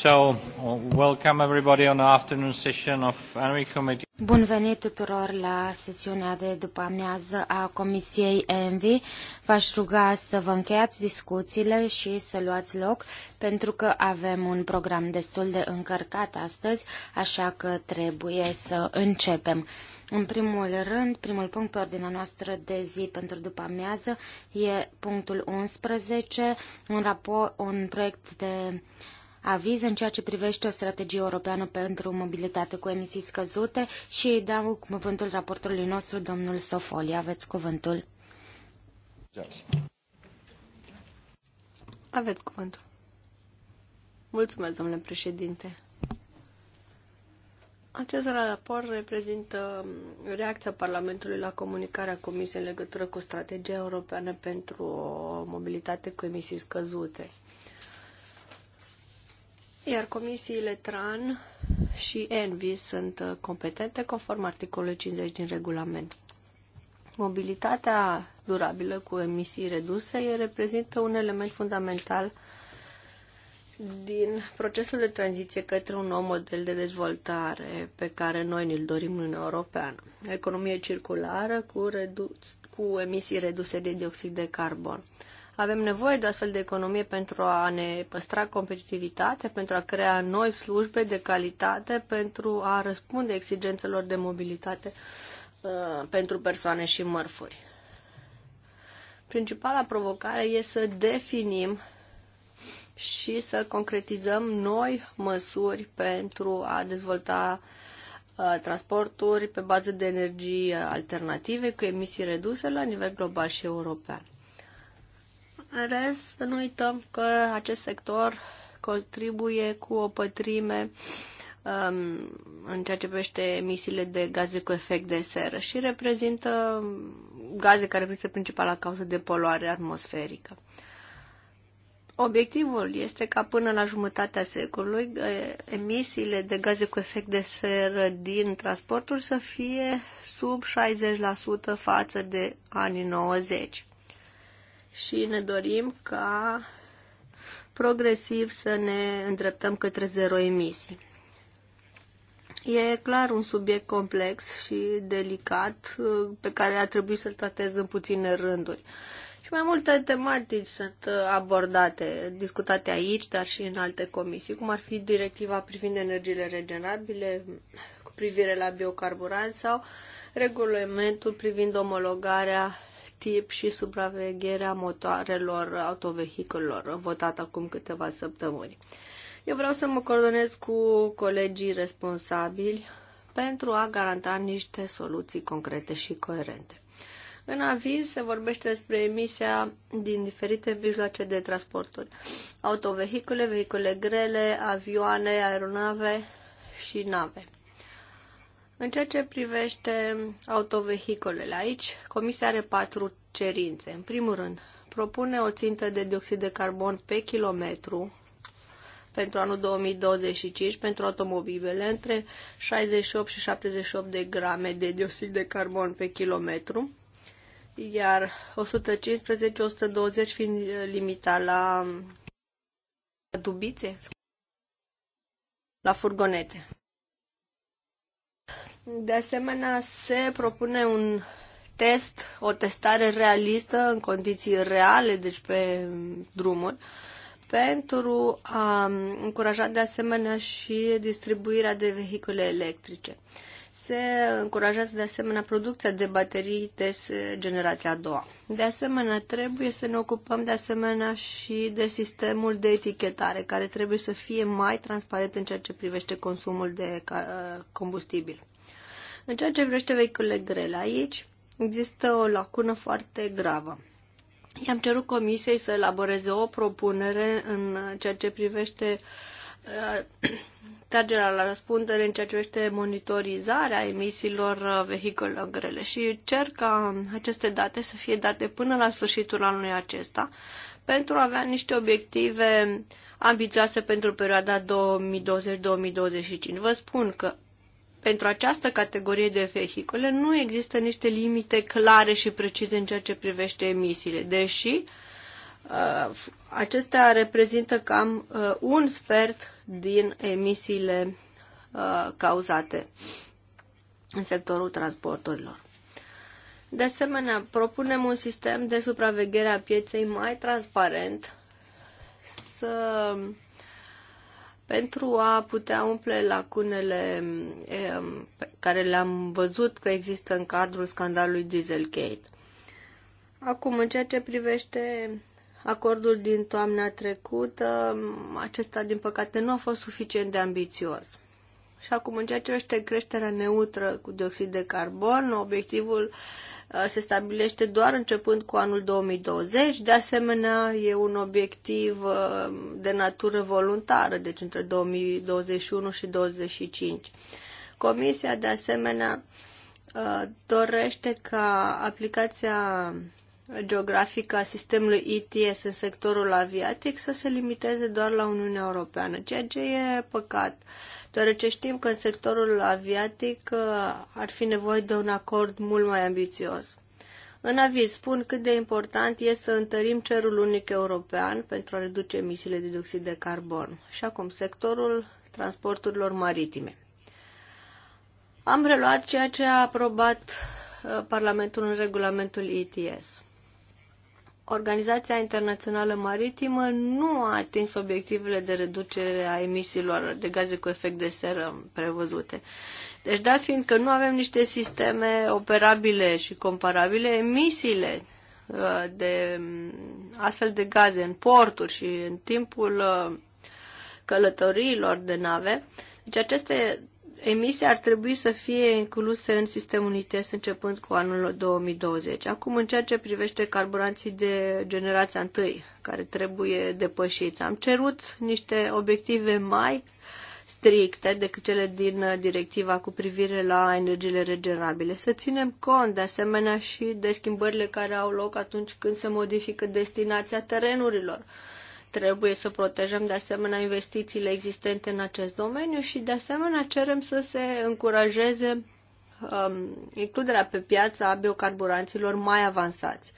So, welcome everybody on the afternoon session of Committee. Bun venit tuturor la sesiunea de după amiază a Comisiei ENVI. V-aș ruga să vă încheiați discuțiile și să luați loc, pentru că avem un program destul de încărcat astăzi, așa că trebuie să începem. În primul rând, primul punct pe ordinea noastră de zi pentru după amiază e punctul 11, un, raport, un proiect de uh, aviz în ceea ce privește o strategie europeană pentru mobilitate cu emisii scăzute și îi dau cuvântul raportului nostru, domnul Sofoli. Aveți cuvântul. Aveți cuvântul. Mulțumesc, domnule președinte. Acest raport reprezintă reacția Parlamentului la comunicarea Comisiei în legătură cu strategia europeană pentru o mobilitate cu emisii scăzute. Iar comisiile TRAN și ENVI sunt uh, competente conform articolului 50 din regulament. Mobilitatea durabilă cu emisii reduse reprezintă un element fundamental din procesul de tranziție către un nou model de dezvoltare pe care noi ne-l dorim în Europeană. Economie circulară cu, redu- cu emisii reduse de dioxid de carbon. Avem nevoie de astfel de economie pentru a ne păstra competitivitate, pentru a crea noi slujbe de calitate, pentru a răspunde exigențelor de mobilitate uh, pentru persoane și mărfuri. Principala provocare e să definim și să concretizăm noi măsuri pentru a dezvolta uh, transporturi pe bază de energii alternative cu emisii reduse la nivel global și european. În rest, să nu uităm că acest sector contribuie cu o pătrime um, în ceea ce privește emisiile de gaze cu efect de seră și reprezintă gaze care reprezintă principala cauză de poluare atmosferică. Obiectivul este ca până la jumătatea secolului emisiile de gaze cu efect de seră din transporturi să fie sub 60% față de anii 90 și ne dorim ca progresiv să ne îndreptăm către zero emisii. E clar un subiect complex și delicat uh, pe care a trebuit să-l tratez în puține rânduri. Și mai multe tematici sunt uh, abordate, discutate aici, dar și în alte comisii, cum ar fi directiva privind energiile regenerabile, cu privire la biocarburanți sau regulamentul privind omologarea tip și supravegherea motoarelor autovehiculelor, votat acum câteva săptămâni. Eu vreau să mă coordonez cu colegii responsabili pentru a garanta niște soluții concrete și coerente. În aviz se vorbește despre emisia din diferite mijloace de transporturi. Autovehicule, vehicule grele, avioane, aeronave și nave. În ceea ce privește autovehicolele, aici Comisia are patru cerințe. În primul rând, propune o țintă de dioxid de carbon pe kilometru pentru anul 2025 pentru automobilele între 68 și 78 de grame de dioxid de carbon pe kilometru, iar 115-120 fiind limita la dubițe, la furgonete. De asemenea, se propune un test, o testare realistă în condiții reale, deci pe drumuri, pentru a încuraja de asemenea și distribuirea de vehicule electrice. Se încurajează de asemenea producția de baterii de generația a doua. De asemenea, trebuie să ne ocupăm de asemenea și de sistemul de etichetare, care trebuie să fie mai transparent în ceea ce privește consumul de combustibil. În ceea ce privește vehiculele grele, aici există o lacună foarte gravă. I-am cerut comisiei să elaboreze o propunere în ceea ce privește uh, tragerea la răspundere, în ceea ce privește monitorizarea emisiilor uh, vehiculelor grele și cer ca aceste date să fie date până la sfârșitul anului acesta pentru a avea niște obiective ambițioase pentru perioada 2020-2025. Vă spun că pentru această categorie de vehicule nu există niște limite clare și precise în ceea ce privește emisiile, deși uh, acestea reprezintă cam uh, un sfert din emisiile uh, cauzate în sectorul transporturilor. De asemenea, propunem un sistem de supraveghere a pieței mai transparent să pentru a putea umple lacunele pe care le-am văzut că există în cadrul scandalului Dieselgate. Acum, în ceea ce privește acordul din toamna trecută, acesta, din păcate, nu a fost suficient de ambițios. Și acum, în ceea ce este creșterea neutră cu dioxid de carbon, obiectivul uh, se stabilește doar începând cu anul 2020. De asemenea, e un obiectiv uh, de natură voluntară, deci între 2021 și 2025. Comisia, de asemenea, uh, dorește ca aplicația geografică a sistemului ETS în sectorul aviatic să se limiteze doar la Uniunea Europeană, ceea ce e păcat, deoarece știm că în sectorul aviatic uh, ar fi nevoie de un acord mult mai ambițios. În aviz spun cât de important e să întărim cerul unic european pentru a reduce emisiile de dioxid de carbon și acum sectorul transporturilor maritime. Am reluat ceea ce a aprobat uh, Parlamentul în regulamentul ETS. Organizația Internațională Maritimă nu a atins obiectivele de reducere a emisiilor de gaze cu efect de seră prevăzute. Deci, dat fiind că nu avem niște sisteme operabile și comparabile, emisiile uh, de mm, astfel de gaze în porturi și în timpul uh, călătoriilor de nave, deci aceste emise ar trebui să fie incluse în sistemul ITS începând cu anul 2020. Acum, în ceea ce privește carburanții de generația întâi, care trebuie depășiți, am cerut niște obiective mai stricte decât cele din directiva cu privire la energiile regenerabile. Să ținem cont de asemenea și de schimbările care au loc atunci când se modifică destinația terenurilor Trebuie să protejăm de asemenea investițiile existente în acest domeniu și de asemenea cerem să se încurajeze um, includerea pe piață a biocarburanților mai avansați.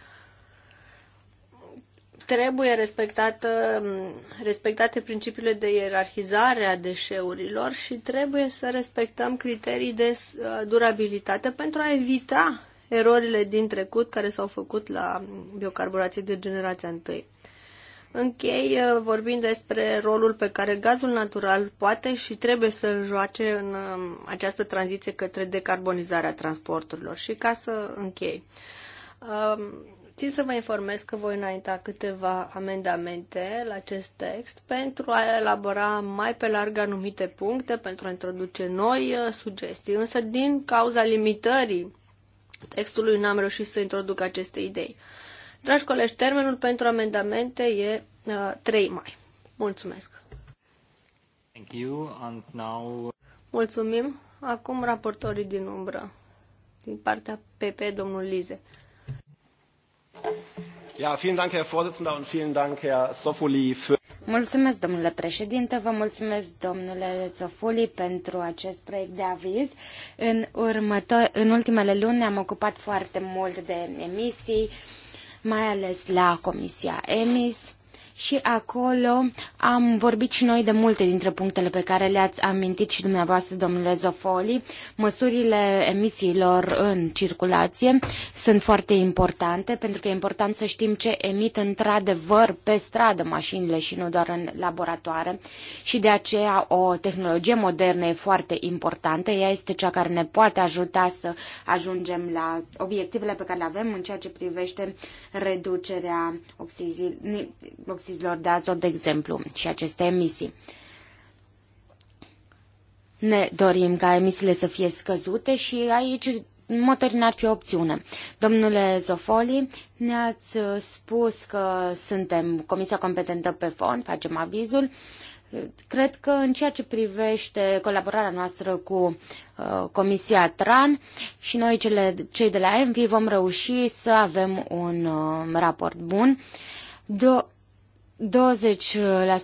Trebuie respectată, um, respectate principiile de ierarhizare a deșeurilor și trebuie să respectăm criterii de uh, durabilitate pentru a evita erorile din trecut care s-au făcut la biocarburații de generația întâi. Închei uh, vorbind despre rolul pe care gazul natural poate și trebuie să l joace în um, această tranziție către decarbonizarea transporturilor. Și ca să închei, um, țin să vă informez că voi înainta câteva amendamente la acest text pentru a elabora mai pe larg anumite puncte, pentru a introduce noi uh, sugestii, însă din cauza limitării textului n-am reușit să introduc aceste idei. Dragi colegi, termenul pentru amendamente e uh, 3 mai. Mulțumesc! Thank you, and now... Mulțumim! Acum raportorii din umbră, din partea PP, domnul Lize. Ja, vielen Dank, Herr Vorsitzender, und vielen Dank, Herr Sofuli, für Mulțumesc, domnule președinte, vă mulțumesc, domnule Zofuli, pentru acest proiect de aviz. În, următo- în ultimele luni am ocupat foarte mult de emisii, mai ales la Comisia EMIS și acolo am vorbit și noi de multe dintre punctele pe care le-ați amintit și dumneavoastră, domnule Zofoli. Măsurile emisiilor în circulație sunt foarte importante, pentru că e important să știm ce emit într-adevăr pe stradă mașinile și nu doar în laboratoare. Și de aceea o tehnologie modernă e foarte importantă. Ea este cea care ne poate ajuta să ajungem la obiectivele pe care le avem în ceea ce privește reducerea oxizii, oxizilor de azot, de exemplu, și aceste emisii. Ne dorim ca emisiile să fie scăzute și aici motorii n-ar fi o opțiune. Domnule Zofoli, ne-ați uh, spus că suntem comisia competentă pe fond, facem avizul. Cred că în ceea ce privește colaborarea noastră cu uh, Comisia TRAN și noi cele, cei de la ENVI vom reuși să avem un uh, raport bun. Do- 20%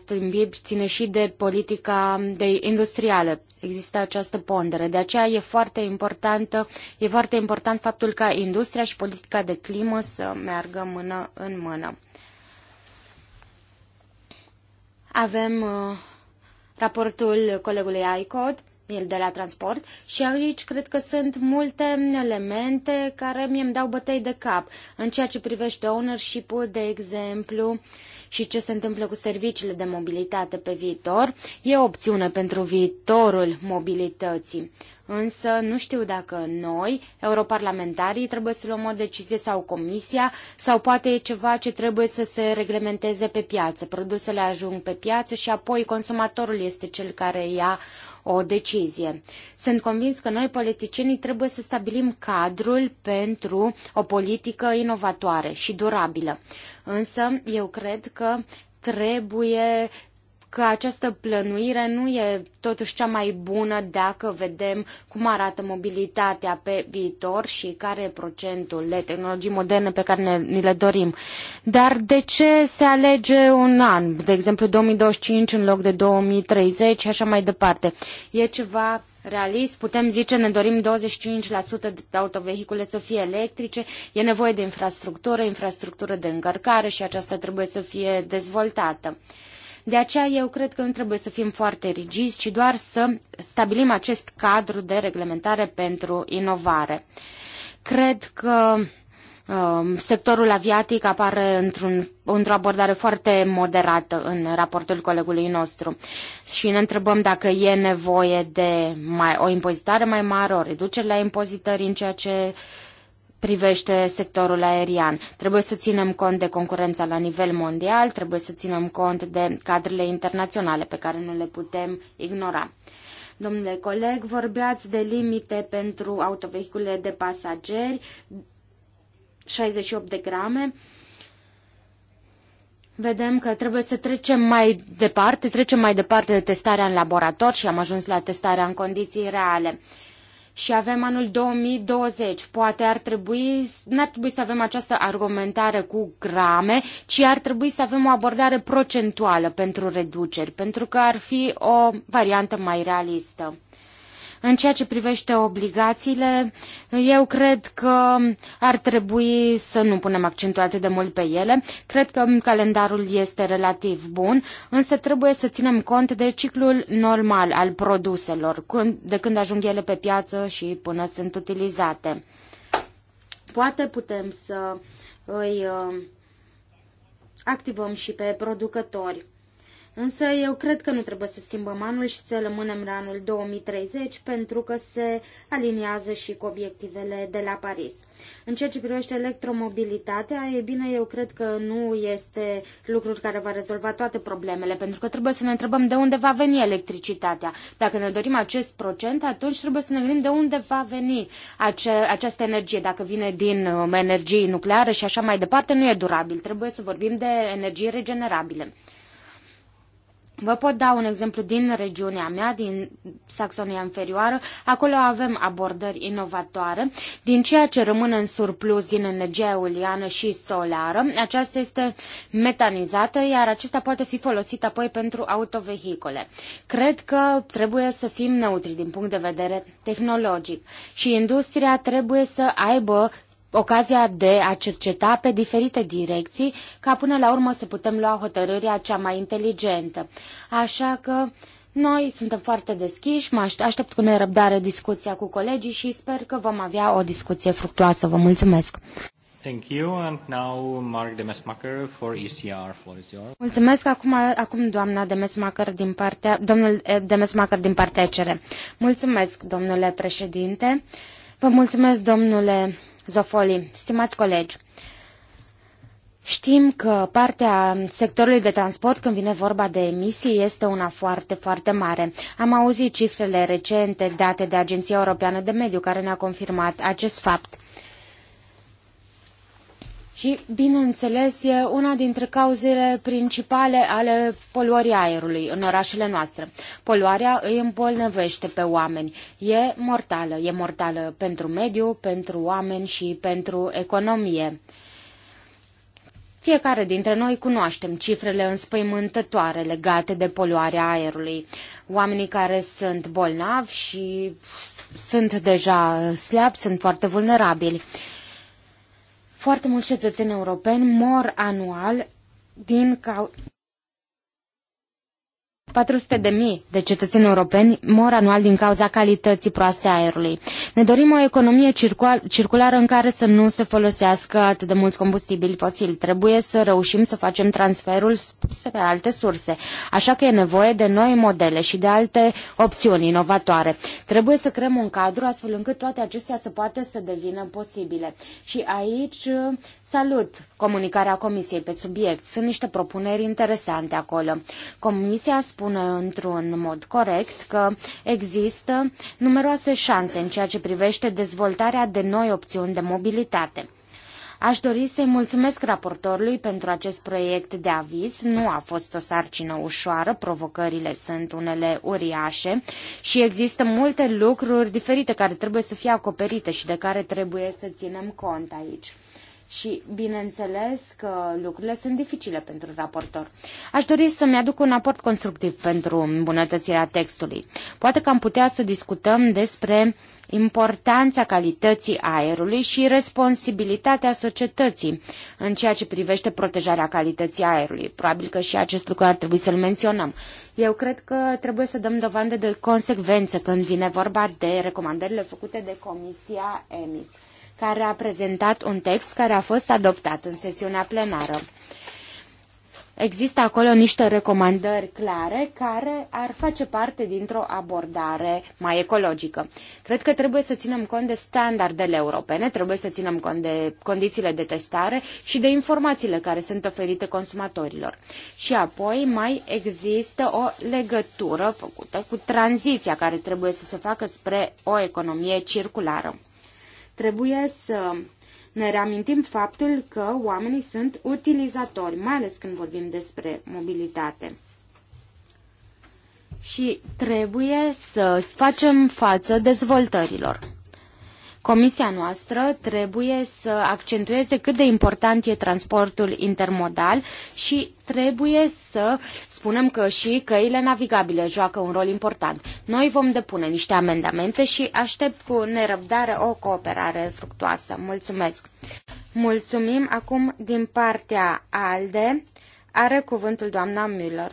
din PIB ține și de politica de industrială. Există această pondere. De aceea e foarte, importantă, e foarte important faptul ca industria și politica de climă să meargă mână în mână. Avem uh, raportul colegului ICOD el de la transport și aici cred că sunt multe elemente care mi îmi dau bătăi de cap în ceea ce privește ownership-ul, de exemplu, și ce se întâmplă cu serviciile de mobilitate pe viitor. E o opțiune pentru viitorul mobilității. Însă nu știu dacă noi, europarlamentarii, trebuie să luăm o decizie sau comisia sau poate e ceva ce trebuie să se reglementeze pe piață. Produsele ajung pe piață și apoi consumatorul este cel care ia o decizie. Sunt convins că noi, politicienii, trebuie să stabilim cadrul pentru o politică inovatoare și durabilă. Însă, eu cred că trebuie că această plănuire nu e totuși cea mai bună dacă vedem cum arată mobilitatea pe viitor și care e procentul de tehnologii moderne pe care ne, ni le dorim. Dar de ce se alege un an, de exemplu 2025 în loc de 2030 și așa mai departe? E ceva realist, putem zice, ne dorim 25% de autovehicule să fie electrice, e nevoie de infrastructură, infrastructură de încărcare și aceasta trebuie să fie dezvoltată. De aceea eu cred că nu trebuie să fim foarte rigizi, ci doar să stabilim acest cadru de reglementare pentru inovare. Cred că um, sectorul aviatic apare într-un, într-o abordare foarte moderată în raportul colegului nostru și ne întrebăm dacă e nevoie de mai, o impozitare mai mare, o reducere la impozitări în ceea ce uh, privește sectorul aerian. Trebuie să ținem cont de concurența la nivel mondial, trebuie să ținem cont de cadrele internaționale pe care nu le putem ignora. Domnule coleg, vorbeați de limite pentru autovehicule de pasageri, 68 de grame. Vedem că trebuie să trecem mai departe, trecem mai departe de testarea în laborator și am ajuns la testarea în condiții reale. Uh, și avem anul 2020. Poate ar trebui, nu ar trebui să avem această argumentare cu grame, ci ar trebui să avem o abordare procentuală pentru reduceri, pentru că ar fi o variantă mai realistă. În ceea ce privește obligațiile, eu cred că ar trebui să nu punem accentul atât de mult pe ele. Cred că calendarul este relativ bun, însă trebuie să ținem cont de ciclul normal al produselor, de când ajung ele pe piață și până sunt utilizate. Poate putem să îi uh, activăm și pe producători. Însă eu cred că nu trebuie să schimbăm anul și să rămânem la anul 2030 pentru că se aliniază și cu obiectivele de la Paris. În ceea ce privește electromobilitatea, e bine, eu cred că nu este lucrul care va rezolva toate problemele, pentru că trebuie să ne întrebăm de unde va veni electricitatea. Dacă ne dorim acest procent, atunci trebuie să ne gândim de unde va veni ace- această energie. Dacă vine din um, energie nucleară și așa mai departe, nu e durabil. Trebuie să vorbim de energie regenerabile. Vă pot da un exemplu din regiunea mea, din Saxonia Inferioară. Acolo avem abordări inovatoare. Din ceea ce rămâne în surplus din energia eoliană și solară, aceasta este metanizată, iar acesta poate fi folosit apoi pentru autovehicole. Cred că trebuie să fim neutri din punct de vedere tehnologic și industria trebuie să aibă ocazia de a cerceta pe diferite direcții ca până la urmă să putem lua hotărârea cea mai inteligentă. Așa că noi suntem foarte deschiși, mă aștept cu nerăbdare discuția cu colegii și sper că vom avea o discuție fructuoasă. Vă mulțumesc! Thank you. And now Mark Demesmacher for ECR. Floor is yours. Mulțumesc acum, acum doamna Demesmacher din partea, domnul eh, Demesmacher din partea ECR. Mulțumesc, domnule președinte. Vă mulțumesc, domnule Zofoli, stimați colegi, Știm că partea sectorului de transport, când vine vorba de emisii, este una foarte, foarte mare. Am auzit cifrele recente date de Agenția Europeană de Mediu, care ne-a confirmat acest fapt. Și, bineînțeles, e una dintre cauzele principale ale poluării aerului în orașele noastre. Poluarea îi îmbolnăvește pe oameni. E mortală. E mortală pentru mediu, pentru oameni și pentru economie. Fiecare dintre noi cunoaștem cifrele înspăimântătoare legate de poluarea aerului. Oamenii care sunt bolnavi și sunt deja slabi, sunt foarte vulnerabili. Foarte mulți cetățeni europeni mor anual din cauza 400 de mii de cetățeni europeni mor anual din cauza calității proaste a aerului. Ne dorim o economie circulară în care să nu se folosească atât de mulți combustibili fosili. Trebuie să reușim să facem transferul spre alte surse. Așa că e nevoie de noi modele și de alte opțiuni inovatoare. Trebuie să creăm un cadru astfel încât toate acestea să poată să devină posibile. Și aici uh, salut comunicarea Comisiei pe subiect. Sunt niște propuneri interesante acolo. Comisia spune spune într-un mod corect că există numeroase șanse în ceea ce privește dezvoltarea de noi opțiuni de mobilitate. Aș dori să-i mulțumesc raportorului pentru acest proiect de aviz. Nu a fost o sarcină ușoară, provocările sunt unele uriașe și există multe lucruri diferite care trebuie să fie acoperite și de care trebuie să ținem cont aici și bineînțeles că lucrurile sunt dificile pentru raportor. Aș dori să-mi aduc un aport constructiv pentru îmbunătățirea textului. Poate că am putea să discutăm despre importanța calității aerului și responsabilitatea societății în ceea ce privește protejarea calității aerului. Probabil că și acest lucru ar trebui să-l menționăm. Eu cred că trebuie să dăm dovadă de consecvență când vine vorba de recomandările făcute de Comisia EMIS care a prezentat un text care a fost adoptat în sesiunea plenară. Există acolo niște recomandări clare care ar face parte dintr-o abordare mai ecologică. Cred că trebuie să ținem cont de standardele europene, trebuie să ținem cont de condițiile de testare și de informațiile care sunt oferite consumatorilor. Și apoi mai există o legătură făcută cu tranziția care trebuie să se facă spre o economie circulară. Trebuie să ne reamintim faptul că oamenii sunt utilizatori, mai ales când vorbim despre mobilitate. Și trebuie să facem față dezvoltărilor. Comisia noastră trebuie să accentueze cât de important e transportul intermodal și trebuie să spunem că și căile navigabile joacă un rol important. Noi vom depune niște amendamente și aștept cu nerăbdare o cooperare fructuoasă. Mulțumesc! Mulțumim acum din partea ALDE. Are cuvântul doamna Müller.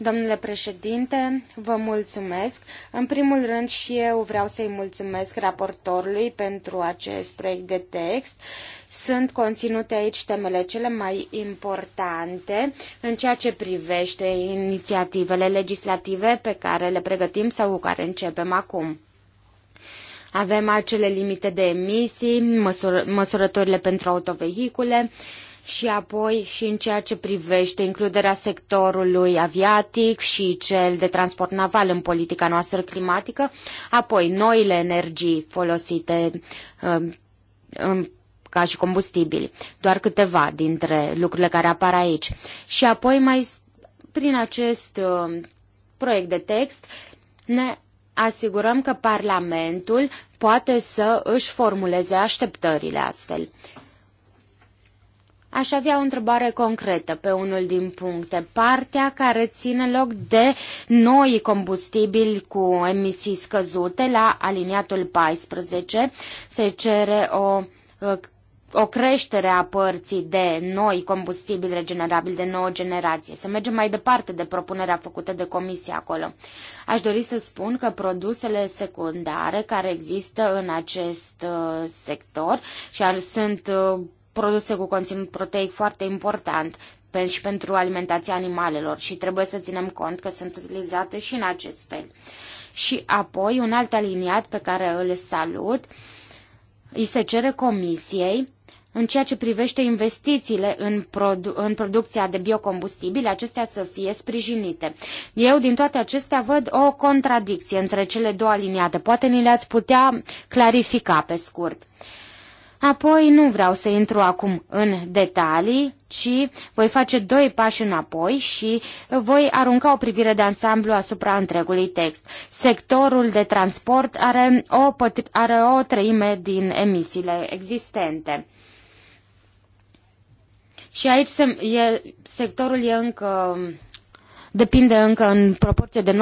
Domnule președinte, vă mulțumesc. În primul rând și eu vreau să-i mulțumesc raportorului pentru acest proiect de text. Sunt conținute aici temele cele mai importante în ceea ce privește inițiativele legislative pe care le pregătim sau cu care începem acum. Avem acele limite de emisii, măsur- măsurătorile pentru autovehicule, uh, și apoi și în ceea ce privește includerea sectorului aviatic și cel de transport naval în politica noastră climatică, apoi noile energii folosite um, um, ca și combustibili, doar câteva dintre lucrurile care apar aici. Și apoi mai prin acest um, proiect de text ne asigurăm că Parlamentul poate să își formuleze așteptările astfel. Aș avea o întrebare concretă pe unul din puncte. Partea care ține loc de noi combustibili cu emisii scăzute la aliniatul 14 se cere o o creștere a părții de noi combustibili regenerabili de nouă generație. Să mergem mai departe de propunerea făcută de comisie acolo. Aș dori să spun că produsele secundare care există în acest uh, sector și ar, sunt uh, produse cu conținut proteic foarte important pe, și pentru alimentația animalelor și trebuie să ținem cont că sunt utilizate și în acest fel. Și apoi, un alt aliniat pe care îl salut, îi se cere comisiei în ceea ce privește investițiile în, produ- în producția de biocombustibili, acestea să fie sprijinite. Eu din toate acestea văd o contradicție între cele două aliniate. Poate ni le-ați putea clarifica pe scurt. Uh, Apoi nu vreau să intru acum în detalii, ci voi face doi pași înapoi și voi arunca o privire de ansamblu asupra întregului text. Sectorul de transport are o, are o treime din emisiile existente. Și aici se, e, sectorul e încă depinde încă în proporție de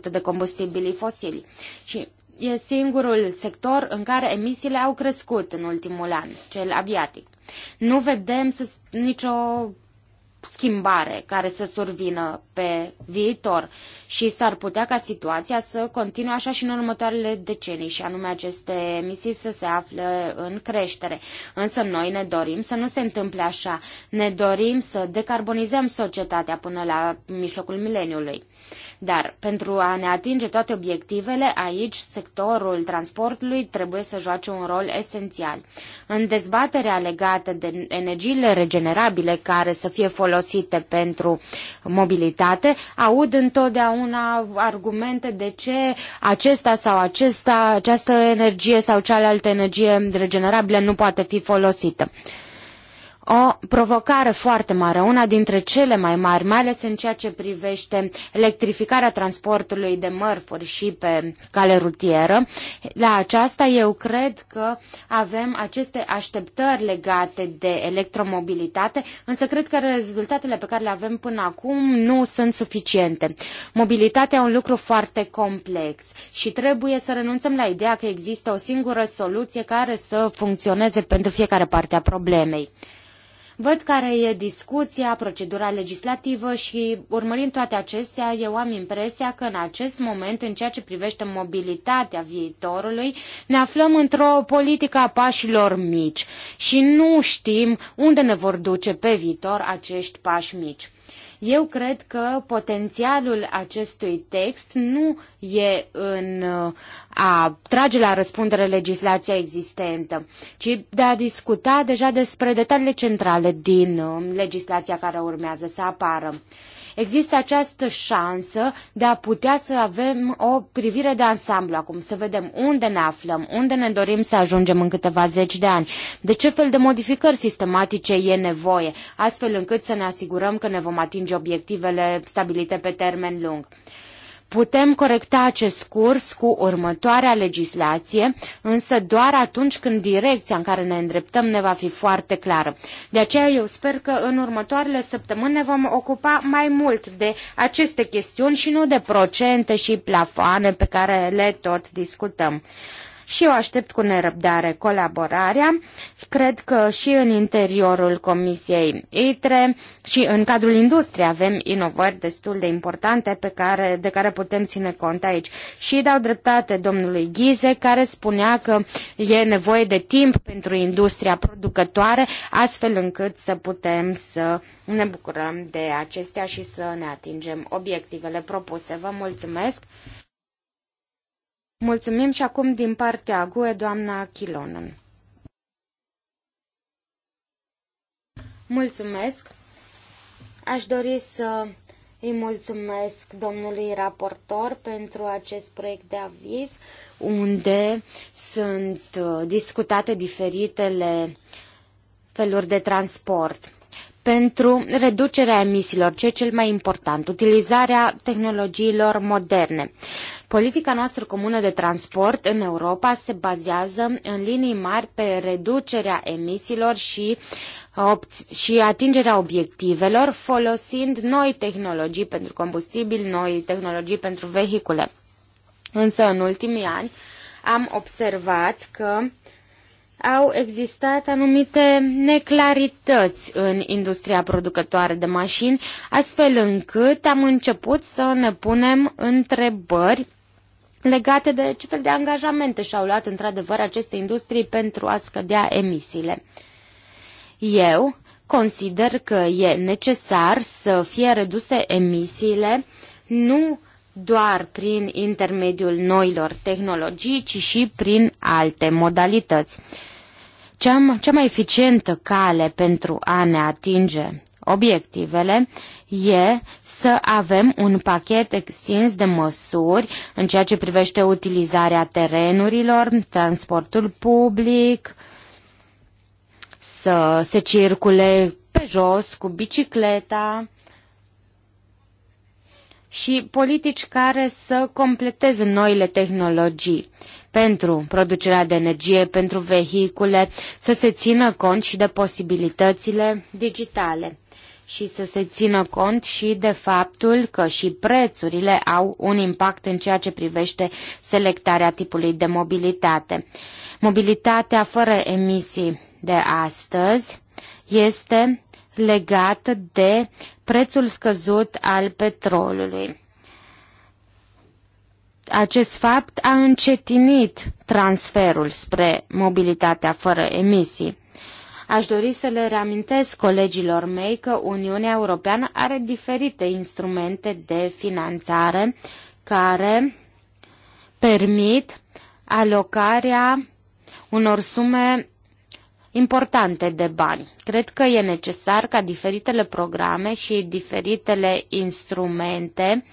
94% de combustibilii fosili. Și e singurul sector în care emisiile au crescut în ultimul an, cel aviatic. Nu vedem să, nicio schimbare care să survină pe viitor și s-ar putea ca situația să continue așa și în următoarele decenii și anume aceste emisii să se afle în creștere. Însă noi ne dorim să nu se întâmple așa. Ne dorim să decarbonizăm societatea până la mijlocul mileniului. Dar pentru a ne atinge toate obiectivele, aici sectorul transportului trebuie să joace un rol esențial. În dezbaterea legată de energiile regenerabile care să fie folosite pentru mobilitate, aud întotdeauna argumente de ce acesta sau acesta, această energie sau cealaltă energie regenerabilă nu poate fi folosită o provocare foarte mare, una dintre cele mai mari, mai ales în ceea ce privește electrificarea transportului de mărfuri și pe cale rutieră. La aceasta eu cred că avem aceste așteptări legate de electromobilitate, însă cred că rezultatele pe care le avem până acum nu sunt suficiente. Mobilitatea e un lucru foarte complex și trebuie să renunțăm la ideea că există o singură soluție care să funcționeze pentru fiecare parte a problemei. Văd care e discuția, procedura legislativă și urmărind toate acestea, eu am impresia că în acest moment, în ceea ce privește mobilitatea viitorului, ne aflăm într-o politică a pașilor mici și nu știm unde ne vor duce pe viitor acești pași mici. Eu cred că potențialul acestui text nu e în uh, a trage la răspundere legislația existentă, ci de a discuta deja despre detaliile centrale din uh, legislația care urmează să apară. Există această șansă de a putea să avem o privire de ansamblu acum, să vedem unde ne aflăm, unde ne dorim să ajungem în câteva zeci de ani, de ce fel de modificări sistematice e nevoie, astfel încât să ne asigurăm că ne vom atinge obiectivele stabilite pe termen lung. Putem corecta acest curs cu următoarea legislație, însă doar atunci când direcția în care ne îndreptăm ne va fi foarte clară. De aceea eu sper că în următoarele săptămâni ne vom ocupa mai mult de aceste chestiuni și nu de procente și plafoane pe care le tot discutăm și eu aștept cu nerăbdare colaborarea. Cred că și în interiorul Comisiei ITRE și în cadrul industriei avem inovări destul de importante pe care, de care putem ține cont aici. Și dau dreptate domnului Ghize care spunea că e nevoie de timp pentru industria producătoare astfel încât să putem să ne bucurăm de acestea și să ne atingem obiectivele propuse. Vă mulțumesc! Mulțumim și acum din partea GUE, doamna Chilonen. Mulțumesc. Aș dori să îi mulțumesc domnului raportor pentru acest proiect de aviz unde sunt uh, discutate diferitele feluri de transport pentru reducerea emisiilor, ce e cel mai important, utilizarea tehnologiilor moderne. Politica noastră comună de transport în Europa se bazează în linii mari pe reducerea emisiilor și, și atingerea obiectivelor folosind noi tehnologii pentru combustibil, noi tehnologii pentru vehicule. Însă în ultimii ani am observat că uh, au existat anumite neclarități în industria producătoare de mașini, astfel încât am început să ne punem întrebări legate de ce fel de angajamente și-au luat într-adevăr aceste industrii pentru a scădea emisiile. Eu consider că e necesar să fie reduse emisiile nu doar prin intermediul noilor tehnologii, ci și prin alte modalități. Cea, cea mai eficientă cale pentru a ne atinge obiectivele e să avem un pachet extins de măsuri în ceea ce privește utilizarea terenurilor, transportul public, să se circule pe jos cu bicicleta și politici care să completeze noile tehnologii pentru producerea de energie, pentru vehicule, să se țină cont și de posibilitățile digitale și să se țină cont și de faptul că și prețurile au un impact în ceea ce privește selectarea tipului de mobilitate. Mobilitatea fără emisii de astăzi este legată de prețul scăzut al petrolului acest fapt a încetinit transferul spre mobilitatea fără emisii. Aș dori să le reamintesc colegilor mei că Uniunea Europeană are diferite instrumente de finanțare care permit alocarea unor sume importante de bani. Cred că e necesar ca diferitele programe și diferitele instrumente uh,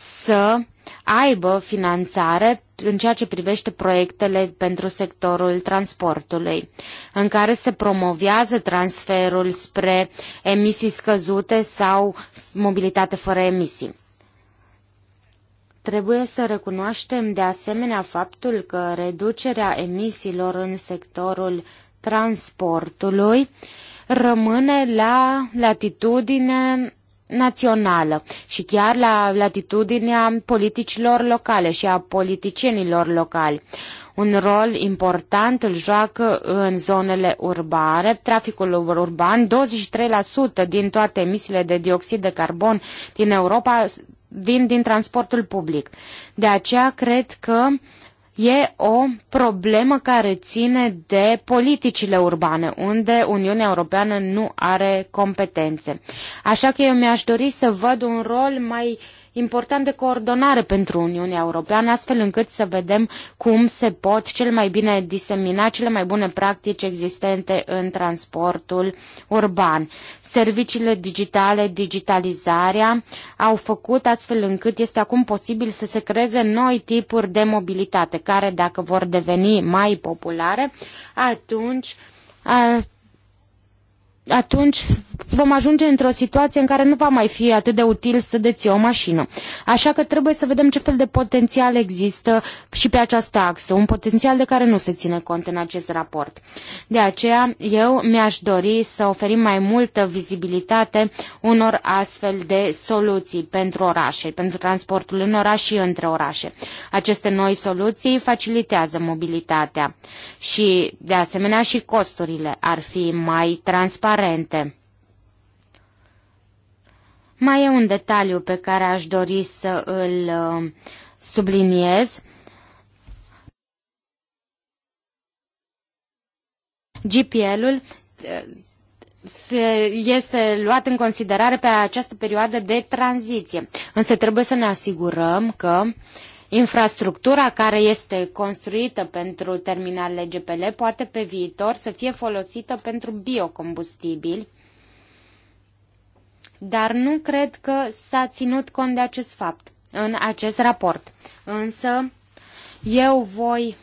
să aibă finanțare în ceea ce privește proiectele pentru sectorul transportului, în care se promovează transferul spre emisii scăzute sau mobilitate fără emisii. Trebuie să recunoaștem de asemenea faptul că reducerea emisiilor în sectorul transportului rămâne la latitudine națională și chiar la latitudinea politicilor locale și a politicienilor locali. Un rol important îl joacă în zonele urbane, traficul urban, 23% din toate emisiile de dioxid de carbon din Europa vin din transportul public. De aceea cred că E o problemă care ține de politicile urbane, unde Uniunea Europeană nu are competențe. Așa că eu mi-aș dori să văd un rol mai uh, important de coordonare pentru Uniunea Europeană, astfel încât să vedem cum se pot cel mai bine disemina cele mai bune practici existente în transportul urban. Serviciile digitale, digitalizarea au făcut astfel încât este acum posibil să se creeze noi tipuri de mobilitate, care dacă vor deveni mai populare, atunci atunci vom ajunge într-o situație în care nu va mai fi atât de util să deții o mașină. Așa că trebuie să vedem ce fel de potențial există și pe această axă, un potențial de care nu se ține cont în acest raport. De aceea, eu mi-aș dori să oferim mai multă vizibilitate unor astfel de soluții pentru orașe, pentru transportul în oraș și între orașe. Aceste noi soluții facilitează mobilitatea și, de asemenea, și costurile ar fi mai transparente aparente. Mai e un detaliu pe care aș dori să îl uh, subliniez. GPL-ul uh, este luat în considerare pe această perioadă de tranziție. Însă trebuie să ne asigurăm că uh, Infrastructura care este construită pentru terminalele GPL poate pe viitor să fie folosită pentru biocombustibili, dar nu cred că s-a ținut cont de acest fapt în acest raport. Însă eu voi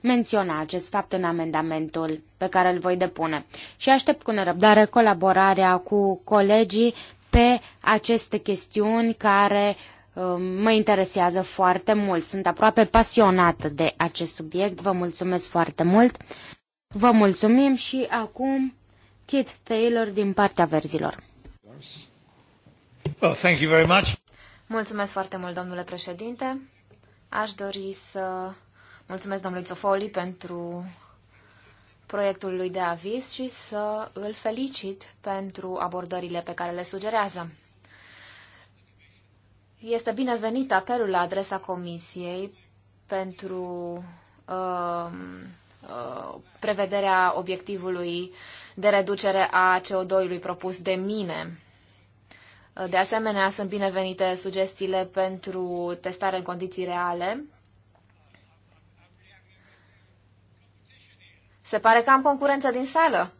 menționa acest fapt în amendamentul pe care îl voi depune și aștept cu nerăbdare colaborarea cu colegii pe aceste chestiuni care Um, mă interesează foarte mult. Sunt aproape pasionată de acest subiect. Vă mulțumesc foarte mult. Vă mulțumim și acum Kit Taylor din partea verzilor. Oh, thank you very much. Mulțumesc foarte mult, domnule președinte. Aș dori să mulțumesc domnului Zofoli pentru proiectul lui de aviz și să îl felicit pentru abordările pe care le sugerează. Este binevenit apelul la adresa Comisiei pentru uh, uh, prevederea obiectivului de reducere a CO2-ului propus de mine. Uh, de asemenea, sunt binevenite sugestiile pentru testare în condiții reale. Se pare că am concurență din sală.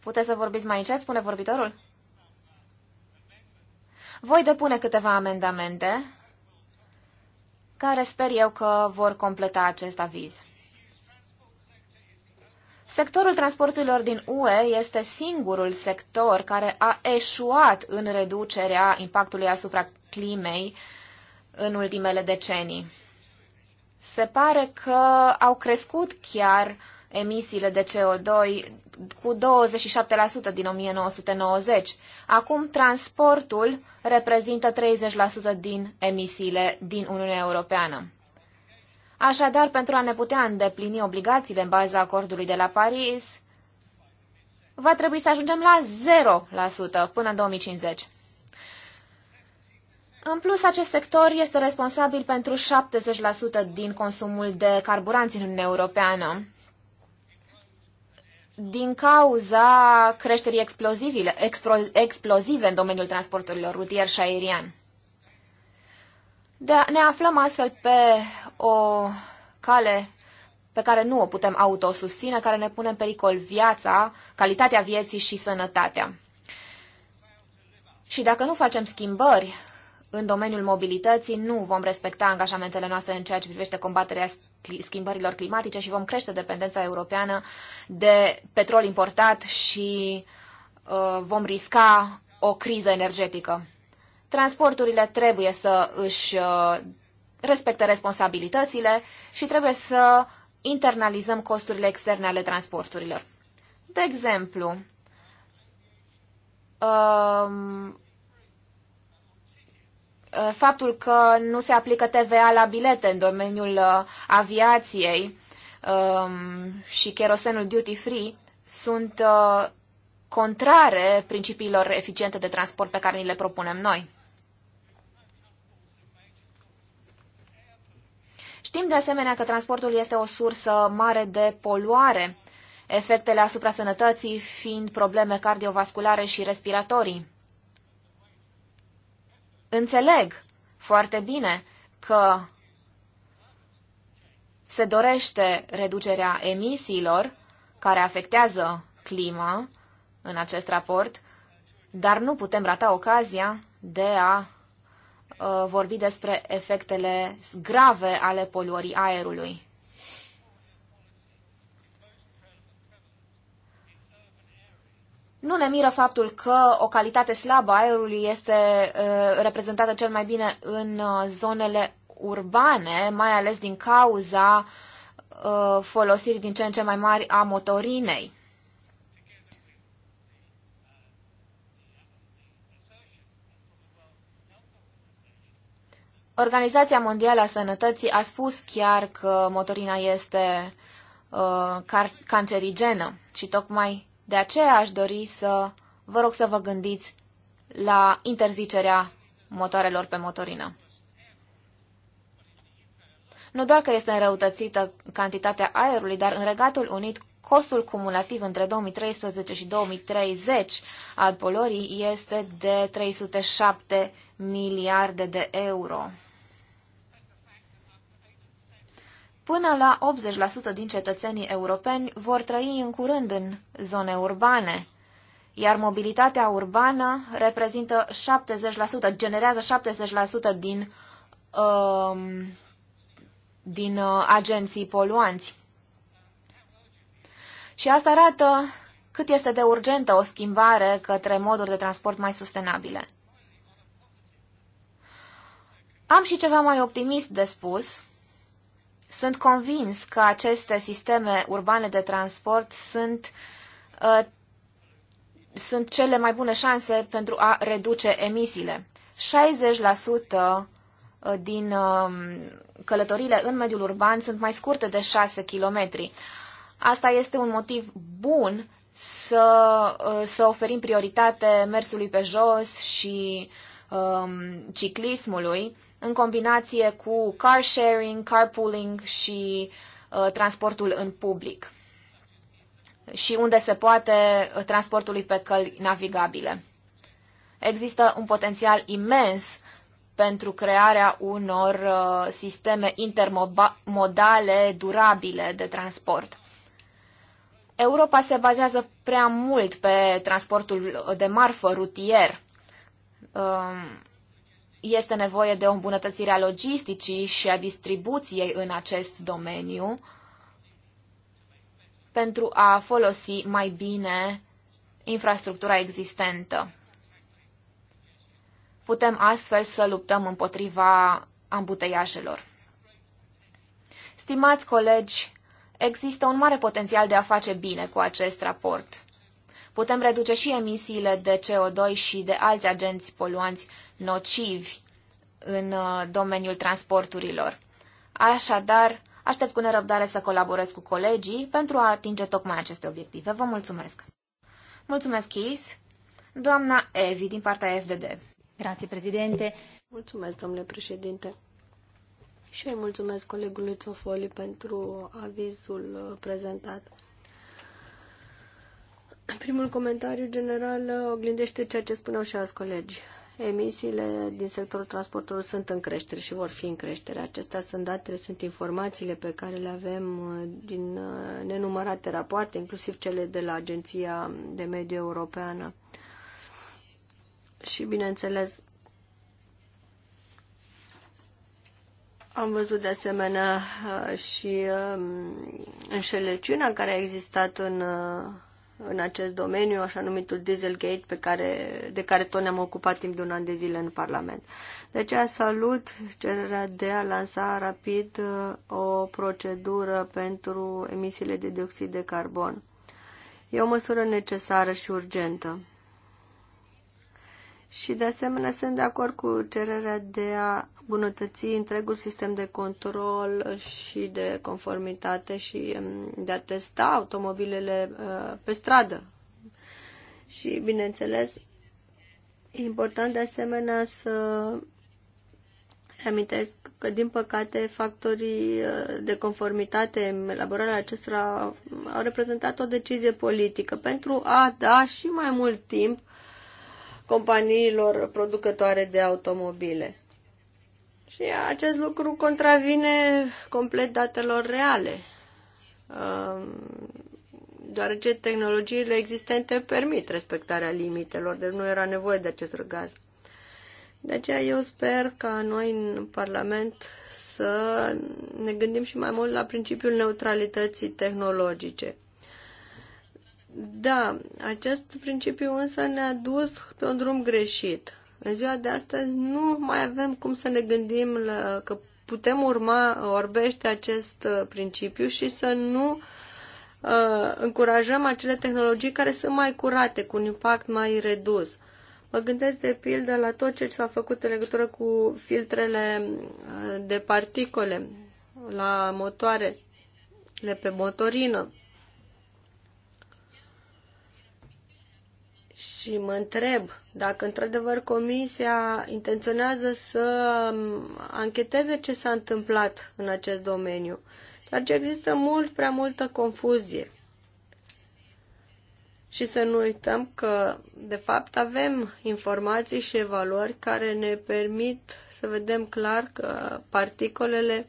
Puteți să vorbiți mai încet, spune vorbitorul? Voi depune câteva amendamente care sper eu că vor completa acest aviz. Sectorul transporturilor din UE este singurul sector care a eșuat în reducerea impactului asupra climei în ultimele decenii. Se pare că au crescut chiar uh, emisiile de CO2 cu 27% din 1990. Acum transportul reprezintă 30% din emisiile din Uniunea Europeană. Așadar, pentru a ne putea îndeplini obligațiile în baza acordului de la Paris, va trebui să ajungem la 0% până în 2050. În plus, acest sector este responsabil pentru 70% din consumul de carburanți în Uniunea Europeană din cauza creșterii explozivile, expro, explozive în domeniul transporturilor rutier și aerian. De, ne aflăm astfel pe o cale pe care nu o putem autosusține, care ne pune în pericol viața, calitatea vieții și sănătatea. Și dacă nu facem schimbări în domeniul mobilității, nu vom respecta angajamentele noastre în ceea ce privește combaterea schimbărilor climatice și vom crește dependența europeană de petrol importat și uh, vom risca o criză energetică. Transporturile trebuie să își uh, respecte responsabilitățile și trebuie să internalizăm costurile externe ale transporturilor. De exemplu, um, Uh, faptul că nu se aplică TVA la bilete în domeniul uh, aviației um, și cherosenul duty free sunt uh, contrare principiilor eficiente de transport pe care ni le propunem noi. Știm de asemenea că transportul este o sursă mare de poluare, efectele asupra sănătății fiind probleme cardiovasculare și respiratorii. Înțeleg foarte bine că se dorește reducerea emisiilor care afectează clima în acest raport, dar nu putem rata ocazia de a uh, vorbi despre efectele grave ale poluării aerului. Nu ne miră faptul că o calitate slabă a aerului este reprezentată cel mai bine în zonele urbane, mai ales din cauza folosirii din ce în ce mai mari a motorinei. Organizația Mondială a Sănătății a spus chiar că motorina este uh, car- cancerigenă și tocmai de aceea aș dori să vă rog să vă gândiți la interzicerea motoarelor pe motorină. Nu doar că este înrăutățită cantitatea aerului, dar în Regatul Unit costul cumulativ între 2013 și 2030 al polorii este de 307 miliarde de euro. Până la 80% din cetățenii europeni vor trăi în curând în zone urbane, iar mobilitatea urbană reprezintă 70%, generează 70% din, uh, din uh, agenții poluanți. Și asta arată cât este de urgentă o schimbare către moduri de transport mai sustenabile. Am și ceva mai optimist de spus sunt convins că aceste sisteme urbane de transport sunt, uh, sunt cele mai bune șanse pentru a reduce emisiile. 60% din um, călătorile în mediul urban sunt mai scurte de 6 km. Asta este un motiv bun să, uh, să oferim prioritate mersului pe jos și um, ciclismului în combinație cu car sharing, carpooling și uh, transportul în public și unde se poate uh, transportului pe căli navigabile. Există un potențial imens pentru crearea unor uh, sisteme intermodale durabile de transport. Europa se bazează prea mult pe transportul uh, de marfă rutier. Uh, este nevoie de o îmbunătățire a logisticii și a distribuției în acest domeniu pentru a folosi mai bine infrastructura existentă. Putem astfel să luptăm împotriva ambuteiajelor. Stimați colegi, există un mare potențial de a face bine cu acest raport. Putem reduce și emisiile de CO2 și de alți agenți poluanți nocivi în uh, domeniul transporturilor. Așadar, aștept cu nerăbdare să colaborez cu colegii pentru a atinge tocmai aceste obiective. Vă mulțumesc! Mulțumesc, Keith! Doamna Evi, din partea FDD. Grație, președinte! Mulțumesc, domnule președinte! Și eu mulțumesc colegului Tofoli pentru avizul uh, prezentat. Primul comentariu general uh, oglindește ceea ce spuneau și alți colegi. Emisiile din sectorul transportului sunt în creștere și vor fi în creștere. Acestea sunt datele, sunt informațiile pe care le avem uh, din uh, nenumărate rapoarte, inclusiv cele de la Agenția de Mediu Europeană. Și, bineînțeles, Am văzut de asemenea și um, înșelăciunea care a existat în în acest domeniu, așa numitul Dieselgate, pe care, de care tot ne-am ocupat timp de un an de zile în Parlament. De deci, aceea salut cererea de a lansa rapid uh, o procedură pentru emisiile de dioxid de carbon. E o măsură necesară și urgentă. Și de asemenea sunt de acord cu cererea de a bunătăți întregul sistem de control și de conformitate și mm, de a testa automobilele uh, pe stradă. Și, bineînțeles, e important de asemenea să amintesc că, din păcate, factorii uh, de conformitate în elaborarea acestora au reprezentat o decizie politică pentru a da și mai mult timp uh, companiilor producătoare de automobile. Și acest lucru contravine complet datelor reale, um, deoarece tehnologiile existente permit respectarea limitelor, deci nu era nevoie de acest răgaz. De aceea eu sper ca noi în Parlament să ne gândim și mai mult la principiul neutralității tehnologice – da, acest principiu însă ne-a dus pe un drum greșit. În ziua de astăzi nu mai avem cum să ne gândim la, că putem urma orbește acest uh, principiu și să nu uh, încurajăm acele tehnologii care sunt mai curate, cu un impact mai redus. Mă gândesc de pildă la tot ce s-a făcut în legătură cu filtrele uh, de particole la motoarele pe motorină. și mă întreb dacă într-adevăr Comisia intenționează să um, ancheteze ce s-a întâmplat în acest domeniu, dar ce există mult prea multă confuzie. Și să nu uităm că, de fapt, avem informații și evaluări care ne permit să vedem clar că particolele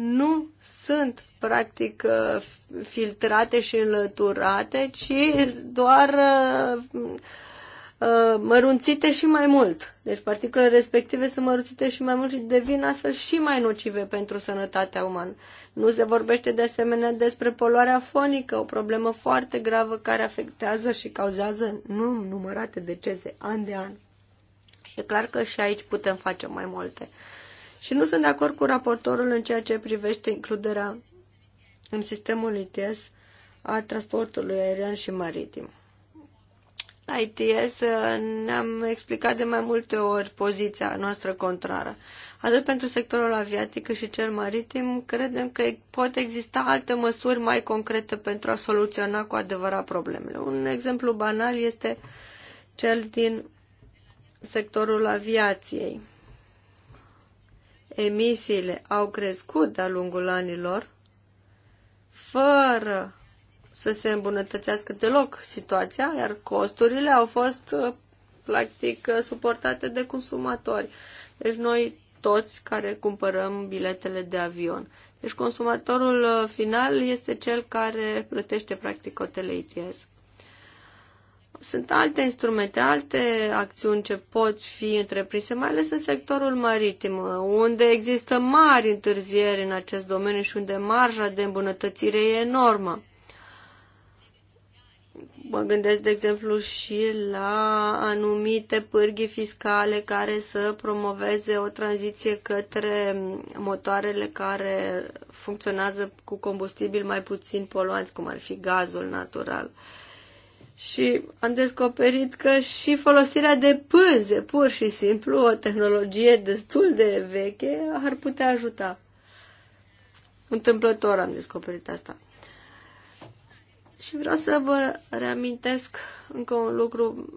nu sunt practic uh, filtrate și înlăturate, ci doar uh, uh, mărunțite și mai mult. Deci particulele respective sunt mărunțite și mai mult și devin astfel și mai nocive pentru sănătatea umană. Nu se vorbește de asemenea despre poluarea fonică, o problemă foarte gravă care afectează și cauzează nu numărate decese an de an. E clar că și aici putem face mai multe. Și nu sunt de acord cu raportorul în ceea ce privește includerea în sistemul ITS a transportului aerian și maritim. La ITS uh, ne-am explicat de mai multe ori poziția noastră contrară. Atât pentru sectorul aviatic cât și cel maritim, credem că pot exista alte măsuri mai concrete pentru a soluționa cu adevărat problemele. Un exemplu banal este cel din sectorul aviației emisiile au crescut de-a lungul anilor, fără să se îmbunătățească deloc situația, iar costurile au fost uh, practic uh, suportate de consumatori. Deci noi toți care cumpărăm biletele de avion. Deci consumatorul uh, final este cel care plătește practic hotel ITS. Sunt alte instrumente, alte acțiuni ce pot fi întreprinse, mai ales în sectorul maritim, unde există mari întârzieri în acest domeniu și unde marja de îmbunătățire e enormă. Mă gândesc, de exemplu, și la anumite pârghii fiscale care să promoveze o tranziție către motoarele care funcționează cu combustibil mai puțin poluanți, cum ar fi gazul natural. Uh, și am descoperit că și folosirea de pânze, pur și simplu, o tehnologie destul de veche, ar putea ajuta. Întâmplător am descoperit asta. Și vreau să vă reamintesc încă un lucru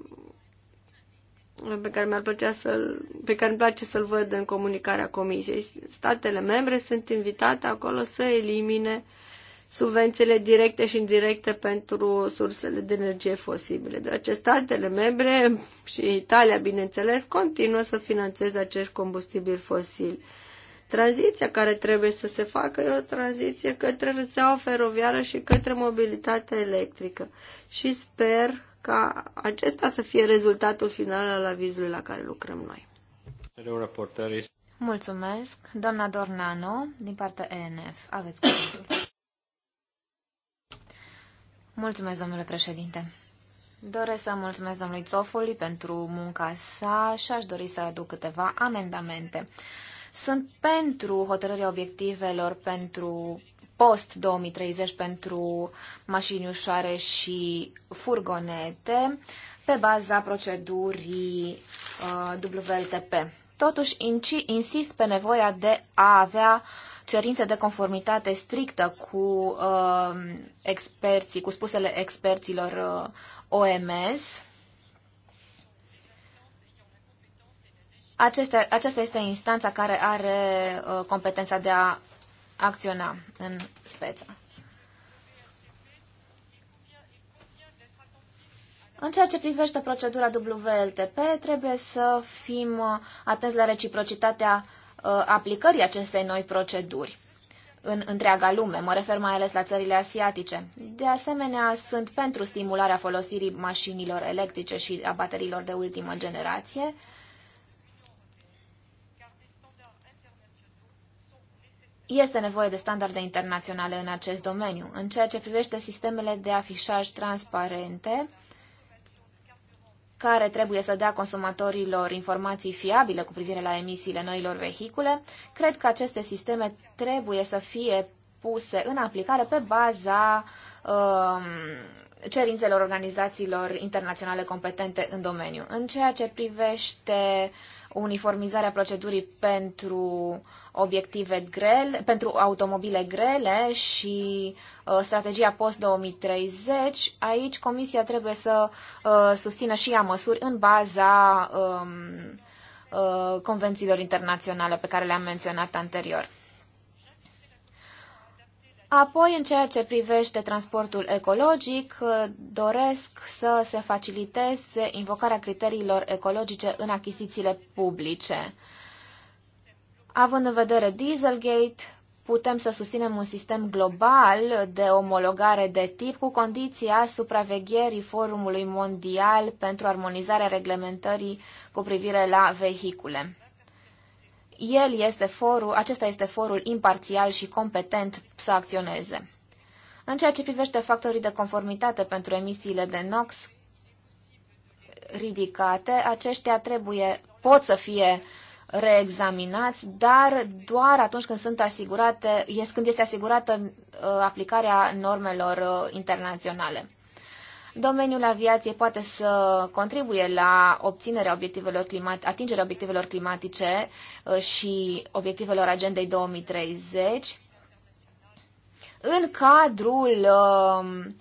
pe care mi-ar plăcea să-l, pe care îmi place să-l văd în comunicarea comisiei. Statele membre sunt invitate acolo să elimine uh, subvențiile directe și indirecte pentru sursele de energie fosibile. De Deoarece statele membre și Italia, bineînțeles, continuă să financeze acești combustibili fosili. Tranziția care trebuie să se facă e o tranziție către rețeaua feroviară și către mobilitatea electrică. Și sper ca acesta să fie rezultatul final al avizului la care lucrăm noi. Mulțumesc. Doamna Dornano, din partea ENF, aveți cuvântul. Mulțumesc, domnule președinte. Doresc să mulțumesc domnului Zofoli pentru munca sa și aș dori să aduc câteva amendamente. Sunt pentru hotărârea obiectivelor pentru post-2030 pentru mașini ușoare și furgonete pe baza procedurii uh, WLTP. Totuși, insist pe nevoia de a avea cerințe de conformitate strictă cu uh, experții, cu spusele experților uh, OMS. Aceste, aceasta este instanța care are uh, competența de a acționa în speța. În ceea ce privește procedura WLTP, trebuie să fim uh, atenți la reciprocitatea uh, aplicării acestei noi proceduri în întreaga lume, mă refer mai ales la țările asiatice. De asemenea, sunt pentru stimularea folosirii mașinilor electrice și a bateriilor de ultimă generație. Este nevoie de standarde internaționale în acest domeniu. În ceea ce privește sistemele de afișaj transparente, care trebuie să dea consumatorilor informații fiabile cu privire la emisiile noilor vehicule, cred că aceste sisteme trebuie să fie puse în aplicare pe baza um, cerințelor organizațiilor internaționale competente în domeniu. În ceea ce privește uh, uniformizarea procedurii pentru obiective grele, pentru automobile grele și uh, strategia post-2030. Aici Comisia trebuie să uh, susțină și ea măsuri în baza um, uh, convențiilor internaționale pe care le-am menționat anterior. Apoi, în ceea ce privește transportul ecologic, doresc să se faciliteze invocarea criteriilor ecologice în achizițiile publice. Având în vedere Dieselgate, putem să susținem un sistem global de omologare de tip cu condiția supravegherii Forumului Mondial pentru armonizarea reglementării cu privire la vehicule el este forul, acesta este forul imparțial și competent să acționeze. În ceea ce privește factorii de conformitate pentru emisiile de NOx ridicate, aceștia trebuie, pot să fie reexaminați, dar doar atunci când sunt asigurate, când este asigurată uh, aplicarea normelor uh, internaționale. Domeniul aviației poate să contribuie la obținerea obiectivelor climat- atingerea obiectivelor climatice uh, și obiectivelor agendei 2030 în cadrul um,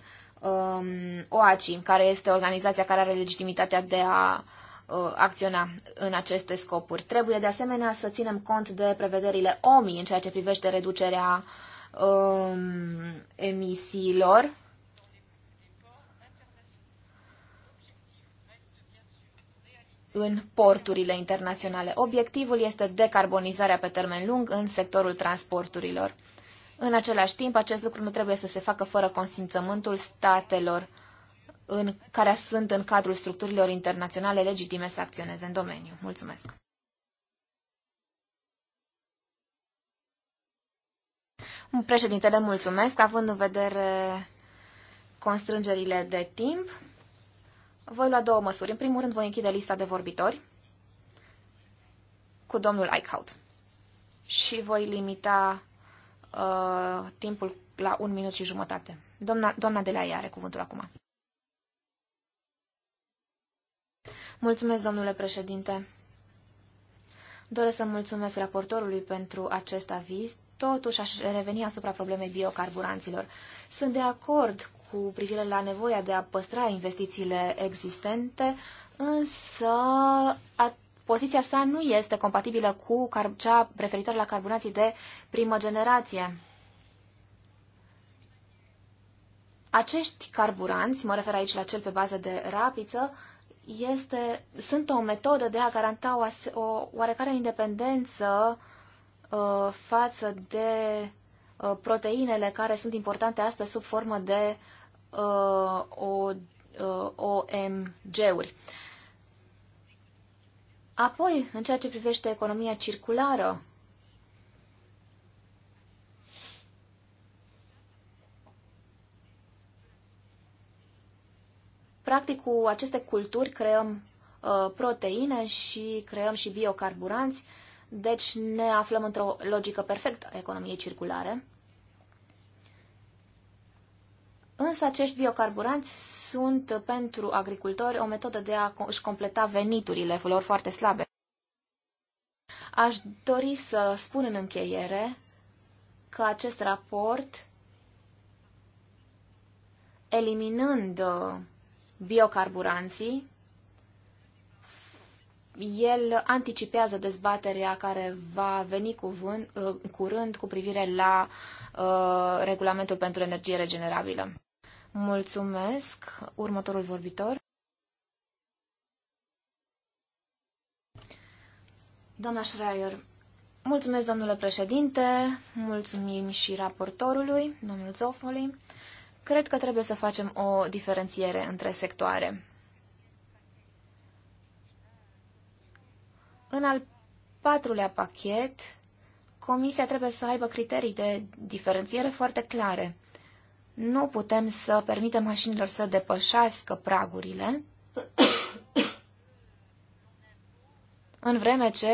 um, OACI, care este organizația care are legitimitatea de a uh, acționa în aceste scopuri. Trebuie de asemenea să ținem cont de prevederile OMI în ceea ce privește reducerea um, emisiilor în porturile internaționale. Obiectivul este decarbonizarea pe termen lung în sectorul transporturilor. În același timp, acest lucru nu trebuie să se facă fără consimțământul statelor în, care sunt în cadrul structurilor internaționale legitime să acționeze în domeniu. Mulțumesc! Președintele, mulțumesc, având în vedere constrângerile de timp. Voi lua două măsuri. În primul rând, voi închide lista de vorbitori cu domnul Eichhout și voi limita uh, timpul la un minut și jumătate. Doamna, doamna de la ea are cuvântul acum. Mulțumesc, domnule președinte. Doresc să mulțumesc raportorului pentru acest aviz. Totuși, aș reveni asupra problemei biocarburanților. Sunt de acord cu privire la nevoia de a păstra investițiile existente, însă a, poziția sa nu este compatibilă cu cea referitoare la carbonații de primă generație. Acești carburanți, mă refer aici la cel pe bază de rapiță, este, sunt o metodă de a garanta o, o oarecare independență uh, față de uh, proteinele care sunt importante astăzi sub formă de uh, OMG-uri. Uh, Apoi, în ceea ce privește economia circulară, practic cu aceste culturi creăm uh, proteine și creăm și biocarburanți, deci ne aflăm într-o logică perfectă a economiei circulare. Însă acești biocarburanți sunt pentru agricultori o metodă de a își completa veniturile lor foarte slabe. Aș dori să spun în încheiere că acest raport, eliminând uh, biocarburanții, el anticipează dezbaterea care va veni cuvânt, uh, curând cu privire la uh, regulamentul pentru energie regenerabilă. Mulțumesc. Următorul vorbitor. Doamna Schreier, mulțumesc, domnule președinte, mulțumim și raportorului, domnul Zofoli. Cred că trebuie să facem o diferențiere între sectoare. În al patrulea pachet, Comisia trebuie să aibă criterii de diferențiere foarte clare. Nu putem să permitem mașinilor să depășească pragurile, în vreme ce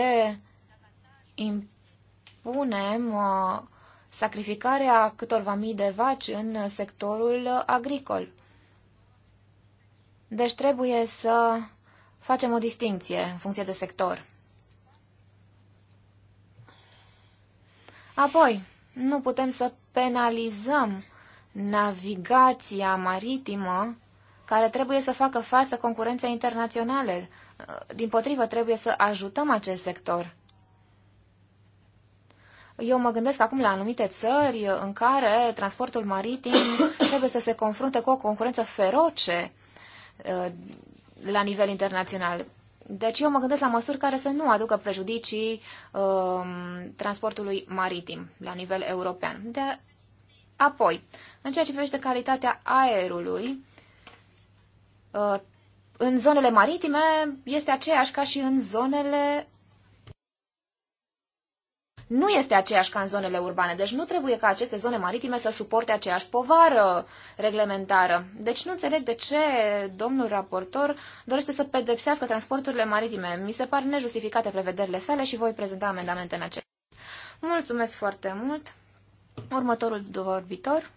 impunem uh, sacrificarea câtorva mii de vaci în sectorul agricol. Deci trebuie să facem o distinție în funcție de sector. Apoi, nu putem să penalizăm navigația maritimă care trebuie să facă față concurenței internaționale. Din potrivă, trebuie să ajutăm acest sector. Eu mă gândesc acum la anumite țări în care transportul maritim trebuie să se confrunte cu o concurență feroce uh, la nivel internațional. Deci eu mă gândesc la măsuri care să nu aducă prejudicii um, transportului maritim la nivel european. De Apoi, în ceea ce privește calitatea aerului, uh, în zonele maritime este aceeași ca și în zonele nu este aceeași ca în zonele urbane, deci nu trebuie ca aceste zone maritime să suporte aceeași povară reglementară. Deci nu înțeleg de ce domnul raportor dorește să pedepsească transporturile maritime. Mi se par nejustificate prevederile sale și voi prezenta amendamente în acest. Mulțumesc foarte mult! Următorul vorbitor.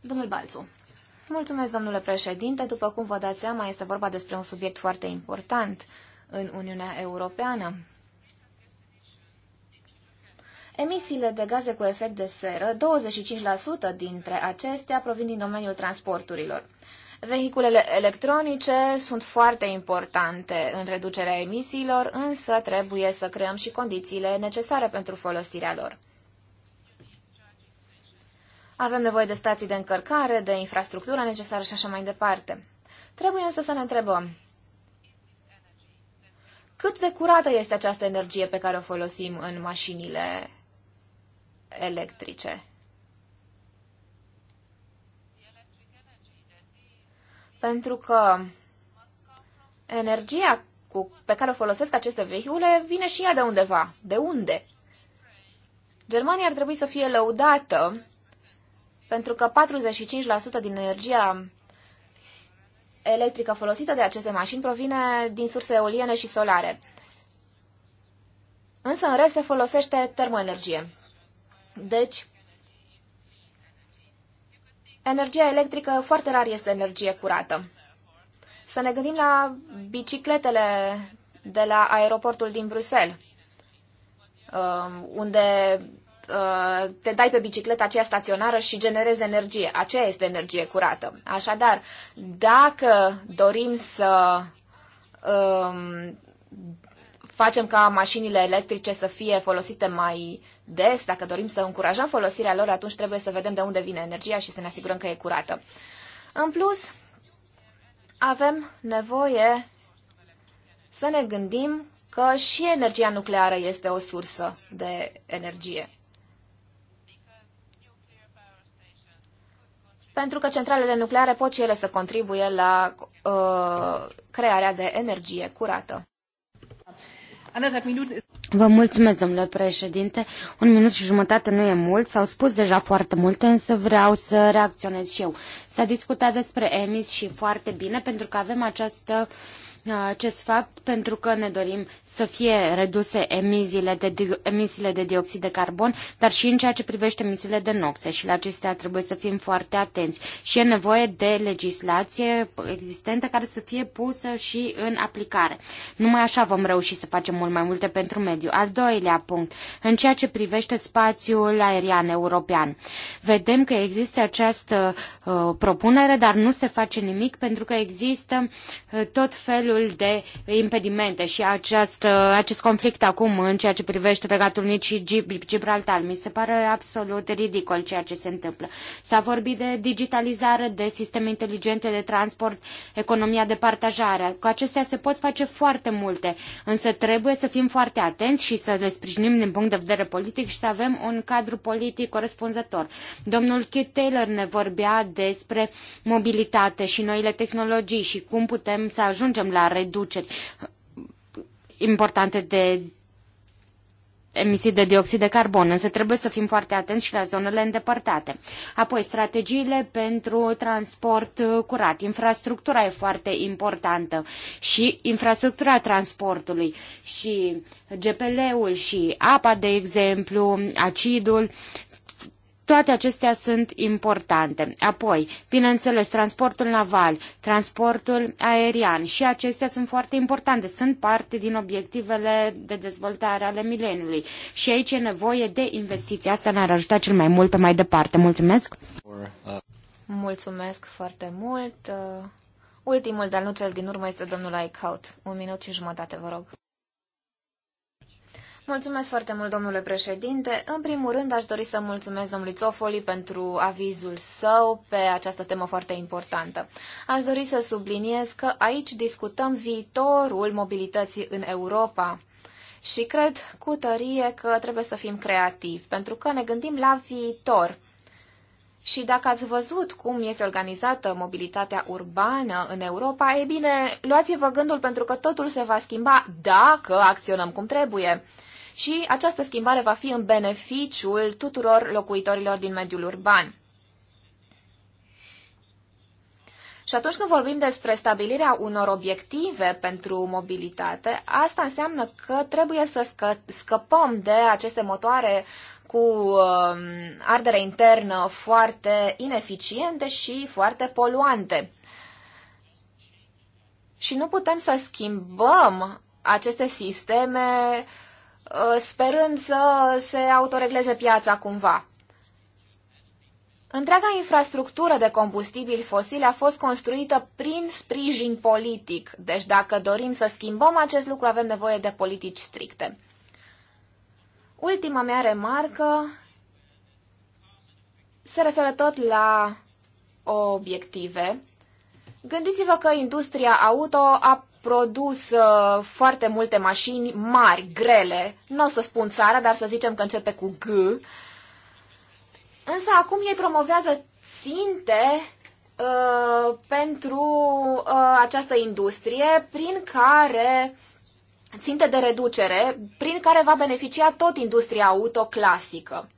Domnul Balțu. Mulțumesc, domnule președinte. După cum vă dați seama, este vorba despre un subiect foarte important în Uniunea Europeană. Emisiile de gaze cu efect de seră, 25% dintre acestea provin din domeniul transporturilor. Vehiculele electronice sunt foarte importante în reducerea emisiilor, însă trebuie să creăm și condițiile necesare pentru folosirea lor. Avem nevoie de stații de încărcare, de infrastructura necesară și așa mai departe. Trebuie însă să ne întrebăm cât de curată este această energie pe care o folosim în mașinile electrice. Pentru că energia cu, pe care o folosesc aceste vehicule vine și ea de undeva. De unde? Germania ar trebui să fie lăudată pentru că 45% din energia electrică folosită de aceste mașini provine din surse eoliene și solare. Însă în rest se folosește termoenergie. Deci, Energia electrică foarte rar este energie curată. Să ne gândim la bicicletele de la aeroportul din Bruxelles, um, unde uh, te dai pe bicicleta aceea staționară și generezi energie. Aceea este energie curată. Așadar, dacă dorim să um, facem ca mașinile electrice să fie folosite mai des, dacă dorim să încurajăm folosirea lor, atunci trebuie să vedem de unde vine energia și să ne asigurăm că e curată. În plus, avem nevoie să ne gândim că și energia nucleară este o sursă de energie. Pentru că centralele nucleare pot și ele să contribuie la uh, crearea de energie curată. Vă mulțumesc, domnule președinte. Un minut și jumătate nu e mult. S-au spus deja foarte multe, însă vreau să reacționez și eu. S-a discutat despre emis și foarte bine, pentru că avem această uh, acest fapt pentru că ne dorim să fie reduse emisiile de, emisiile de dioxid de carbon, dar și în ceea ce privește emisiile de noxe și la acestea trebuie să fim foarte atenți. Și e nevoie de legislație existentă care să fie pusă și în aplicare. Numai așa vom reuși să facem mult mai multe pentru mediu. Al doilea punct, în ceea ce privește spațiul aerian european. Vedem că există această uh, propunere, dar nu se face nimic pentru că există uh, tot felul numărul de impedimente și acest, acest conflict acum în ceea ce privește Regatul Unit și Gibraltar. Mi se pare absolut ridicol ceea ce se întâmplă. S-a vorbit de digitalizare, de sisteme inteligente de transport, economia de partajare. Cu acestea se pot face foarte multe, însă trebuie să fim foarte atenți și să le sprijinim din punct de vedere politic și să avem un cadru politic corespunzător. Domnul Keith Taylor ne vorbea despre mobilitate și noile tehnologii și cum putem să ajungem la la reduceri importante de emisii de dioxid de carbon, însă trebuie să fim foarte atenți și la zonele îndepărtate. Apoi, strategiile pentru transport curat. Infrastructura e foarte importantă și infrastructura transportului și GPL-ul și apa, de exemplu, acidul, toate acestea sunt importante. Apoi, bineînțeles, transportul naval, transportul aerian și acestea sunt foarte importante. Sunt parte din obiectivele de dezvoltare ale mileniului și aici e nevoie de investiții. Asta ne-ar ajuta cel mai mult pe mai departe. Mulțumesc! Mulțumesc foarte mult! Ultimul, dar nu cel din urmă, este domnul Aicaut. Un minut și jumătate, vă rog. Mulțumesc foarte mult, domnule președinte. În primul rând, aș dori să mulțumesc domnului Zofoli pentru avizul său pe această temă foarte importantă. Aș dori să subliniez că aici discutăm viitorul mobilității în Europa. Și cred cu tărie că trebuie să fim creativi, pentru că ne gândim la viitor. Și dacă ați văzut cum este organizată mobilitatea urbană în Europa, e bine, luați-vă gândul pentru că totul se va schimba dacă acționăm cum trebuie și această schimbare va fi în beneficiul tuturor locuitorilor din mediul urban. Și atunci când vorbim despre stabilirea unor obiective pentru mobilitate, asta înseamnă că trebuie să scă- scăpăm de aceste motoare cu uh, ardere internă foarte ineficiente și foarte poluante. Și nu putem să schimbăm aceste sisteme Uh, sperând să se autoregleze piața cumva. Întreaga infrastructură de combustibili fosili a fost construită prin sprijin politic, deci dacă dorim să schimbăm acest lucru, avem nevoie de politici stricte. Ultima mea remarcă se referă tot la obiective. Gândiți-vă că industria auto a produs uh, foarte multe mașini mari, grele. Nu o să spun țara, dar să zicem că începe cu G. Însă acum ei promovează ținte uh, pentru uh, această industrie prin care ținte de reducere, prin care va beneficia tot industria auto clasică.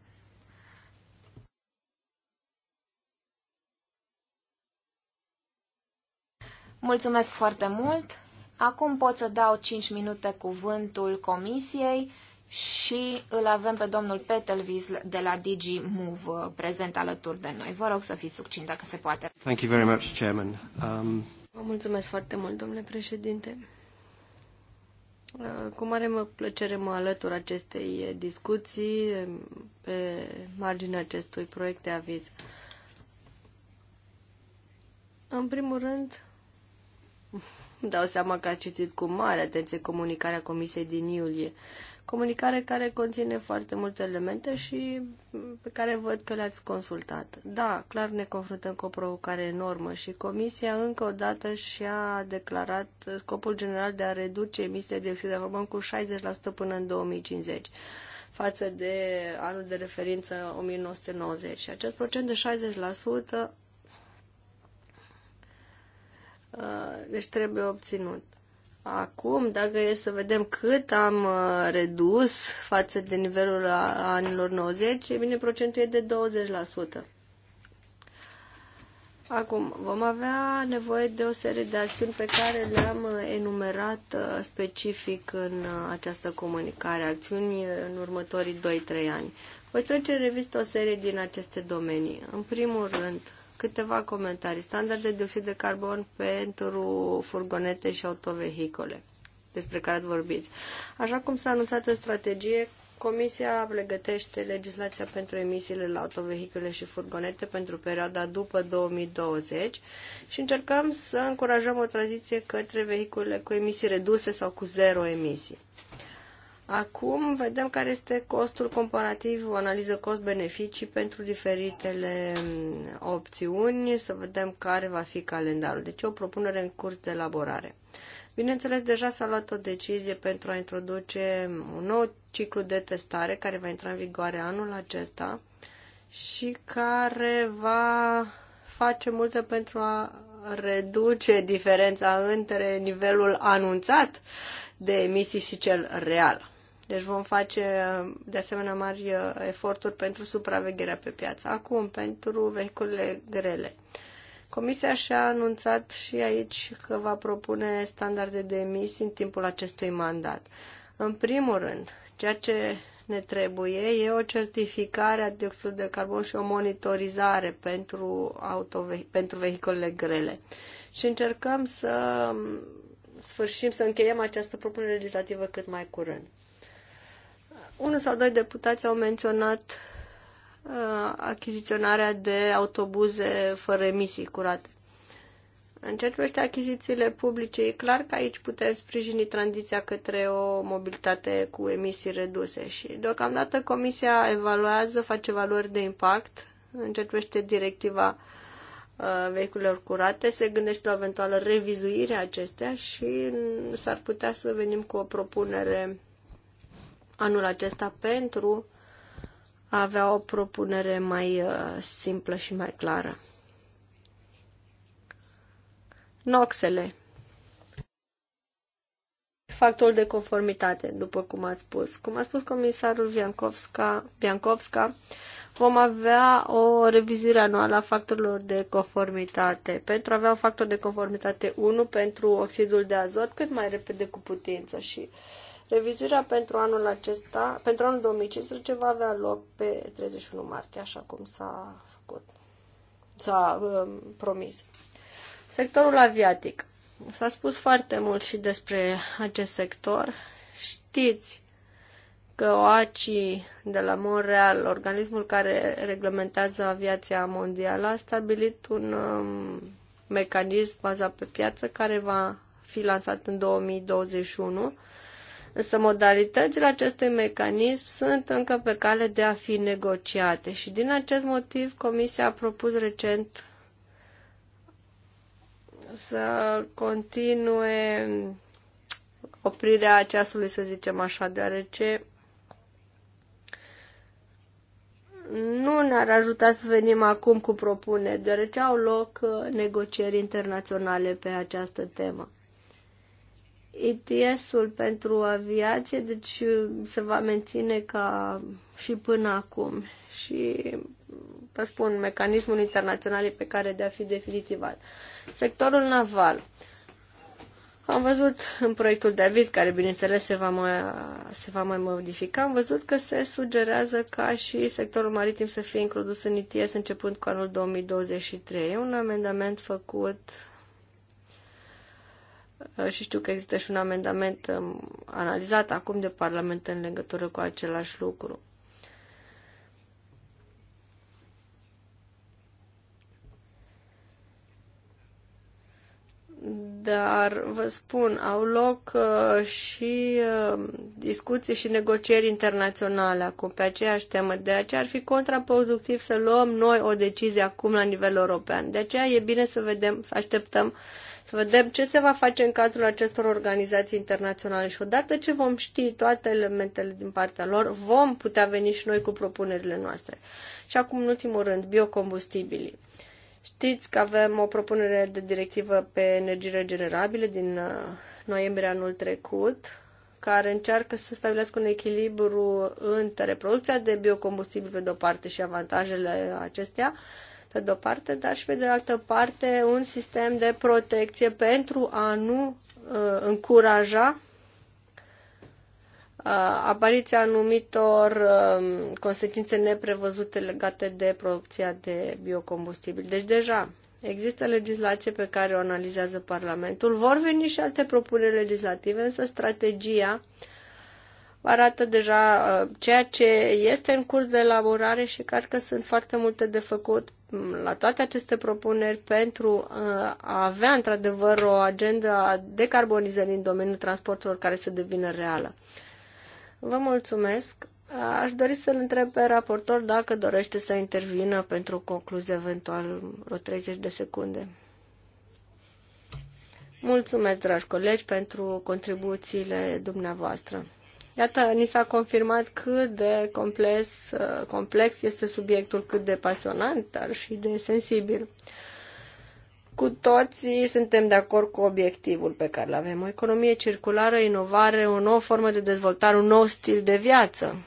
Mulțumesc foarte mult! Acum pot să dau 5 minute cuvântul comisiei și îl avem pe domnul Petelvis de la Digi Move uh, prezent alături de noi. Vă rog să fiți succint dacă se poate. Thank you very much, Chairman. Um... Vă mulțumesc foarte mult, domnule președinte. Uh, cu mare mă plăcere mă alătur acestei uh, discuții um, pe marginea acestui proiect de aviz. În primul rând, dau seama că ați citit cu mare atenție comunicarea Comisiei din iulie. Comunicare care conține foarte multe elemente și pe care văd că le-ați consultat. Da, clar ne confruntăm cu o provocare enormă și Comisia încă o dată și-a declarat scopul general de a reduce emisiile de dioxid de carbon cu 60% până în 2050 față de anul de referință 1990. Și acest procent de 60% deci trebuie obținut. Acum, dacă e să vedem cât am redus față de nivelul anilor 90, e bine, procentul e de 20%. Acum, vom avea nevoie de o serie de acțiuni pe care le-am enumerat specific în această comunicare, acțiuni în următorii 2-3 ani. Voi trece în revistă o serie din aceste domenii. În primul rând, Câteva comentarii. Standard de dioxid de carbon pentru furgonete și autovehicole, despre care ați vorbit. Așa cum s-a anunțat în strategie, Comisia pregătește legislația pentru emisiile la autovehicule și furgonete pentru perioada după 2020 și încercăm să încurajăm o tranziție către vehicule cu emisii reduse sau cu zero emisii. Acum vedem care este costul comparativ, o analiză cost-beneficii pentru diferitele mm, opțiuni, să vedem care va fi calendarul. Deci o propunere în curs de elaborare. Bineînțeles, deja s-a luat o decizie pentru a introduce un nou ciclu de testare care va intra în vigoare anul acesta și care va face multe pentru a reduce diferența între nivelul anunțat de emisii și cel real. Deci vom face de asemenea mari uh, eforturi pentru supravegherea pe piață. Acum, pentru vehiculele grele. Comisia și-a anunțat și aici că va propune standarde de emisii în timpul acestui mandat. În primul rând, ceea ce ne trebuie e o certificare a dioxidului de carbon și o monitorizare pentru, autove- pentru vehiculele grele. Și încercăm să sfârșim, să încheiem această propunere legislativă cât mai curând. Unul sau doi deputați au menționat uh, achiziționarea de autobuze fără emisii curate. În ceea ce privește achizițiile publice, e clar că aici putem sprijini tranziția către o mobilitate cu emisii reduse și deocamdată Comisia evaluează, face valori de impact în ceea ce privește directiva uh, vehiculelor curate, se gândește la o eventuală revizuire a acestea și s-ar putea să venim cu o propunere anul acesta pentru a avea o propunere mai uh, simplă și mai clară. Noxele. Factorul de conformitate, după cum ați spus. Cum a spus comisarul Biancovska vom avea o revizuire anuală a factorilor de conformitate. Pentru a avea un factor de conformitate 1 pentru oxidul de azot cât mai repede cu putință și uh, Revizuirea pentru anul acesta, pentru anul 2015, va avea loc pe 31 martie, așa cum s-a făcut, s-a um, promis. Sectorul aviatic. S-a spus foarte mult și despre acest sector. Știți că OACI de la Montreal, organismul care reglementează aviația mondială, a stabilit un um, mecanism bazat pe piață care va fi lansat în 2021 Însă modalitățile acestui mecanism sunt încă pe cale de a fi negociate și din acest motiv Comisia a propus recent să continue oprirea ceasului, să zicem așa, deoarece nu ne-ar ajuta să venim acum cu propuneri, deoarece au loc uh, negocieri internaționale pe această temă. ETS-ul pentru aviație, deci uh, se va menține ca și până acum. Și, vă spun, mecanismul internațional pe care de a fi definitivat. Sectorul naval. Am văzut în proiectul de aviz, care bineînțeles se va, mai, se va mai modifica, am văzut că se sugerează ca și sectorul maritim să fie inclus în ITS începând cu anul 2023. E un amendament făcut Uh, și știu că există și un amendament um, analizat acum de Parlament în legătură cu același lucru. dar vă spun, au loc uh, și um, discuții și negocieri internaționale acum pe aceeași temă. De aceea ar fi contraproductiv să luăm noi o decizie acum la nivel european. De aceea e bine să vedem, să așteptăm să vedem ce se va face în cadrul acestor organizații internaționale și odată ce vom ști toate elementele din partea lor, vom putea veni și noi cu propunerile noastre. Și acum, în ultimul rând, biocombustibilii. Știți că avem o propunere de directivă pe energii regenerabile din uh, noiembrie anul trecut, care încearcă să stabilească un echilibru între producția de biocombustibil pe de-o parte și avantajele acestea, pe de-o parte, dar și pe de altă parte un sistem de protecție pentru a nu uh, încuraja uh, apariția anumitor uh, consecințe neprevăzute legate de producția de biocombustibil. Deci deja Există legislație pe care o analizează Parlamentul. Vor veni și alte propuneri legislative, însă strategia arată deja uh, ceea ce este în curs de elaborare și cred că sunt foarte multe de făcut la toate aceste propuneri pentru uh, a avea într-adevăr o agenda decarbonizării în domeniul transporturilor care să devină reală. Vă mulțumesc. Aș dori să-l întreb pe raportor dacă dorește să intervină pentru o concluzie eventual vreo 30 de secunde. Mulțumesc, dragi colegi, pentru contribuțiile dumneavoastră. Iată, ni s-a confirmat cât de complex, uh, complex este subiectul, cât de pasionant, dar și de sensibil. Cu toții suntem de acord cu obiectivul pe care îl avem. O economie circulară, inovare, o nouă formă de dezvoltare, un nou stil de viață.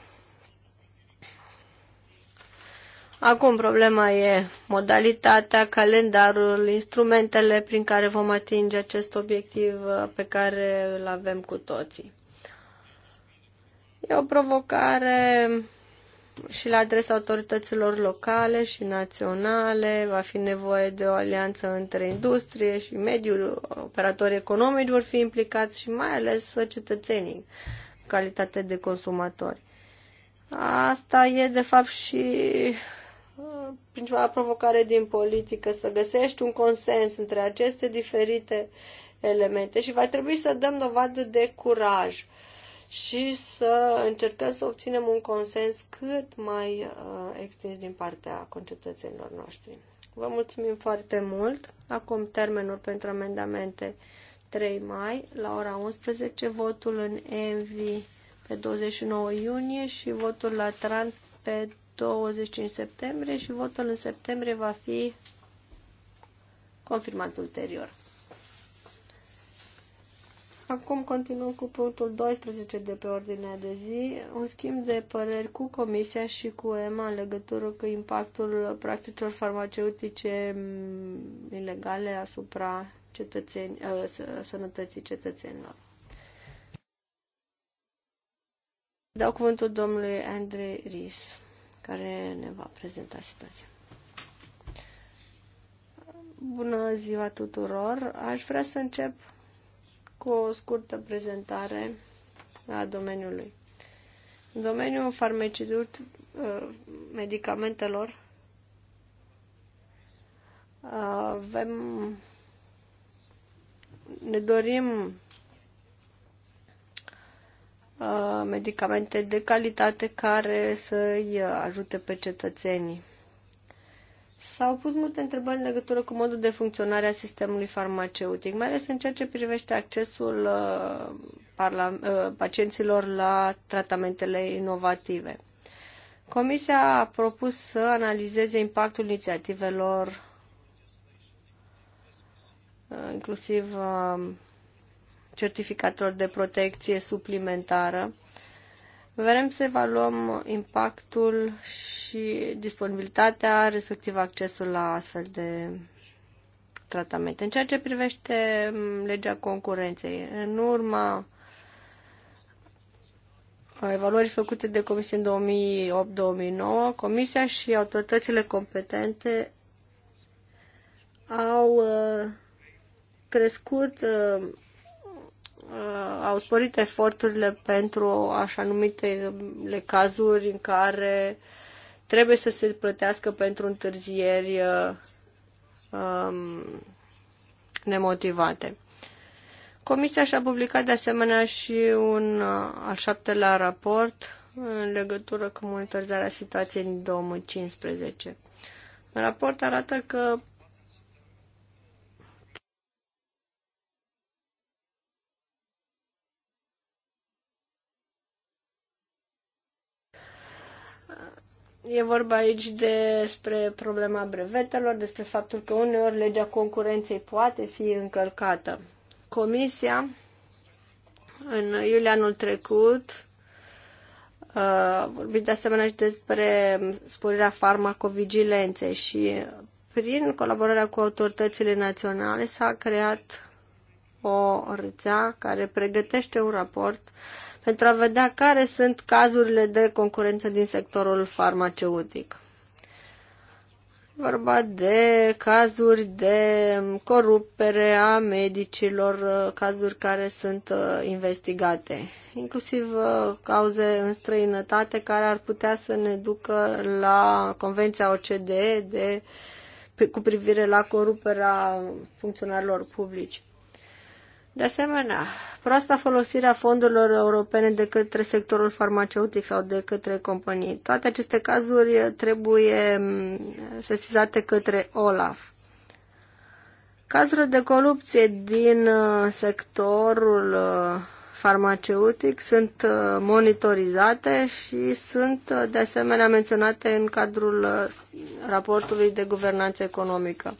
Acum problema e modalitatea, calendarul, instrumentele prin care vom atinge acest obiectiv uh, pe care îl avem cu toții. E o provocare și la adresa autorităților locale și naționale, va fi nevoie de o alianță între industrie și mediul, operatori economici vor fi implicați și mai ales cetățenii în calitate de consumatori. Asta e de fapt și uh, principala provocare din politică, să găsești un consens între aceste diferite elemente și va trebui să dăm dovadă de curaj și să încercăm să obținem un consens cât mai uh, extins din partea concetățenilor noștri. Vă mulțumim foarte mult. Acum termenul pentru amendamente 3 mai la ora 11, votul în ENVI pe 29 iunie și votul la TRAN pe 25 septembrie și votul în septembrie va fi confirmat ulterior. Acum continuăm cu punctul 12 de pe ordinea de zi, un schimb de păreri cu Comisia și cu EMA în legătură cu impactul practicilor farmaceutice mm, ilegale asupra cetățeni, uh, sănătății cetățenilor. Dau cuvântul domnului Andrei Ris, care ne va prezenta situația. Bună ziua tuturor! Aș vrea să încep cu o scurtă prezentare a domeniului. În domeniul farmacidut uh, medicamentelor, avem, ne dorim uh, medicamente de calitate care să-i ajute pe cetățenii. S-au pus multe întrebări în legătură cu modul de funcționare a sistemului farmaceutic, mai ales în ceea ce privește accesul uh, uh, pacienților la tratamentele inovative. Comisia a propus să analizeze impactul inițiativelor, uh, inclusiv uh, certificatelor de protecție suplimentară, Vrem să evaluăm impactul și disponibilitatea, respectiv accesul la astfel de tratamente. În ceea ce privește legea concurenței, în urma evaluării făcute de Comisie în 2008-2009, Comisia și autoritățile competente au uh, crescut uh, Uh, au sporit eforturile pentru așa numitele cazuri în care trebuie să se plătească pentru întârzieri uh, um, nemotivate. Comisia și-a publicat de asemenea și un uh, al șaptelea raport în legătură cu monitorizarea situației în 2015. raport arată că E vorba aici despre problema brevetelor, despre faptul că uneori legea concurenței poate fi încălcată. Comisia, în iulie anul trecut, a vorbit de asemenea și despre sporirea farmacovigilenței și prin colaborarea cu autoritățile naționale s-a creat o rețea care pregătește un raport pentru a vedea care sunt cazurile de concurență din sectorul farmaceutic. Vorba de cazuri de corupere a medicilor, cazuri care sunt uh, investigate, inclusiv uh, cauze în străinătate care ar putea să ne ducă la Convenția OCDE de, cu privire la coruperea funcționarilor publici. De asemenea, proasta folosirea fondurilor europene de către sectorul farmaceutic sau de către companii. Toate aceste cazuri trebuie mm, sesizate către OLAF. Cazurile de corupție din uh, sectorul uh, farmaceutic sunt uh, monitorizate și sunt de asemenea menționate în cadrul raportului de guvernanță economică.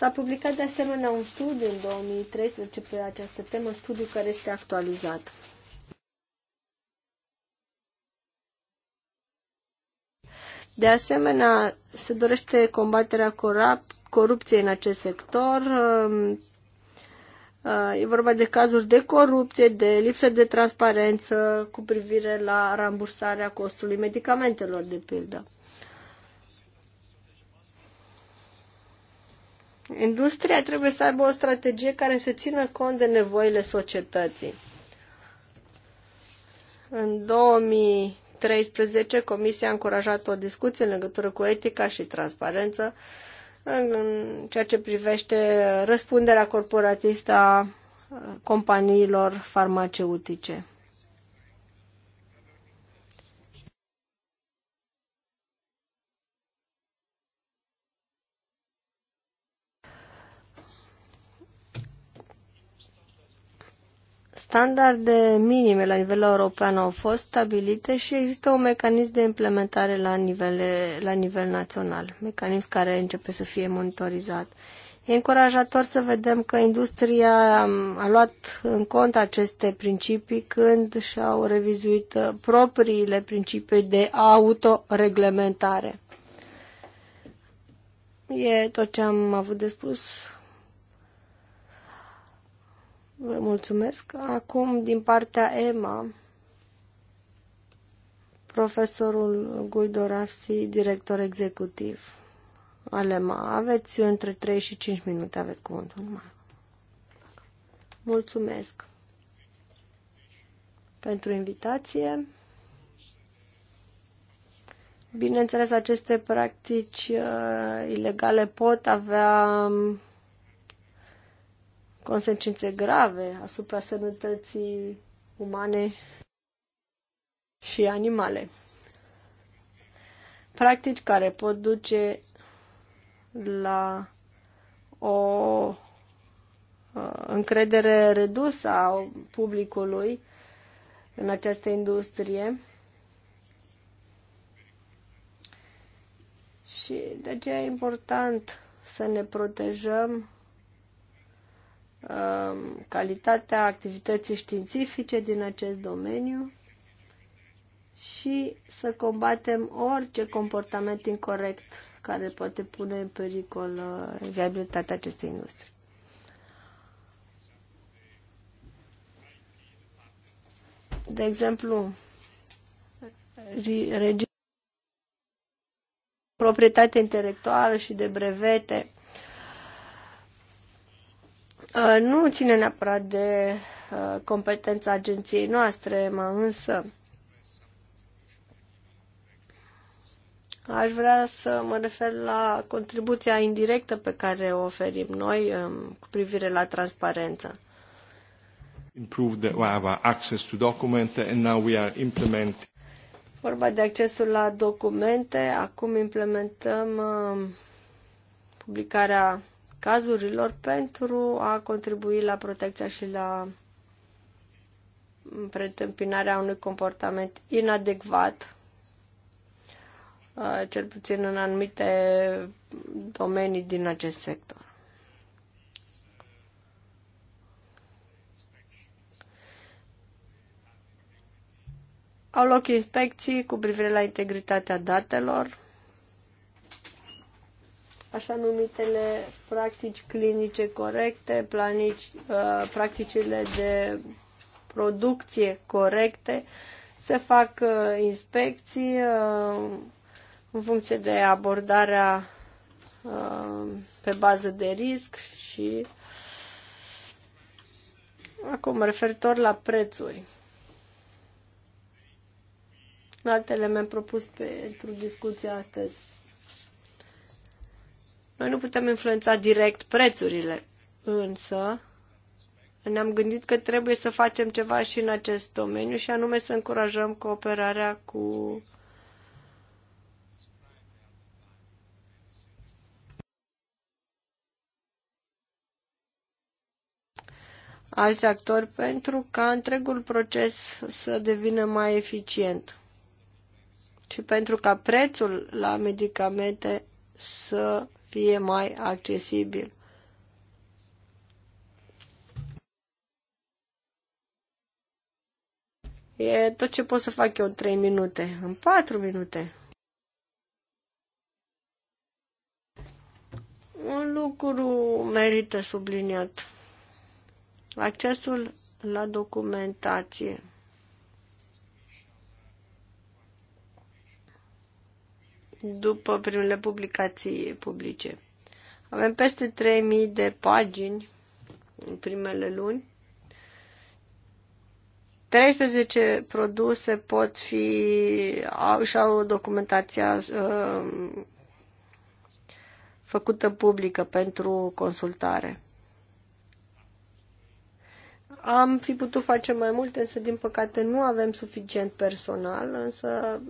S-a publicat de asemenea un studiu în 2013 pe această temă, studiu care este actualizat. De asemenea, se dorește combaterea corupției în acest sector. Um, uh, e vorba de cazuri de corupție, de lipsă de transparență cu privire la rambursarea costului medicamentelor, de pildă. Industria trebuie să aibă o strategie care să țină cont de nevoile societății. În 2013, Comisia a încurajat o discuție în legătură cu etica și transparență în ceea ce privește răspunderea corporatistă a companiilor farmaceutice. Standarde minime la nivel european au fost stabilite și există un mecanism de implementare la, nivele, la nivel național, mecanism care începe să fie monitorizat. E încurajator să vedem că industria um, a luat în cont aceste principii când și-au revizuit uh, propriile principii de autoreglementare. E tot ce am avut de spus. Vă mulțumesc. Acum, din partea EMA, profesorul Guido Rafsi, director executiv al EMA. Aveți între 3 și 5 minute, aveți cuvântul Mulțumesc pentru invitație. Bineînțeles, aceste practici uh, ilegale pot avea um, consecințe grave asupra sănătății umane și animale. Practici care pot duce la o uh, încredere redusă a publicului în această industrie. Și de aceea e important să ne protejăm Um, calitatea activității științifice din acest domeniu și să combatem orice comportament incorrect care poate pune în pericol uh, viabilitatea acestei industrie. De exemplu, proprietatea intelectuală și de brevete Uh, nu ține neapărat de uh, competența agenției noastre, mă, însă aș vrea să mă refer la contribuția indirectă pe care o oferim noi um, cu privire la transparență. Uh, Vorba de accesul la documente, acum implementăm um, publicarea cazurilor pentru a contribui la protecția și la preîntâmpinarea unui comportament inadecvat, uh, cel puțin în anumite domenii din acest sector. Au loc inspecții cu privire la integritatea datelor, așa numitele practici clinice corecte, planici, uh, practicile de producție corecte, se fac uh, inspecții uh, în funcție de abordarea uh, pe bază de risc și acum referitor la prețuri. Un alt element propus pentru discuția astăzi noi nu putem influența direct prețurile, însă ne-am gândit că trebuie să facem ceva și în acest domeniu și anume să încurajăm cooperarea cu alți actori pentru ca întregul proces să devină mai eficient și pentru ca prețul la medicamente să fie mai accesibil. E tot ce pot să fac eu în 3 minute, în 4 minute. Un lucru merită subliniat. Accesul la documentație. după primele publicații publice. Avem peste 3000 de pagini în primele luni. 13 produse pot fi, au, și au documentația uh, făcută publică pentru consultare. Am fi putut face mai multe, însă din păcate nu avem suficient personal, însă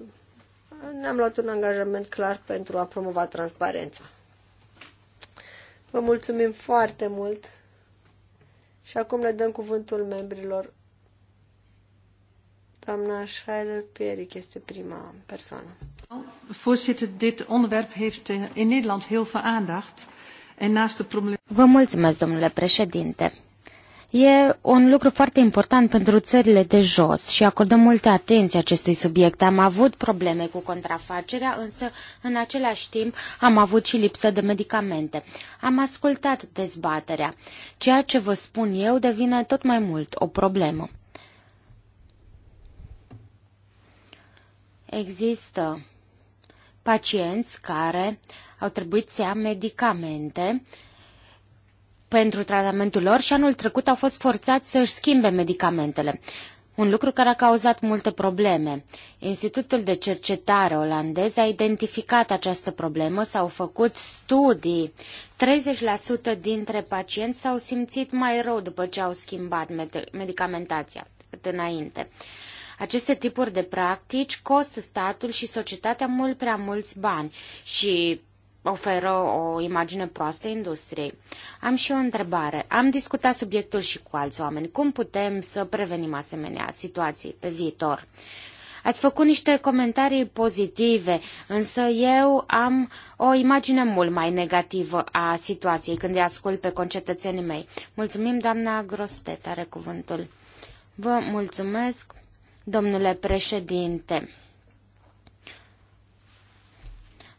ne-am luat un angajament clar pentru a promova transparența. Vă mulțumim foarte mult și acum le dăm cuvântul membrilor. Doamna Schreiner Pieric este prima persoană. Voorzitter, dit onderwerp heeft eh, in Nederland heel veel aandacht. En naast de problemen... Vă mulțumesc, domnule președinte. E un lucru foarte important pentru țările de jos și acordăm multă atenție acestui subiect. Am avut probleme cu contrafacerea, însă în același timp am avut și lipsă de medicamente. Am ascultat dezbaterea. Ceea ce vă spun eu devine tot mai mult o problemă. Există pacienți care au trebuit să ia medicamente uh, pentru tratamentul lor și anul trecut au fost forțați să își schimbe medicamentele un lucru care a cauzat multe probleme. Institutul de cercetare olandez a identificat această problemă, s-au făcut studii. 30% dintre pacienți s-au simțit mai rău după ce au schimbat medicamentația cât înainte. Aceste tipuri de practici costă statul și societatea mult prea mulți bani și oferă o imagine proastă industriei. Am și o întrebare. Am discutat subiectul și cu alți oameni. Cum putem să prevenim asemenea situații pe viitor? Ați făcut niște comentarii pozitive, însă eu am o imagine mult mai negativă a situației când îi ascult pe concetățenii mei. Mulțumim, doamna Grostet, are cuvântul. Vă mulțumesc, domnule președinte.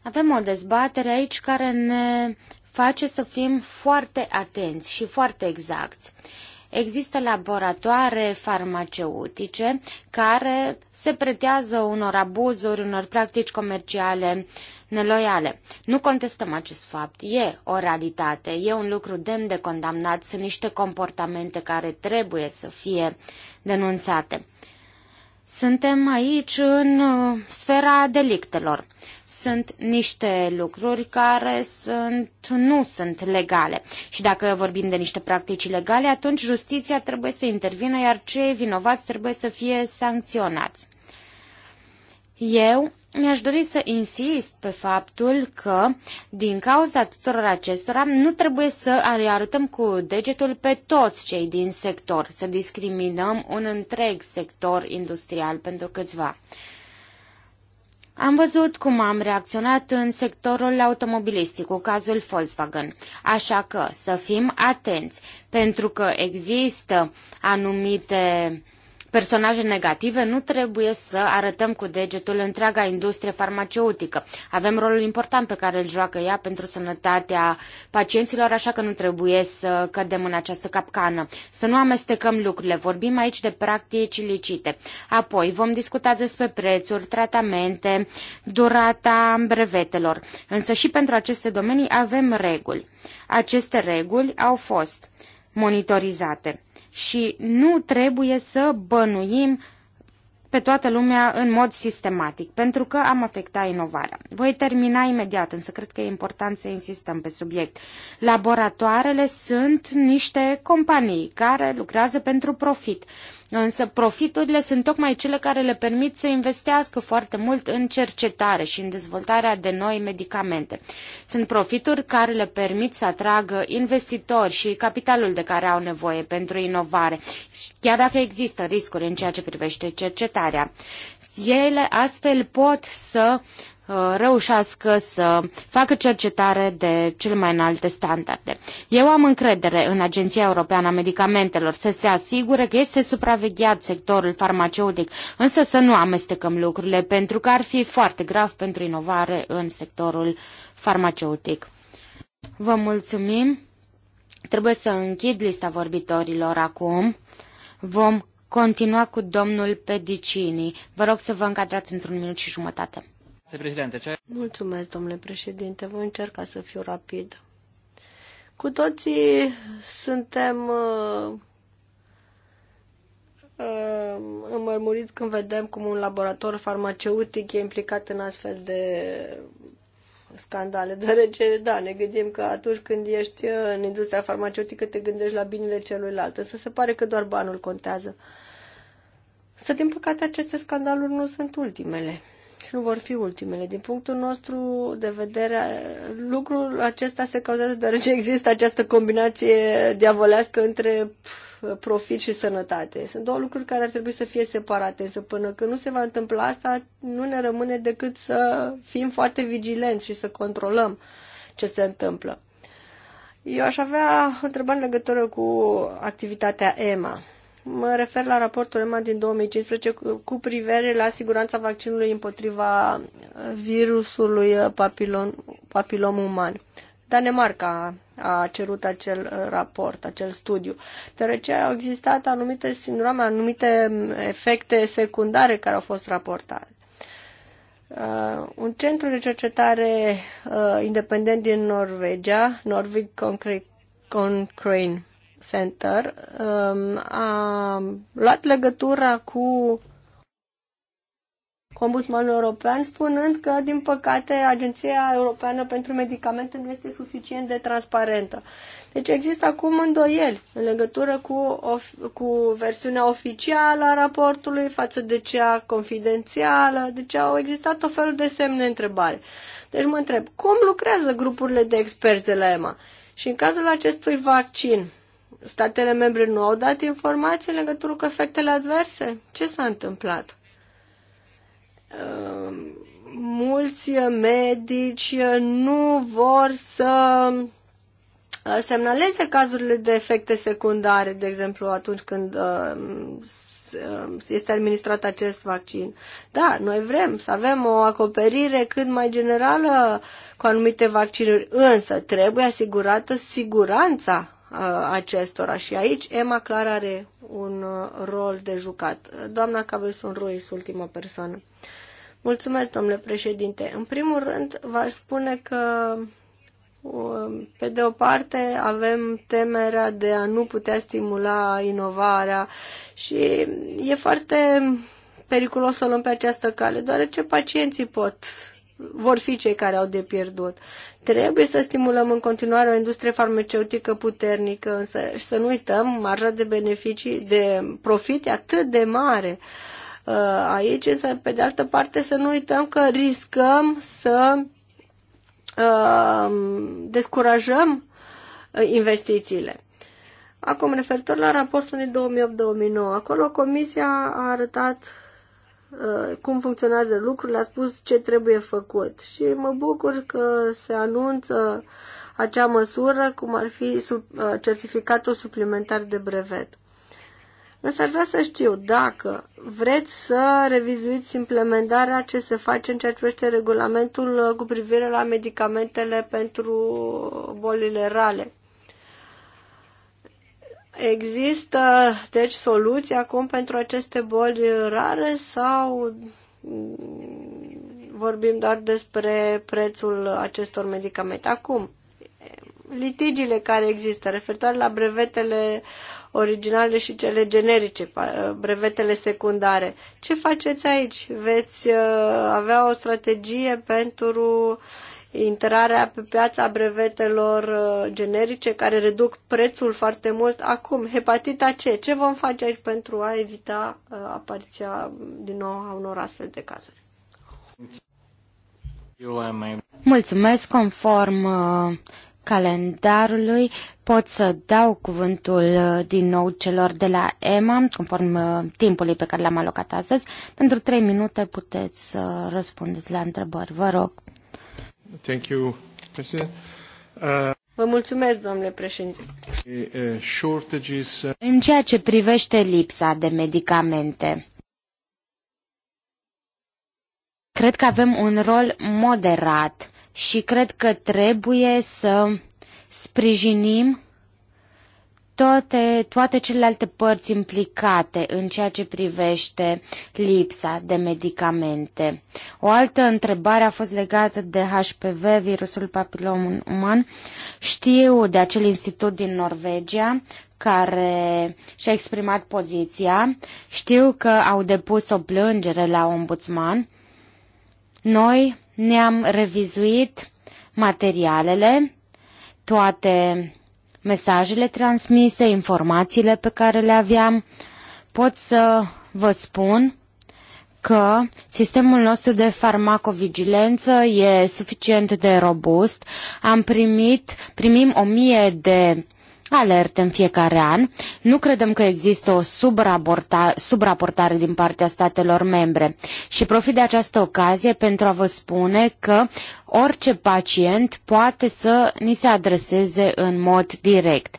Avem o dezbatere aici care ne face să fim foarte atenți și foarte exacti. Există laboratoare farmaceutice care se pretează unor abuzuri, unor practici comerciale neloiale. Nu contestăm acest fapt. E o realitate, e un lucru demn de condamnat, sunt niște comportamente care trebuie să fie denunțate. Suntem aici în uh, sfera delictelor. Sunt niște lucruri care sunt, nu sunt legale. Și dacă vorbim de niște practici legale, atunci justiția trebuie să intervină, iar cei vinovați trebuie să fie sancționați. Eu mi-aș dori să insist pe faptul că, din cauza tuturor acestora, nu trebuie să arătăm cu degetul pe toți cei din sector, să discriminăm un întreg sector industrial pentru câțiva. Am văzut cum am reacționat în sectorul automobilistic cu cazul Volkswagen, așa că să fim atenți, pentru că există anumite uh, personaje negative, nu trebuie să arătăm cu degetul întreaga industrie farmaceutică. Avem rolul important pe care îl joacă ea pentru sănătatea pacienților, așa că nu trebuie să cădem în această capcană. Să nu amestecăm lucrurile. Vorbim aici de practici ilicite. Apoi vom discuta despre prețuri, tratamente, durata brevetelor. Însă și pentru aceste domenii avem reguli. Aceste reguli au fost monitorizate și nu trebuie să bănuim pe toată lumea în mod sistematic, pentru că am afectat inovarea. Voi termina imediat, însă cred că e important să insistăm pe subiect. Laboratoarele sunt niște companii care lucrează pentru profit Însă profiturile sunt tocmai cele care le permit să investească foarte mult în cercetare și în dezvoltarea de noi medicamente. Sunt profituri care le permit să atragă investitori și capitalul de care au nevoie pentru inovare, chiar dacă există riscuri în ceea ce privește cercetarea. Ele astfel pot să uh, Uh, reușească să facă cercetare de cele mai înalte standarde. Eu am încredere în Agenția Europeană a Medicamentelor să se asigure că este supravegheat sectorul farmaceutic, însă să nu amestecăm lucrurile, pentru că ar fi foarte grav pentru inovare în sectorul farmaceutic. Vă mulțumim. Trebuie să închid lista vorbitorilor acum. Vom continua cu domnul Pedicini. Vă rog să vă încadrați într-un minut și jumătate. Mulțumesc, domnule președinte. Voi încerca să fiu rapid. Cu toții suntem uh, uh, înmărmuriți când vedem cum un laborator farmaceutic e implicat în astfel de scandale, deoarece, da, ne gândim că atunci când ești în industria farmaceutică te gândești la binele celuilalt, Să se pare că doar banul contează. Să din păcate aceste scandaluri nu sunt ultimele și nu vor fi ultimele. Din punctul nostru de vedere, lucrul acesta se cauzează deoarece există această combinație diavolească între profit și sănătate. Sunt două lucruri care ar trebui să fie separate, însă până când nu se va întâmpla asta, nu ne rămâne decât să fim foarte vigilenți și să controlăm ce se întâmplă. Eu aș avea întrebări în legătură cu activitatea EMA. Mă refer la raportul EMA din 2015 cu, cu privire la siguranța vaccinului împotriva uh, virusului uh, papilon, papilom uman. Danemarca a cerut acel uh, raport, acel studiu, deoarece au existat anumite sindrome, anumite mm, efecte secundare care au fost raportate. Uh, un centru de cercetare uh, independent din Norvegia, Norvig Concrane, Center um, a luat legătura cu Ombudsmanul European spunând că, din păcate, Agenția Europeană pentru Medicamente nu este suficient de transparentă. Deci există acum îndoieli în legătură cu, of- cu versiunea oficială a raportului față de cea confidențială, deci au existat tot felul de semne întrebare. Deci mă întreb, cum lucrează grupurile de experți de la EMA? Și în cazul acestui vaccin, statele membre nu au dat informații în legătură cu efectele adverse? Ce s-a întâmplat? Ehm, mulți medici nu vor să uh, semnaleze cazurile de efecte secundare, de exemplu, atunci când uh, uh, este administrat acest vaccin. Da, noi vrem să avem o acoperire cât mai generală cu anumite vaccinuri, însă trebuie asigurată siguranța Uh, acestora. Și aici Emma clar are un uh, rol de jucat. Doamna Cabeson Ruiz, ultima persoană. Mulțumesc, domnule președinte. În primul rând, v-aș spune că, uh, pe de o parte, avem temerea de a nu putea stimula inovarea și e foarte periculos să o luăm pe această cale, deoarece pacienții pot vor fi cei care au de pierdut. Trebuie să stimulăm în continuare o industrie farmaceutică puternică, însă și să nu uităm marja de beneficii, de profit atât de mare uh, aici, însă pe de altă parte să nu uităm că riscăm să uh, descurajăm uh, investițiile. Acum, referitor la raportul din 2008-2009, acolo Comisia a arătat Uh, cum funcționează lucrurile, a spus ce trebuie făcut. Și mă bucur că se anunță acea măsură, cum ar fi sub, uh, certificatul suplimentar de brevet. Însă ar vrea să știu dacă vreți să revizuiți implementarea ce se face în ceea ce privește regulamentul uh, cu privire la medicamentele pentru bolile rale. Există, deci, soluții acum pentru aceste boli rare sau vorbim doar despre prețul acestor medicamente? Acum, litigiile care există referitoare la brevetele originale și cele generice, brevetele secundare. Ce faceți aici? Veți uh, avea o strategie pentru uh, intrarea pe piața brevetelor uh, generice care reduc prețul foarte mult. Acum, hepatita C, ce vom face aici pentru a evita uh, apariția mm, din nou a unor astfel de cazuri? Mulțumesc conform uh, calendarului. Pot să dau cuvântul din nou celor de la EMA, conform timpului pe care l-am alocat astăzi. Pentru trei minute puteți să răspundeți la întrebări. Vă rog. Thank you, President. Uh... Vă mulțumesc, domnule președinte. Uh, În ceea ce privește lipsa de medicamente, cred că avem un rol moderat și cred că trebuie să sprijinim toate, toate celelalte părți implicate în ceea ce privește lipsa de medicamente. O altă întrebare a fost legată de HPV, virusul papilom uman. Știu de acel institut din Norvegia care și-a exprimat poziția. Știu că au depus o plângere la ombudsman. Noi ne-am revizuit materialele, toate mesajele transmise, informațiile pe care le aveam, pot să vă spun că sistemul nostru de farmacovigilență e suficient de robust. Am primit, primim o mie de Alert în fiecare an. Nu credem că există o subraportare din partea statelor membre și profit de această ocazie pentru a vă spune că orice pacient poate să ni se adreseze în mod direct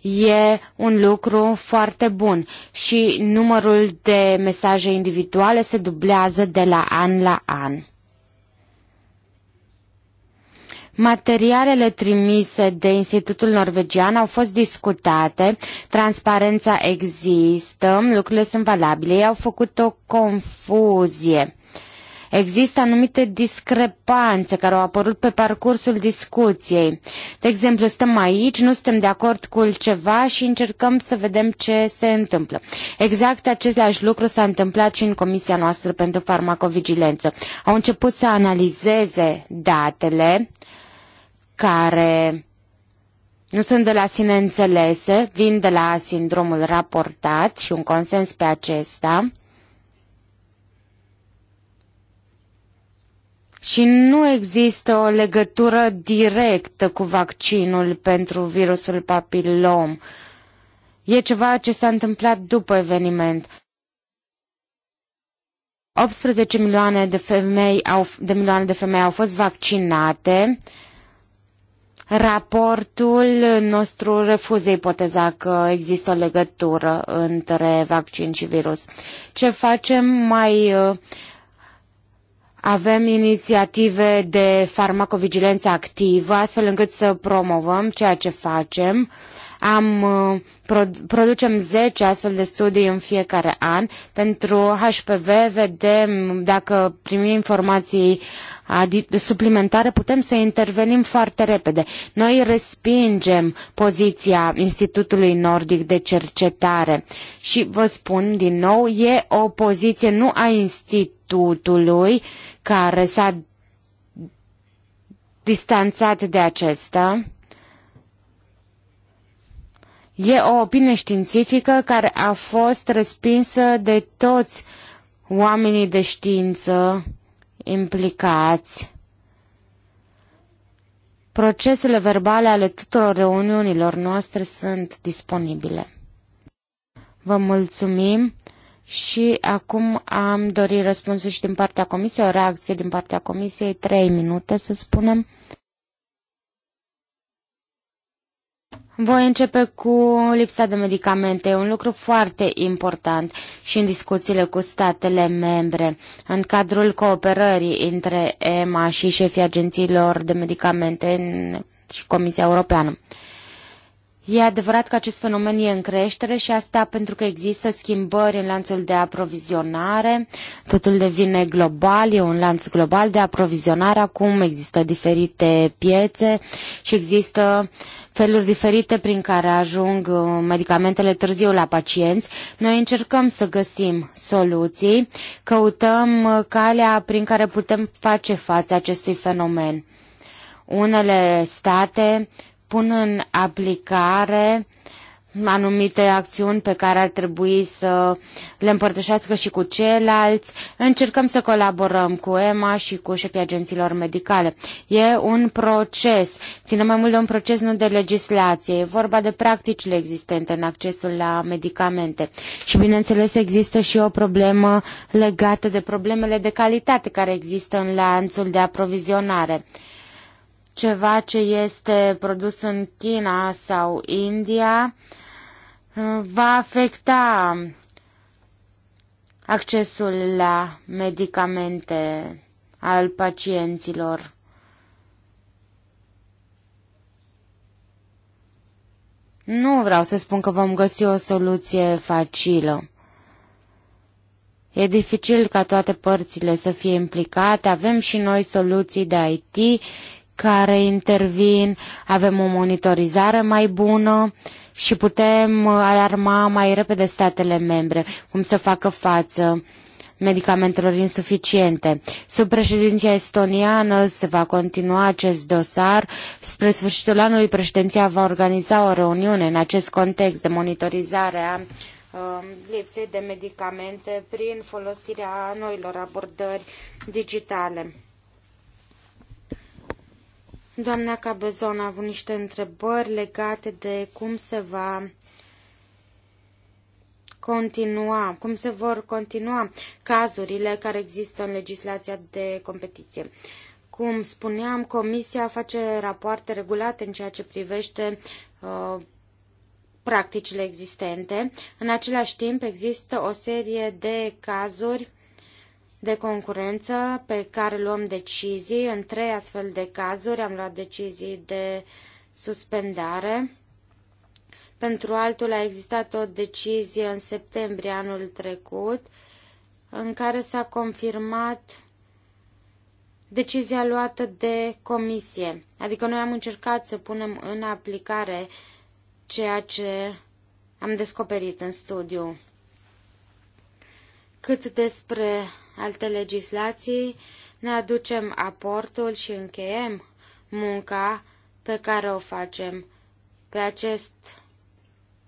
e un lucru foarte bun și numărul de mesaje individuale se dublează de la an la an. Materialele trimise de Institutul Norvegian au fost discutate, transparența există, lucrurile sunt valabile, ei au făcut o confuzie. Există anumite discrepanțe care au apărut pe parcursul discuției. De exemplu, stăm aici, nu suntem de acord cu ceva și încercăm să vedem ce se întâmplă. Exact același lucru s-a întâmplat și în Comisia noastră pentru Farmacovigilență. Au început să analizeze datele care nu sunt de la sine înțelese, vin de la sindromul raportat și un consens pe acesta. Și nu există o legătură directă cu vaccinul pentru virusul papilom. E ceva ce s-a întâmplat după eveniment. 18 milioane de, femei au, de milioane de femei au fost vaccinate Raportul nostru refuză ipoteza că există o legătură între vaccin și virus. Ce facem mai uh, avem inițiative de farmacovigilență activă, astfel încât să promovăm ceea ce facem am, uh, producem 10 astfel de studii în fiecare an. Pentru HPV vedem dacă primim informații suplimentare, putem să intervenim foarte repede. Noi respingem poziția Institutului Nordic de Cercetare și vă spun din nou, e o poziție nu a Institutului care s-a distanțat de acesta, E o opinie științifică care a fost respinsă de toți oamenii de știință implicați. Procesele verbale ale tuturor reuniunilor noastre sunt disponibile. Vă mulțumim și acum am dorit răspunsuri și din partea comisiei, o reacție din partea comisiei, trei minute să spunem. Voi începe cu lipsa de medicamente, un lucru foarte important și în discuțiile cu statele membre. În cadrul cooperării între EMA și șefii agențiilor de medicamente și Comisia Europeană. E adevărat că acest fenomen e în creștere și asta pentru că există schimbări în lanțul de aprovizionare, totul devine global, e un lanț global de aprovizionare, acum există diferite piețe și există uh, feluri diferite prin care ajung uh, medicamentele târziu la pacienți. Noi încercăm să găsim soluții, căutăm uh, calea prin care putem face față acestui fenomen. Unele state pun în aplicare uh, anumite acțiuni pe care ar trebui să le împărtășească și cu ceilalți. Încercăm să colaborăm cu EMA și cu șefii agențiilor medicale. E un proces. Ține mai mult de un proces, nu de legislație. E vorba de practicile existente în accesul la medicamente. Și, bineînțeles, există și o problemă legată de problemele de calitate care există în lanțul de aprovizionare ceva ce este produs în China sau India va afecta accesul la medicamente al pacienților. Nu vreau să spun că vom găsi o soluție facilă. E dificil ca toate părțile să fie implicate, avem și noi soluții de IT care intervin, avem o monitorizare mai bună și putem alarma mai repede statele membre cum să facă față medicamentelor insuficiente. Sub președinția estoniană se va continua acest dosar. Spre sfârșitul anului, președinția va organiza o reuniune în acest context de monitorizare a um, lipsei de medicamente prin folosirea noilor abordări digitale. Doamna Cabezon a avut niște întrebări legate de cum se va continua, cum se vor continua cazurile care există în legislația de competiție. Cum spuneam, Comisia face rapoarte regulate în ceea ce privește uh, practicile existente. În același timp, există o serie de cazuri de concurență pe care luăm decizii. În trei astfel de cazuri am luat decizii de suspendare. Pentru altul a existat o decizie în septembrie anul trecut în care s-a confirmat decizia luată de comisie. Adică noi am încercat să punem în aplicare ceea ce am descoperit în studiu. Cât despre alte legislații, ne aducem aportul și încheiem munca pe care o facem pe acest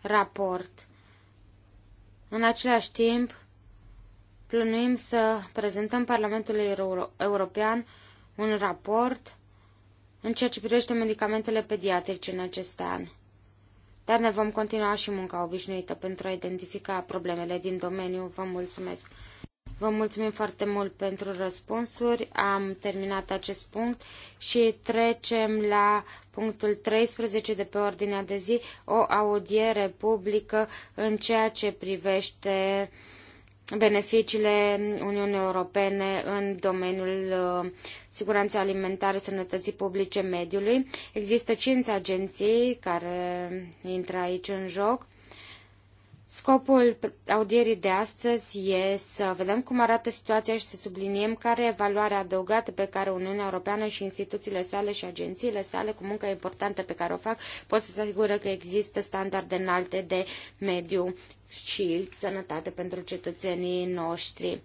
raport. În același timp, plănuim să prezentăm Parlamentului European un raport în ceea ce privește medicamentele pediatrice în acest an. Dar ne vom continua și munca obișnuită pentru a identifica problemele din domeniu. Vă mulțumesc! Vă mulțumim foarte mult pentru răspunsuri. Am terminat acest punct și trecem la punctul 13 de pe ordinea de zi, o audiere publică în ceea ce privește uh, beneficiile Uniunii Europene în domeniul uh, siguranței alimentare, sănătății publice, mediului. Există cinci agenții care intră aici în joc. Scopul audierii de astăzi e să vedem cum arată situația și să subliniem care e valoarea adăugată pe care Uniunea Europeană și instituțiile sale și agențiile sale, cu munca importantă pe care o fac, pot să se asigură că există standarde înalte de mediu Shield, sănătate pentru cetățenii noștri.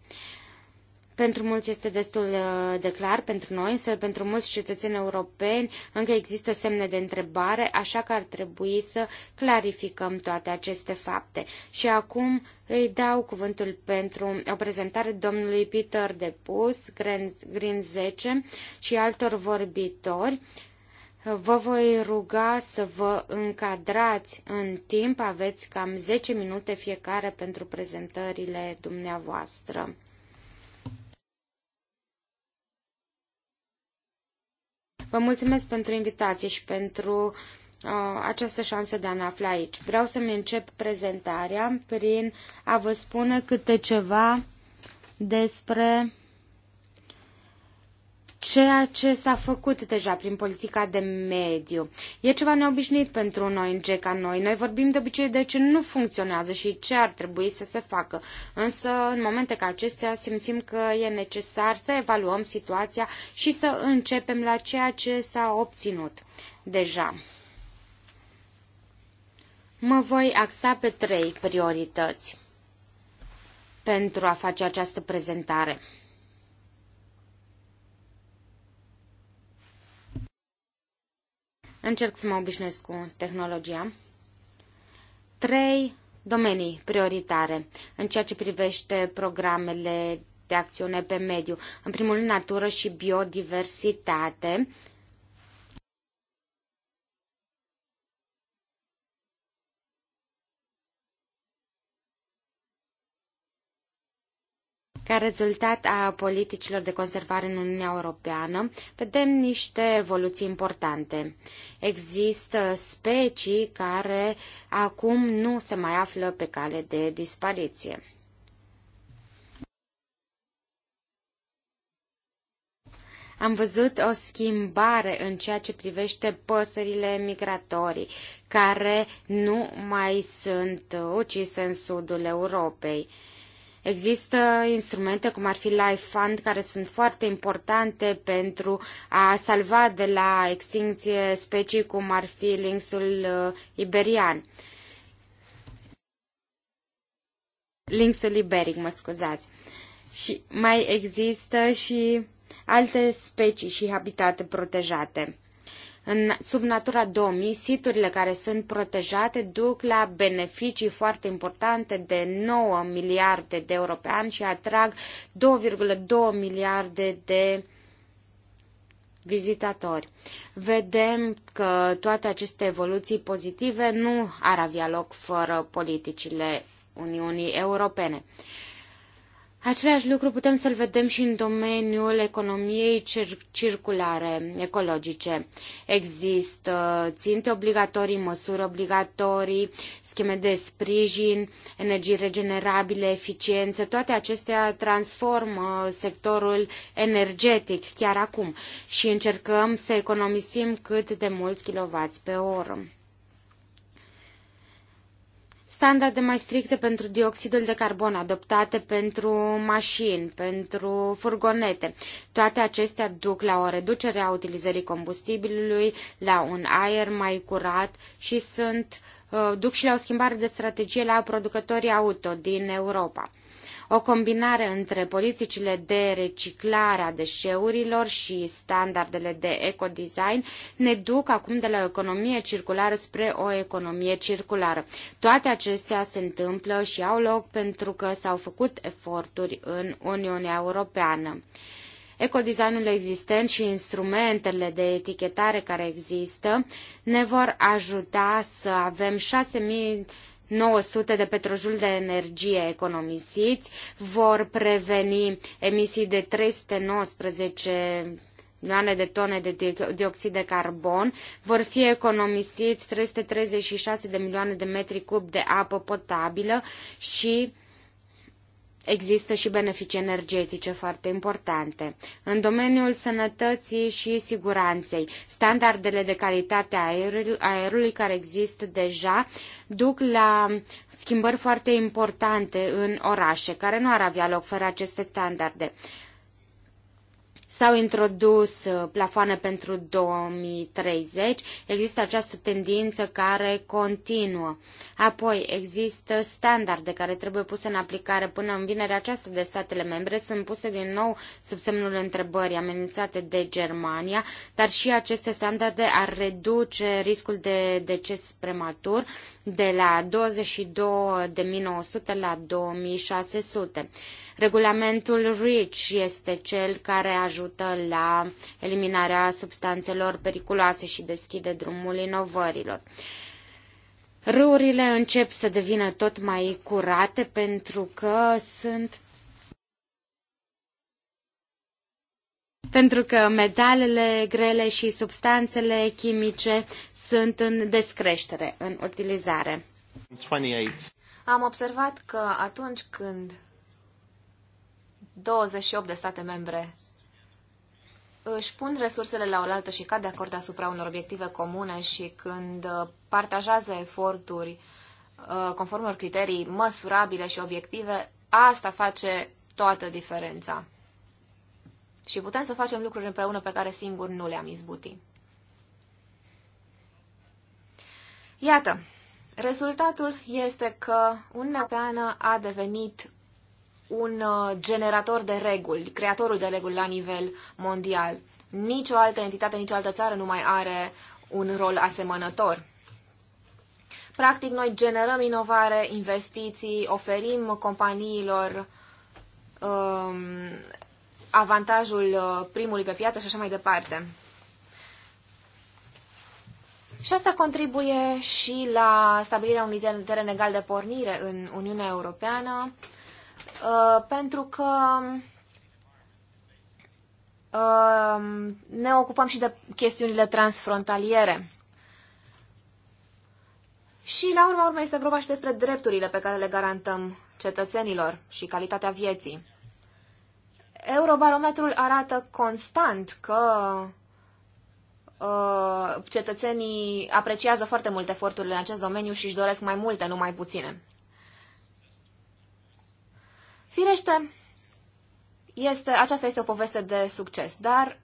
Pentru mulți este destul uh, de clar, pentru noi, însă pentru mulți cetățeni europeni încă există semne de întrebare, așa că ar trebui să clarificăm toate aceste fapte. Și acum îi dau cuvântul pentru o prezentare domnului Peter Depus, Green 10 și altor vorbitori Vă voi ruga să vă încadrați în timp, aveți cam 10 minute fiecare pentru prezentările dumneavoastră. Vă mulțumesc pentru invitație și pentru uh, această șansă de a ne afla aici. Vreau să-mi încep prezentarea prin a vă spune câte ceva despre ceea ce s-a făcut deja prin politica de mediu. E ceva neobișnuit pentru un ONG ca noi. Noi vorbim de obicei de ce nu funcționează și ce ar trebui să se facă. Însă, în momente ca acestea, simțim că e necesar să evaluăm situația și să începem la ceea ce s-a obținut deja. Mă voi axa pe trei priorități pentru a face această prezentare. Încerc să mă obișnuiesc cu tehnologia. Trei domenii prioritare în ceea ce privește programele de acțiune pe mediu. În primul rând, natură și biodiversitate Ca rezultat a politicilor de conservare în Uniunea Europeană, vedem niște evoluții importante. Există specii care acum nu se mai află pe cale de dispariție. Am văzut o schimbare în ceea ce privește păsările migratorii, care nu mai sunt ucise în sudul Europei. Există instrumente cum ar fi Life Fund care sunt foarte importante pentru a salva de la extinție specii cum ar fi lynxul uh, iberian. Lynxul iberic, mă scuzați. Și mai există și alte specii și habitate protejate. În, sub Natura 2000, siturile care sunt protejate duc la beneficii foarte importante de 9 miliarde de euro pe an și atrag 2,2 miliarde de vizitatori. Vedem că toate aceste evoluții pozitive nu ar avea loc fără politicile Uniunii Europene. Același lucru putem să-l vedem și în domeniul economiei cir- circulare, ecologice. Există ținte obligatorii, măsuri obligatorii, scheme de sprijin, energii regenerabile, eficiență, toate acestea transformă sectorul energetic chiar acum și încercăm să economisim cât de mulți kilovați pe oră standarde mai stricte pentru dioxidul de carbon adoptate pentru mașini, pentru furgonete. Toate acestea duc la o reducere a utilizării combustibilului, la un aer mai curat și sunt, uh, duc și la o schimbare de strategie la producătorii auto din Europa. O combinare între politicile de reciclare a deșeurilor și standardele de ecodesign ne duc acum de la o economie circulară spre o economie circulară. Toate acestea se întâmplă și au loc pentru că s-au făcut eforturi în Uniunea Europeană ecodesignul existent și instrumentele de etichetare care există ne vor ajuta să avem 6000 900 de petrojul de energie economisiți vor preveni emisii de 319 milioane de tone de dioxid de carbon, vor fi economisiți 336 de milioane de metri cub de apă potabilă și există și beneficii energetice foarte importante. În domeniul sănătății și siguranței, standardele de calitate a aerului care există deja duc la schimbări foarte importante în orașe, care nu ar avea loc fără aceste standarde. S-au introdus uh, plafoane pentru 2030, există această tendință care continuă. Apoi există standarde care trebuie puse în aplicare până în vinerea aceasta de statele membre, sunt puse din nou sub semnul întrebării amenințate de Germania, dar și aceste standarde ar reduce riscul de deces prematur de la 22.900 la 2600. Regulamentul REACH este cel care ajută la eliminarea substanțelor periculoase și deschide drumul inovărilor. Râurile încep să devină tot mai curate pentru că sunt pentru că metalele grele și substanțele chimice sunt în descreștere, în utilizare. 28. Am observat că atunci când 28 de state membre își pun resursele la oaltă și cad de acord asupra unor obiective comune și când uh, partajează eforturi uh, conform unor criterii măsurabile și obiective, asta face toată diferența. Și putem să facem lucruri împreună pe care singur nu le-am izbuti. Iată, rezultatul este că Uniunea Europeană a devenit un uh, generator de reguli, creatorul de reguli la nivel mondial. Nici o altă entitate, nici o altă țară nu mai are un rol asemănător. Practic, noi generăm inovare, investiții, oferim companiilor um, avantajul uh, primului pe piață și așa mai departe. Și asta contribuie și la stabilirea unui teren egal de pornire în Uniunea Europeană, Uh, pentru că um, uh, ne ocupăm și de chestiunile transfrontaliere. Și, la urma urmei, este vorba și despre drepturile pe care le garantăm cetățenilor și calitatea vieții. Eurobarometrul arată constant că uh, cetățenii apreciază foarte mult eforturile în acest domeniu și își doresc mai multe, nu mai puține. Firește, este, aceasta este o poveste de succes, dar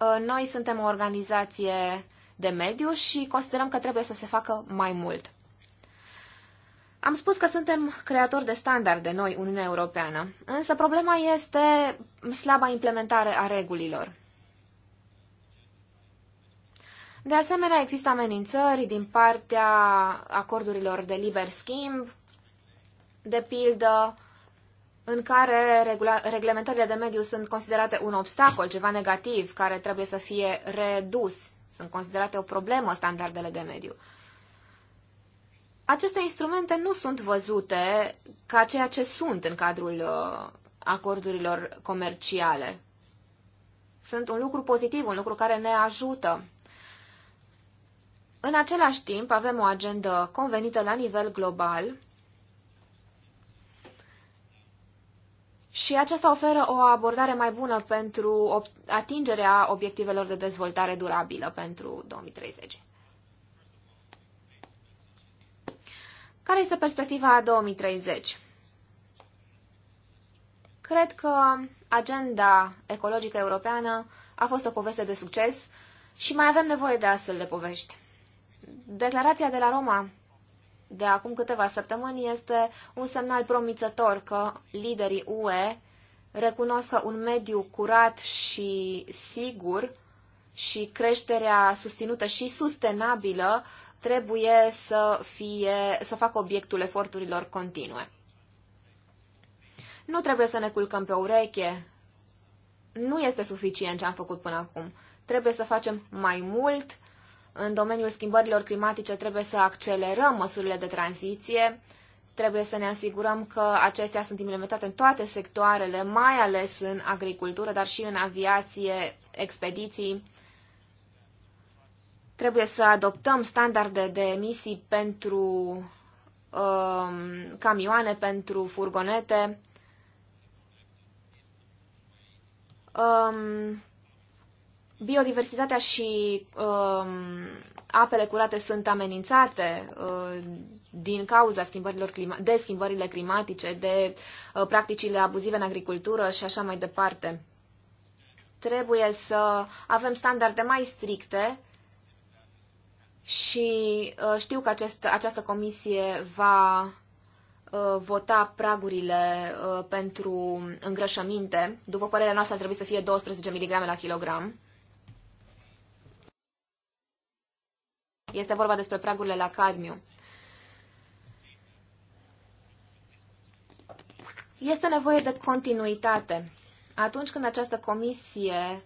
ă, noi suntem o organizație de mediu și considerăm că trebuie să se facă mai mult. Am spus că suntem creatori de standarde noi, Uniunea Europeană, însă problema este slaba implementare a regulilor. De asemenea, există amenințări din partea acordurilor de liber schimb, de pildă, în care regula, reglementările de mediu sunt considerate un obstacol, ceva negativ, care trebuie să fie redus. Sunt considerate o problemă standardele de mediu. Aceste instrumente nu sunt văzute ca ceea ce sunt în cadrul uh, acordurilor comerciale. Sunt un lucru pozitiv, un lucru care ne ajută. În același timp, avem o agendă convenită la nivel global Și aceasta oferă o abordare mai bună pentru atingerea obiectivelor de dezvoltare durabilă pentru 2030. Care este perspectiva 2030? Cred că agenda ecologică europeană a fost o poveste de succes și mai avem nevoie de astfel de povești. Declarația de la Roma de acum câteva săptămâni este un semnal promițător că liderii UE recunosc că un mediu curat și sigur și creșterea susținută și sustenabilă trebuie să, fie, să facă obiectul eforturilor continue. Nu trebuie să ne culcăm pe ureche. Nu este suficient ce am făcut până acum. Trebuie să facem mai mult în domeniul schimbărilor climatice trebuie să accelerăm măsurile de tranziție, trebuie să ne asigurăm că acestea sunt implementate în toate sectoarele, mai ales în agricultură, dar și în aviație, expediții. Trebuie să adoptăm standarde de emisii pentru um, camioane, pentru furgonete. Um, biodiversitatea și um, apele curate sunt amenințate uh, din cauza schimbărilor clima- de schimbările climatice, de uh, practicile abuzive în agricultură și așa mai departe. Trebuie să avem standarde mai stricte și uh, știu că acest, această comisie va uh, vota pragurile uh, pentru îngrășăminte. După părerea noastră, ar trebui să fie 12 mg la kilogram. Este vorba despre pragurile la cadmiu. Este nevoie de continuitate. Atunci când această comisie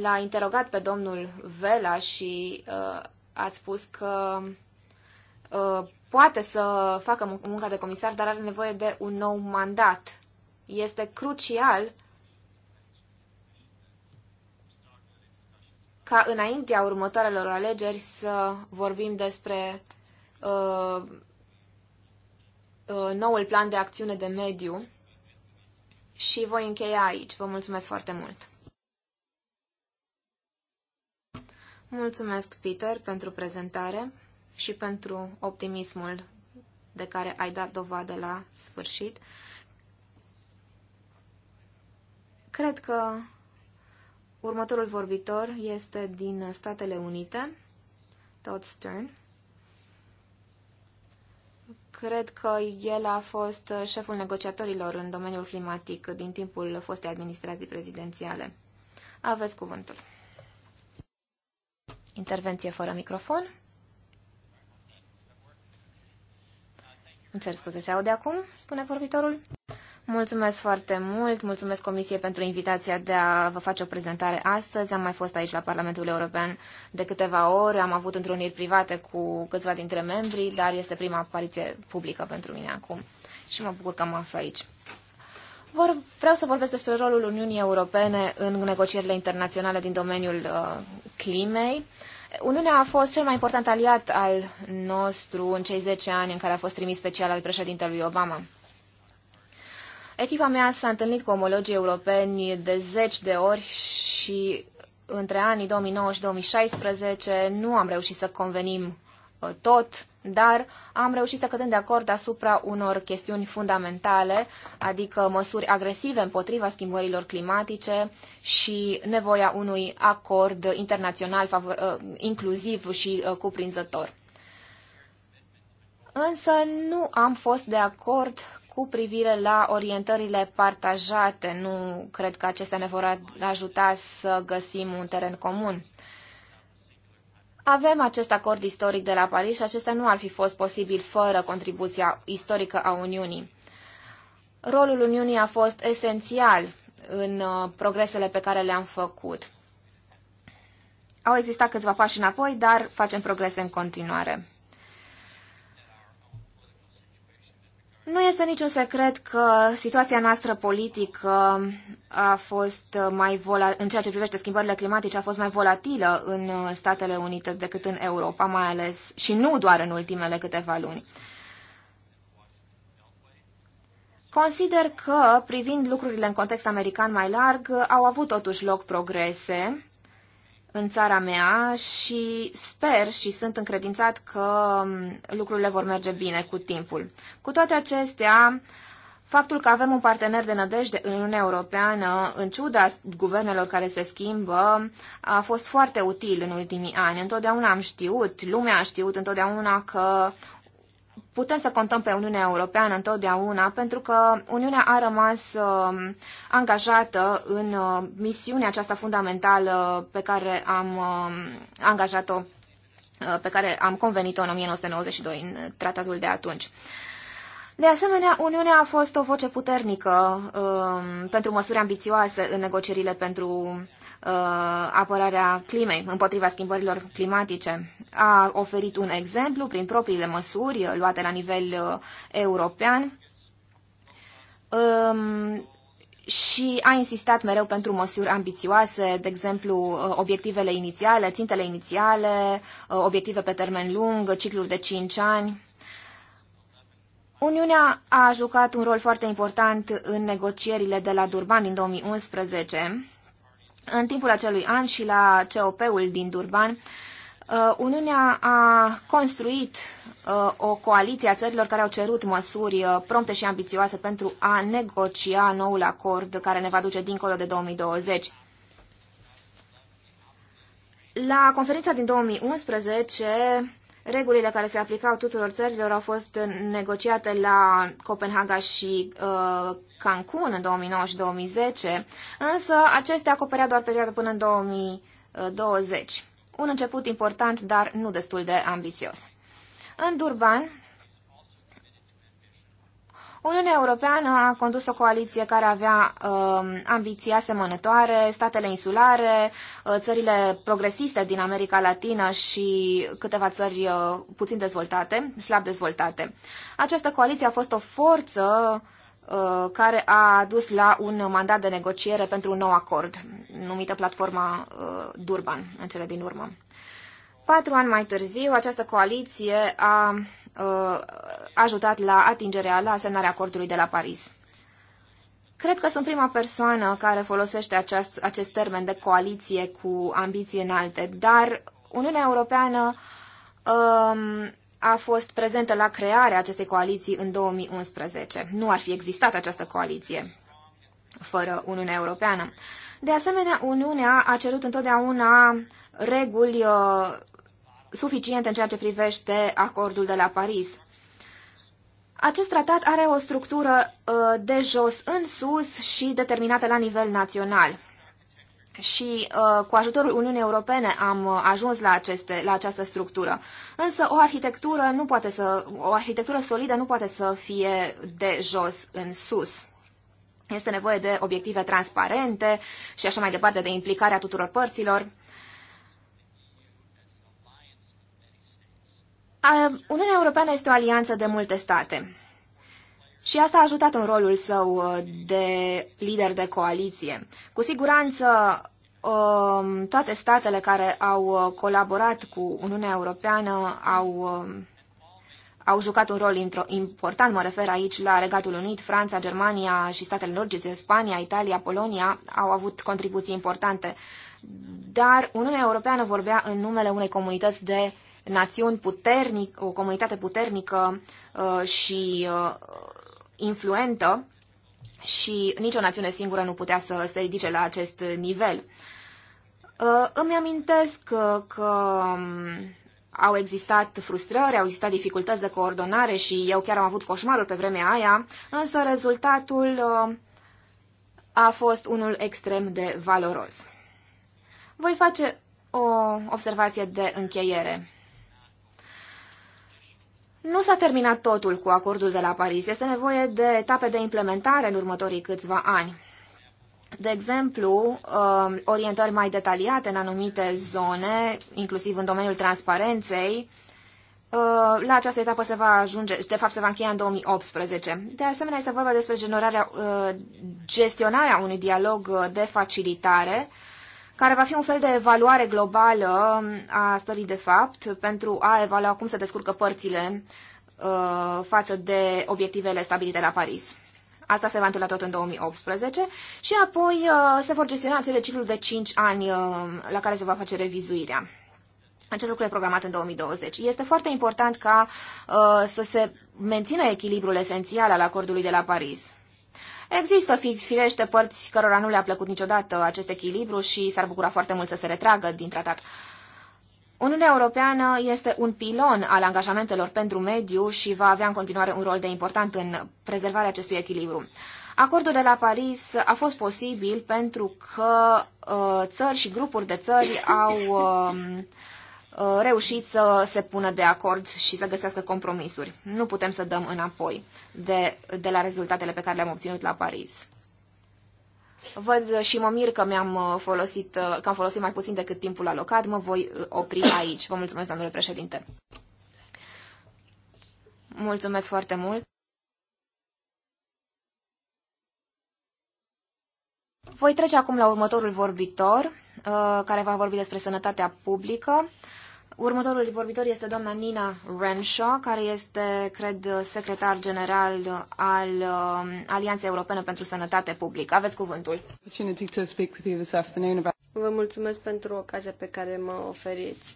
l-a interogat pe domnul Vela și uh, a spus că uh, poate să facă munca de comisar, dar are nevoie de un nou mandat. Este crucial ca înaintea următoarelor alegeri să vorbim despre uh, uh, noul plan de acțiune de mediu și voi încheia aici. Vă mulțumesc foarte mult! Mulțumesc, Peter, pentru prezentare și pentru optimismul de care ai dat dovadă la sfârșit. Cred că Următorul vorbitor este din Statele Unite, Todd Stern. Cred că el a fost șeful negociatorilor în domeniul climatic din timpul fostei administrații prezidențiale. Aveți cuvântul. Intervenție fără microfon. Îmi cer scuze, se aude acum? Spune vorbitorul. Mulțumesc foarte mult, mulțumesc Comisiei pentru invitația de a vă face o prezentare astăzi. Am mai fost aici la Parlamentul European de câteva ori, am avut întruniri private cu câțiva dintre membrii, dar este prima apariție publică pentru mine acum și mă bucur că mă aflu aici. Vor, vreau să vorbesc despre rolul Uniunii Europene în negocierile internaționale din domeniul uh, climei. Uniunea a fost cel mai important aliat al nostru în cei 10 ani în care a fost trimis special al președintelui Obama. Echipa mea s-a întâlnit cu omologii europeni de zeci de ori și între anii 2009 și 2016 nu am reușit să convenim uh, tot, dar am reușit să cădem de acord asupra unor chestiuni fundamentale, adică măsuri agresive împotriva schimbărilor climatice și nevoia unui acord internațional favor, uh, inclusiv și uh, cuprinzător. Însă nu am fost de acord cu privire la orientările partajate. Nu cred că acestea ne vor ajuta să găsim un teren comun. Avem acest acord istoric de la Paris și acesta nu ar fi fost posibil fără contribuția istorică a Uniunii. Rolul Uniunii a fost esențial în uh, progresele pe care le-am făcut. Au existat câțiva pași înapoi, dar facem progrese în continuare. Nu este niciun secret că situația noastră politică a fost mai vola- în ceea ce privește schimbările climatice, a fost mai volatilă în Statele Unite decât în Europa, mai ales și nu doar în ultimele câteva luni. Consider că, privind lucrurile în context american mai larg, au avut totuși loc progrese în țara mea și sper și sunt încredințat că lucrurile vor merge bine cu timpul. Cu toate acestea, faptul că avem un partener de nădejde în Uniunea Europeană, în ciuda guvernelor care se schimbă, a fost foarte util în ultimii ani. Întotdeauna am știut, lumea a știut întotdeauna că putem să contăm pe Uniunea Europeană întotdeauna, pentru că Uniunea a rămas um, angajată în uh, misiunea aceasta fundamentală pe care am um, angajat-o, uh, pe care am convenit-o în 1992, în tratatul de atunci. De asemenea, Uniunea a fost o voce puternică uh, pentru măsuri ambițioase în negocierile pentru uh, apărarea climei împotriva schimbărilor climatice. A oferit un exemplu prin propriile măsuri uh, luate la nivel uh, european um, și a insistat mereu pentru măsuri ambițioase, de exemplu, uh, obiectivele inițiale, țintele inițiale, uh, obiective pe termen lung, cicluri de 5 ani. Uniunea a jucat un rol foarte important în negocierile de la Durban din 2011. În timpul acelui an și la COP-ul din Durban, uh, Uniunea a construit uh, o coaliție a țărilor care au cerut măsuri uh, prompte și ambițioase pentru a negocia noul acord care ne va duce dincolo de 2020. La conferința din 2011, Regulile care se aplicau tuturor țărilor au fost negociate la Copenhaga și uh, Cancun în 2009 și 2010, însă acestea acoperea doar perioada până în 2020. Un început important, dar nu destul de ambițios. În Durban, Uniunea Europeană a condus o coaliție care avea uh, ambiții asemănătoare, statele insulare, uh, țările progresiste din America Latină și câteva țări uh, puțin dezvoltate, slab dezvoltate. Această coaliție a fost o forță uh, care a dus la un mandat de negociere pentru un nou acord, numită platforma uh, Durban, în cele din urmă. Patru ani mai târziu, această coaliție a uh, ajutat la atingerea, la semnarea acordului de la Paris. Cred că sunt prima persoană care folosește aceast, acest termen de coaliție cu ambiții înalte, dar Uniunea Europeană um, a fost prezentă la crearea acestei coaliții în 2011. Nu ar fi existat această coaliție fără Uniunea Europeană. De asemenea, Uniunea a cerut întotdeauna reguli uh, Suficient, în ceea ce privește acordul de la Paris. Acest tratat are o structură uh, de jos în sus și determinată la nivel național. Și uh, cu ajutorul Uniunii Europene am uh, ajuns la, aceste, la această structură. Însă o arhitectură, nu poate să, o arhitectură solidă nu poate să fie de jos în sus. Este nevoie de obiective transparente și așa mai departe, de implicarea tuturor părților. Uniunea Europeană este o alianță de multe state. Și asta a ajutat în rolul său uh, de lider de coaliție. Cu siguranță, um, toate statele care au uh, colaborat cu Uniunea Europeană au, um, au jucat un rol important. Mă refer aici la Regatul Unit, Franța, Germania și statele nordice, Spania, Italia, Polonia, au avut contribuții importante. Dar Uniunea Europeană vorbea în numele unei comunități de națiuni puternic, o comunitate puternică uh, și uh, influentă și nicio națiune singură nu putea să se ridice la acest nivel. Uh, îmi amintesc că um, au existat frustrări, au existat dificultăți de coordonare și eu chiar am avut coșmarul pe vremea aia, însă rezultatul a fost unul extrem de valoros. Voi face o observație de încheiere. Nu s-a terminat totul cu acordul de la Paris. Este nevoie de etape de implementare în următorii câțiva ani. De exemplu, um, orientări mai detaliate în anumite zone, inclusiv în domeniul transparenței, uh, la această etapă se va ajunge, de fapt se va încheia în 2018. De asemenea, este vorba despre generarea, uh, gestionarea unui dialog de facilitare care va fi un fel de evaluare globală um, a stării de fapt pentru a evalua cum se descurcă părțile uh, față de obiectivele stabilite la Paris. Asta se va întâmpla tot în 2018 și apoi uh, se vor gestiona acele cicluri de 5 ani uh, la care se va face revizuirea. Acest lucru e programat în 2020. Este foarte important ca uh, să se mențină echilibrul esențial al acordului de la Paris. Există fix firește părți cărora nu le-a plăcut niciodată acest echilibru și s-ar bucura foarte mult să se retragă din tratat. Uniunea Europeană este un pilon al angajamentelor pentru mediu și va avea în continuare un rol de important în prezervarea acestui echilibru. Acordul de la Paris a fost posibil pentru că uh, țări și grupuri de țări au uh, Uh, reușit să se pună de acord și să găsească compromisuri. Nu putem să dăm înapoi de, de la rezultatele pe care le-am obținut la Paris. Văd și mă mir că mi-am uh, folosit, uh, că am folosit mai puțin decât timpul alocat. Mă voi opri aici. Vă mulțumesc, domnule președinte. Mulțumesc foarte mult. Voi trece acum la următorul vorbitor, care va vorbi despre sănătatea publică. Următorul vorbitor este doamna Nina Renshaw, care este, cred, secretar general al um, Alianței Europene pentru Sănătate Publică. Aveți cuvântul. Vă mulțumesc pentru ocazia pe care mă oferiți.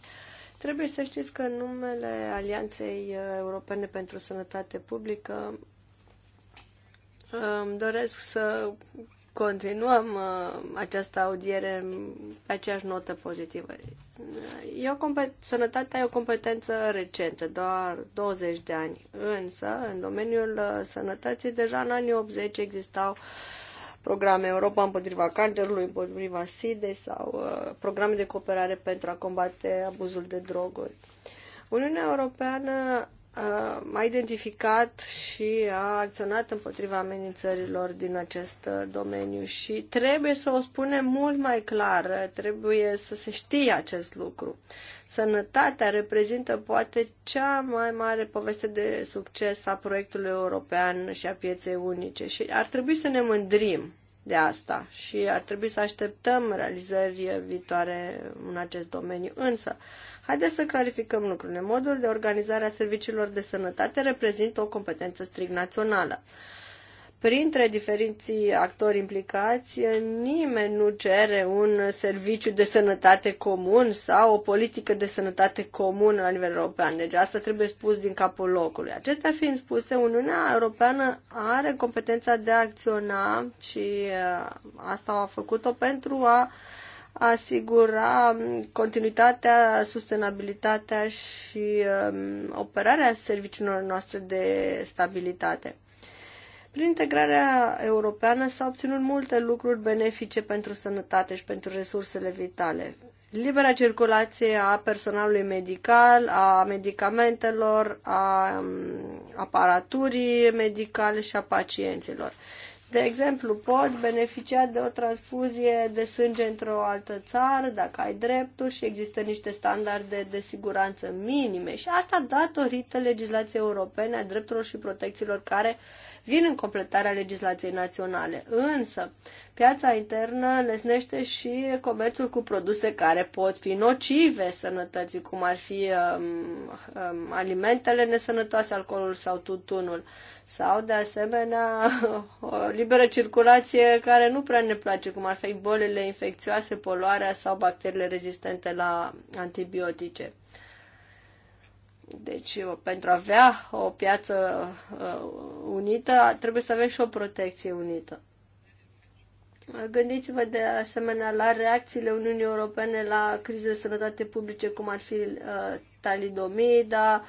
Trebuie să știți că în numele Alianței Europene pentru Sănătate Publică îmi um, doresc să continuăm uh, această audiere pe aceeași notă pozitivă. E o sănătatea e o competență recentă, doar 20 de ani, însă în domeniul uh, sănătății deja în anii 80 existau programe Europa împotriva cancerului, împotriva SIDE sau uh, programe de cooperare pentru a combate abuzul de droguri. Uniunea Europeană a identificat și a acționat împotriva amenințărilor din acest domeniu și trebuie să o spunem mult mai clar, trebuie să se știe acest lucru. Sănătatea reprezintă poate cea mai mare poveste de succes a proiectului european și a pieței unice și ar trebui să ne mândrim de asta și ar trebui să așteptăm realizări viitoare în acest domeniu. Însă, haideți să clarificăm lucrurile. Modul de organizare a serviciilor de sănătate reprezintă o competență strict națională printre diferiții actori implicați, nimeni nu cere un serviciu de sănătate comun sau o politică de sănătate comună la nivel european. Deci asta trebuie spus din capul locului. Acestea fiind spuse, Uniunea Europeană are competența de a acționa și uh, asta a făcut-o pentru a asigura continuitatea, sustenabilitatea și um, operarea serviciilor noastre de stabilitate. Prin integrarea europeană s-au obținut multe lucruri benefice pentru sănătate și pentru resursele vitale. Libera circulație a personalului medical, a medicamentelor, a mm, aparaturii medicale și a pacienților. De exemplu, poți beneficia de o transfuzie de sânge într-o altă țară dacă ai dreptul și există niște standarde de siguranță minime și asta datorită legislației europene a drepturilor și protecțiilor care uh, vin în completarea legislației naționale. Însă, piața internă lesnește și comerțul cu produse care pot fi nocive sănătății, cum ar fi um, um, alimentele nesănătoase, alcoolul sau tutunul. Sau, de asemenea, o liberă circulație care nu prea ne place, cum ar fi bolile infecțioase, poluarea sau bacteriile rezistente la antibiotice. Deci, pentru a avea o piață uh, unită, trebuie să avem și o protecție unită. Gândiți-vă de asemenea la reacțiile Uniunii Europene la crize de sănătate publice, cum ar fi uh, talidomida,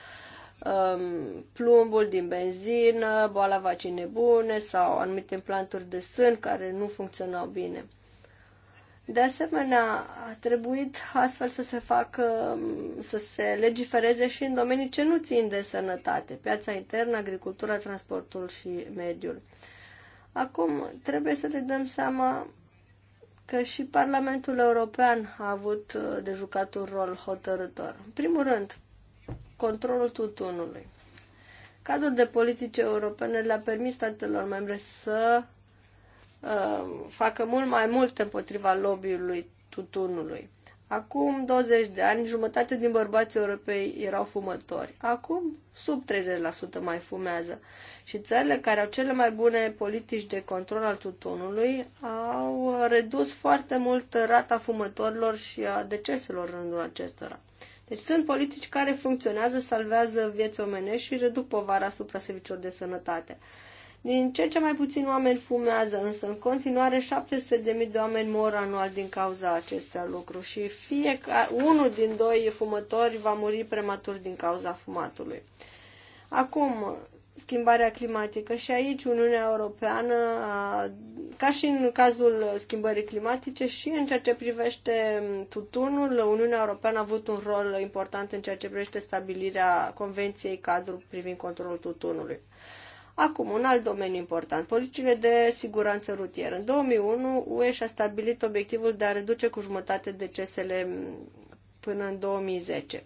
um, plumbul din benzină, boala vaccinei bune sau anumite implanturi de sân care nu funcționau bine. De asemenea, a trebuit astfel să se facă, să se legifereze și în domenii ce nu țin de sănătate, piața internă, agricultura, transportul și mediul. Acum, trebuie să ne dăm seama că și Parlamentul European a avut uh, de jucat un rol hotărător. În primul rând, controlul tutunului. Cadrul de politice europene le-a permis statelor membre să Uh, facă mult mai mult împotriva lobby-ului tutunului. Acum 20 de ani, jumătate din bărbații europei erau fumători. Acum, sub 30% mai fumează. Și țările care au cele mai bune politici de control al tutunului au redus foarte mult rata fumătorilor și a deceselor în rândul acestora. Deci sunt politici care funcționează, salvează vieți omenești și reduc povara asupra serviciilor de sănătate. Din ce ce mai puțin oameni fumează, însă în continuare 700.000 de oameni mor anual din cauza acestea lucru și fie unul din doi fumători va muri prematur din cauza fumatului. Acum, schimbarea climatică și aici Uniunea Europeană, ca și în cazul schimbării climatice și în ceea ce privește tutunul, Uniunea Europeană a avut un rol important în ceea ce privește stabilirea Convenției cadru privind controlul tutunului. Acum, un alt domeniu important, politicile de siguranță rutieră. În 2001, UE și-a stabilit obiectivul de a reduce cu jumătate decesele până în 2010.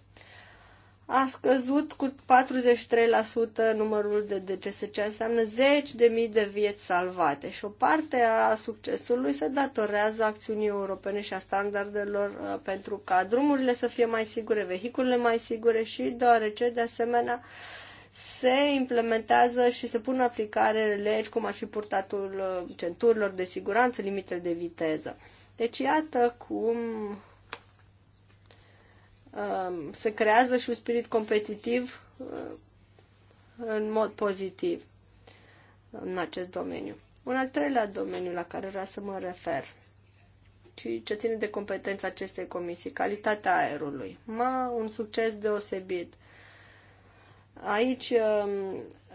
A scăzut cu 43% numărul de decese, ce înseamnă 10.000 de mii de vieți salvate. Și o parte a succesului se datorează acțiunii europene și a standardelor uh, pentru ca drumurile să fie mai sigure, vehiculele mai sigure și deoarece, de asemenea, uh, se implementează și se pun în aplicare legi cum ar fi purtatul uh, centurilor de siguranță, limitele de viteză. Deci iată cum um, se creează și un spirit competitiv uh, în mod pozitiv în acest domeniu. Un al treilea domeniu la care vreau să mă refer și ce ține de competența acestei comisii, calitatea aerului. Ma un succes deosebit. Aici, um,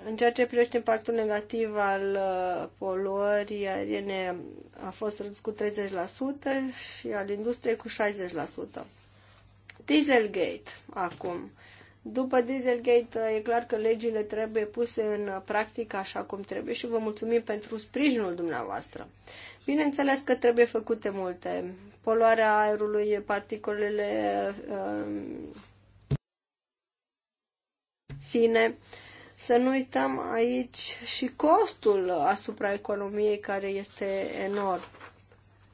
în ceea ce privește impactul negativ al uh, poluării aeriene, a fost redus cu 30% și al industriei cu 60%. Dieselgate, acum. După Dieselgate, uh, e clar că legile trebuie puse în practică așa cum trebuie și vă mulțumim pentru sprijinul dumneavoastră. Bineînțeles că trebuie făcute multe. Poluarea aerului, particulele uh, um, fine, să nu uităm aici și costul asupra economiei care este enorm.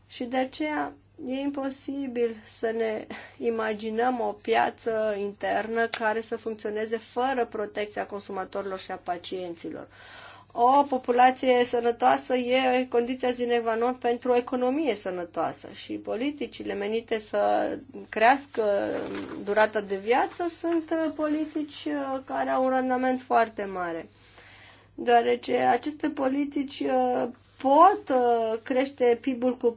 Și de aceea e imposibil să ne imaginăm o piață internă care să funcționeze fără protecția consumatorilor și a pacienților o populație sănătoasă e condiția sine qua non pentru o economie sănătoasă și politicile menite să crească durata de viață sunt uh, politici uh, care au un randament foarte mare. Deoarece aceste politici uh, pot crește PIB-ul cu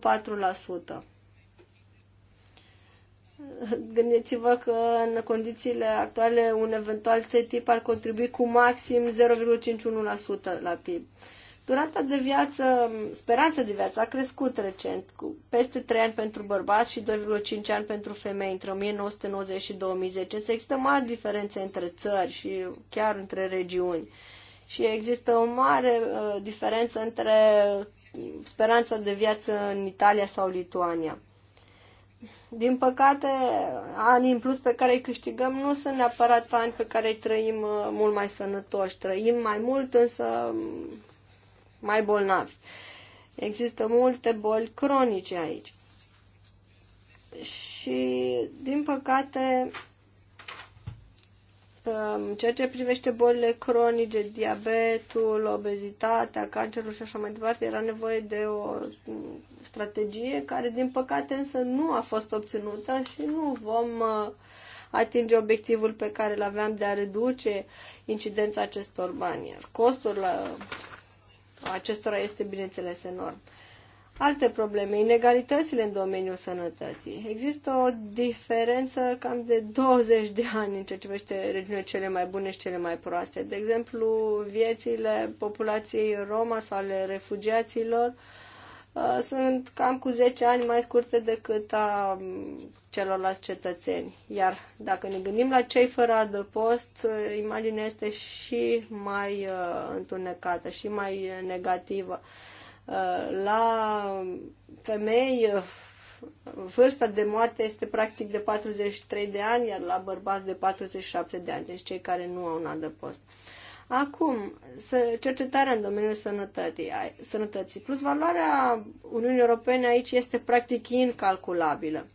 Gândiți-vă că în condițiile actuale un eventual TTIP ar contribui cu maxim 0,51% la PIB. Durata de viață, speranța de viață a crescut recent, cu peste 3 ani pentru bărbați și 2,5 ani pentru femei între 1990 și 2010. Se există mari diferențe între țări și chiar între regiuni. Și există o mare uh, diferență între uh, speranța de viață în Italia sau Lituania. Din păcate, anii în plus pe care îi câștigăm nu sunt neapărat ani pe care îi trăim uh, mult mai sănătoși. Trăim mai mult, însă mm, mai bolnavi. Există multe boli cronice aici. Și, din păcate, în ceea ce privește bolile cronice, diabetul, obezitatea, cancerul și așa mai departe, era nevoie de o strategie care, din păcate, însă nu a fost obținută și nu vom uh, atinge obiectivul pe care îl aveam de a reduce incidența acestor bani. Iar costul uh, acestora este, bineînțeles, enorm alte probleme, inegalitățile în domeniul sănătății. Există o diferență cam de 20 de ani în ceea ce privește regiunile cele mai bune și cele mai proaste. De exemplu, viețile populației Roma sau ale refugiaților uh, sunt cam cu 10 ani mai scurte decât a mm, celorlalți cetățeni. Iar dacă ne gândim la cei fără adăpost, uh, imaginea este și mai uh, întunecată, și mai negativă. Uh, la femei vârsta de moarte este practic de 43 de ani, iar la bărbați de 47 de ani, deci cei care nu au un adăpost. Acum, cercetarea în domeniul sănătății, sănătății. Plus, valoarea Uniunii Europene aici este practic incalculabilă.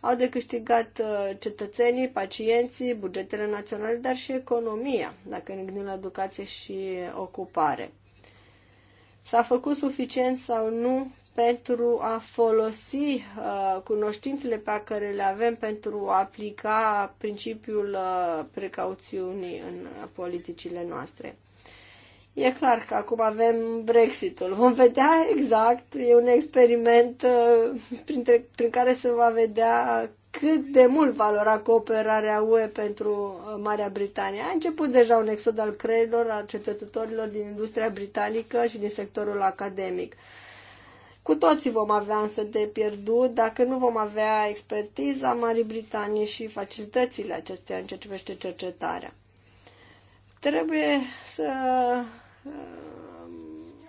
Au de câștigat uh, cetățenii, pacienții, bugetele naționale, dar și economia, dacă ne gândim la educație și ocupare s-a făcut suficient sau nu pentru a folosi uh, cunoștințele pe care le avem pentru a aplica principiul uh, precauțiunii în politicile noastre. E clar că acum avem Brexitul. Vom vedea exact, e un experiment uh, printre, prin care se va vedea cât de mult valora cooperarea UE pentru uh, Marea Britanie. A început deja un exod al creierilor, al cercetătorilor din industria britanică și din sectorul academic. Cu toții vom avea însă de pierdut dacă nu vom avea expertiza Marii Britanie și facilitățile acesteia în ceea ce privește cercetarea. Trebuie să uh,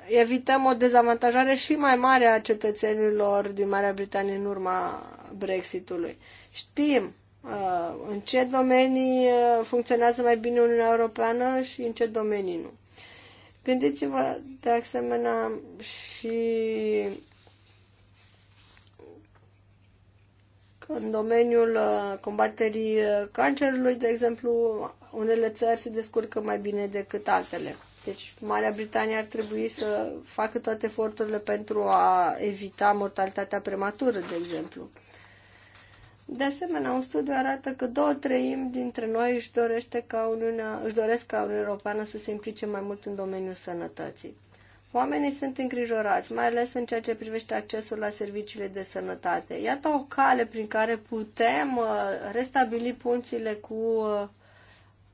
evităm o dezavantajare și mai mare a cetățenilor din Marea Britanie în urma Brexitului. Știm uh, în ce domenii uh, funcționează mai bine Uniunea Europeană și în ce domenii nu. Gândiți-vă de asemenea și că în domeniul uh, combaterii cancerului, de exemplu, unele țări se descurcă mai bine decât altele. Deci Marea Britanie ar trebui să facă toate eforturile pentru a evita mortalitatea prematură, de exemplu. De asemenea, un studiu arată că două treimi dintre noi își, dorește ca Uniunea, își doresc ca Uniunea Europeană să se implice mai mult în domeniul sănătății. Oamenii sunt îngrijorați, mai ales în ceea ce privește accesul la serviciile de sănătate. Iată o cale prin care putem uh, restabili punțile cu uh,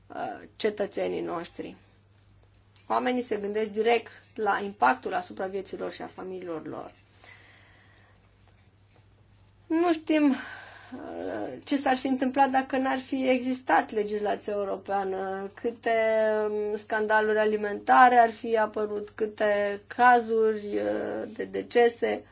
uh, cetățenii noștri. Oamenii se gândesc direct la impactul asupra vieților și a familiilor lor. Nu știm ce s-ar fi întâmplat dacă n-ar fi existat legislația europeană, câte um, scandaluri alimentare ar fi apărut, câte cazuri uh, de decese.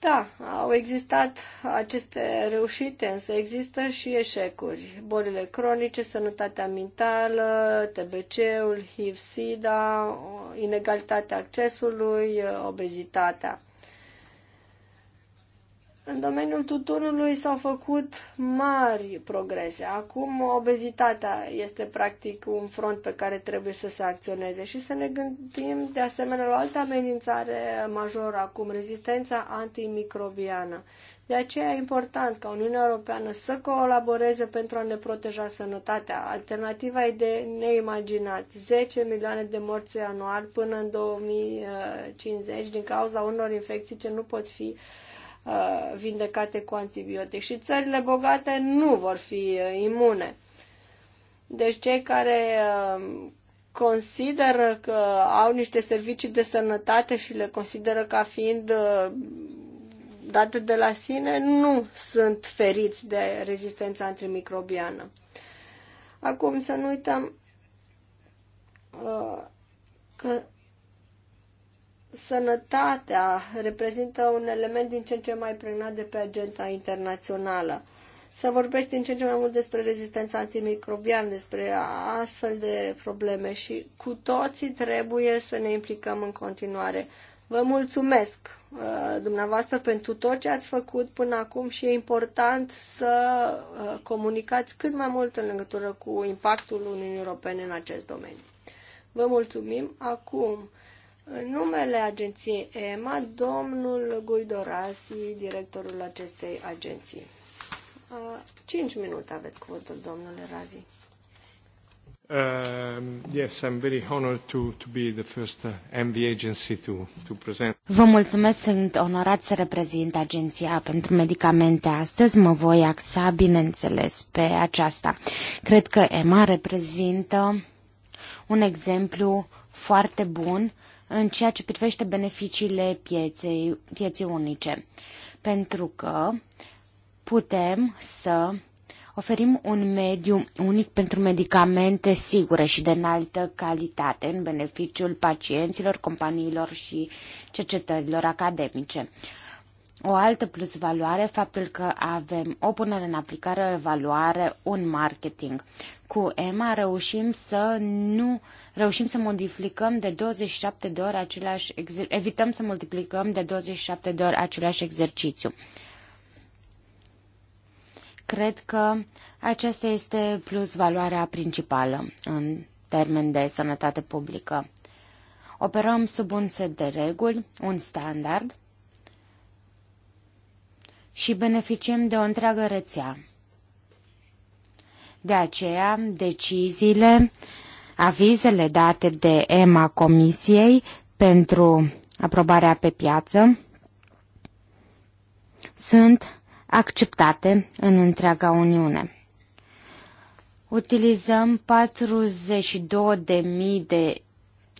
Da, au existat aceste reușite, însă există și eșecuri. Bolile cronice, sănătatea mentală, TBC-ul, HIV-SIDA, inegalitatea accesului, obezitatea. În domeniul tutunului s-au făcut mari progrese. Acum obezitatea este practic un front pe care trebuie să se acționeze și să ne gândim de asemenea la o altă amenințare majoră acum, rezistența antimicrobiană. De aceea e important ca Uniunea Europeană să colaboreze pentru a ne proteja sănătatea. Alternativa e de neimaginat. 10 milioane de morți anual până în 2050 eh, din cauza unor infecții ce nu pot fi uh, Uh, vindecate cu antibiotic și țările bogate nu vor fi uh, imune. Deci cei care uh, consideră că au niște servicii de sănătate și le consideră ca fiind date de la sine, nu sunt feriți de rezistența antimicrobiană. Acum să nu uităm că sănătatea reprezintă un element din ce în ce mai pregnat de pe agenda internațională. Se vorbește din ce în ce mai mult despre rezistența antimicrobiană, despre astfel de probleme și cu toții trebuie să ne implicăm în continuare. Vă mulțumesc uh, dumneavoastră pentru tot ce ați făcut până acum și e important să uh, comunicați cât mai mult în legătură cu impactul Uniunii Europene în acest domeniu. Vă mulțumim. Acum în numele agenției EMA, domnul Guido Rasi, directorul acestei agenții. Cinci minute aveți cuvântul, domnule Razi. Uh, yes, I'm very honored to, to be the first uh, MV agency to, to present. Vă mulțumesc, sunt onorat să reprezint Agenția pentru Medicamente astăzi. Mă voi axa, bineînțeles, pe aceasta. Cred că EMA reprezintă un exemplu foarte bun uh, în ceea ce privește beneficiile pieței, pieții unice. Pentru că putem să oferim un mediu unic pentru medicamente sigure și de înaltă calitate în beneficiul pacienților, companiilor și cercetărilor academice o altă plusvaloare, faptul că avem o punere în aplicare, o evaluare, un marketing. Cu EMA reușim să nu reușim să modificăm de 27 de ori același evităm să multiplicăm de 27 de ori același exercițiu. Cred că aceasta este plusvaloarea principală în termen de sănătate publică. Operăm sub un set de reguli, un standard, și beneficiem de o întreagă rețea. De aceea, deciziile, avizele date de EMA Comisiei pentru aprobarea pe piață sunt acceptate în întreaga Uniune. Utilizăm 42.000 de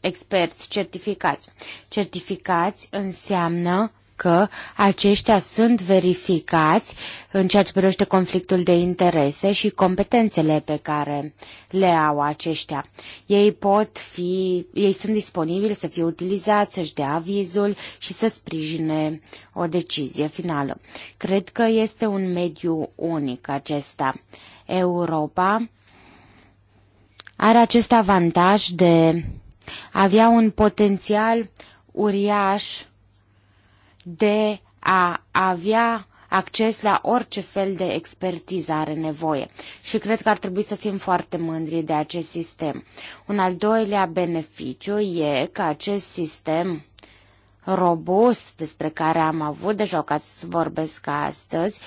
experți certificați. Certificați înseamnă că aceștia sunt verificați în ceea ce privește conflictul de interese și competențele pe care le au aceștia. Ei pot fi, ei sunt disponibili să fie utilizați, să-și dea avizul și să sprijine o decizie finală. Cred că este un mediu unic acesta. Europa are acest avantaj de avea un potențial uriaș de a avea acces la orice fel de expertiză are nevoie și cred că ar trebui să fim foarte mândri de acest sistem. Un al doilea beneficiu e că acest sistem robust despre care am avut deja ocazia să vorbesc astăzi,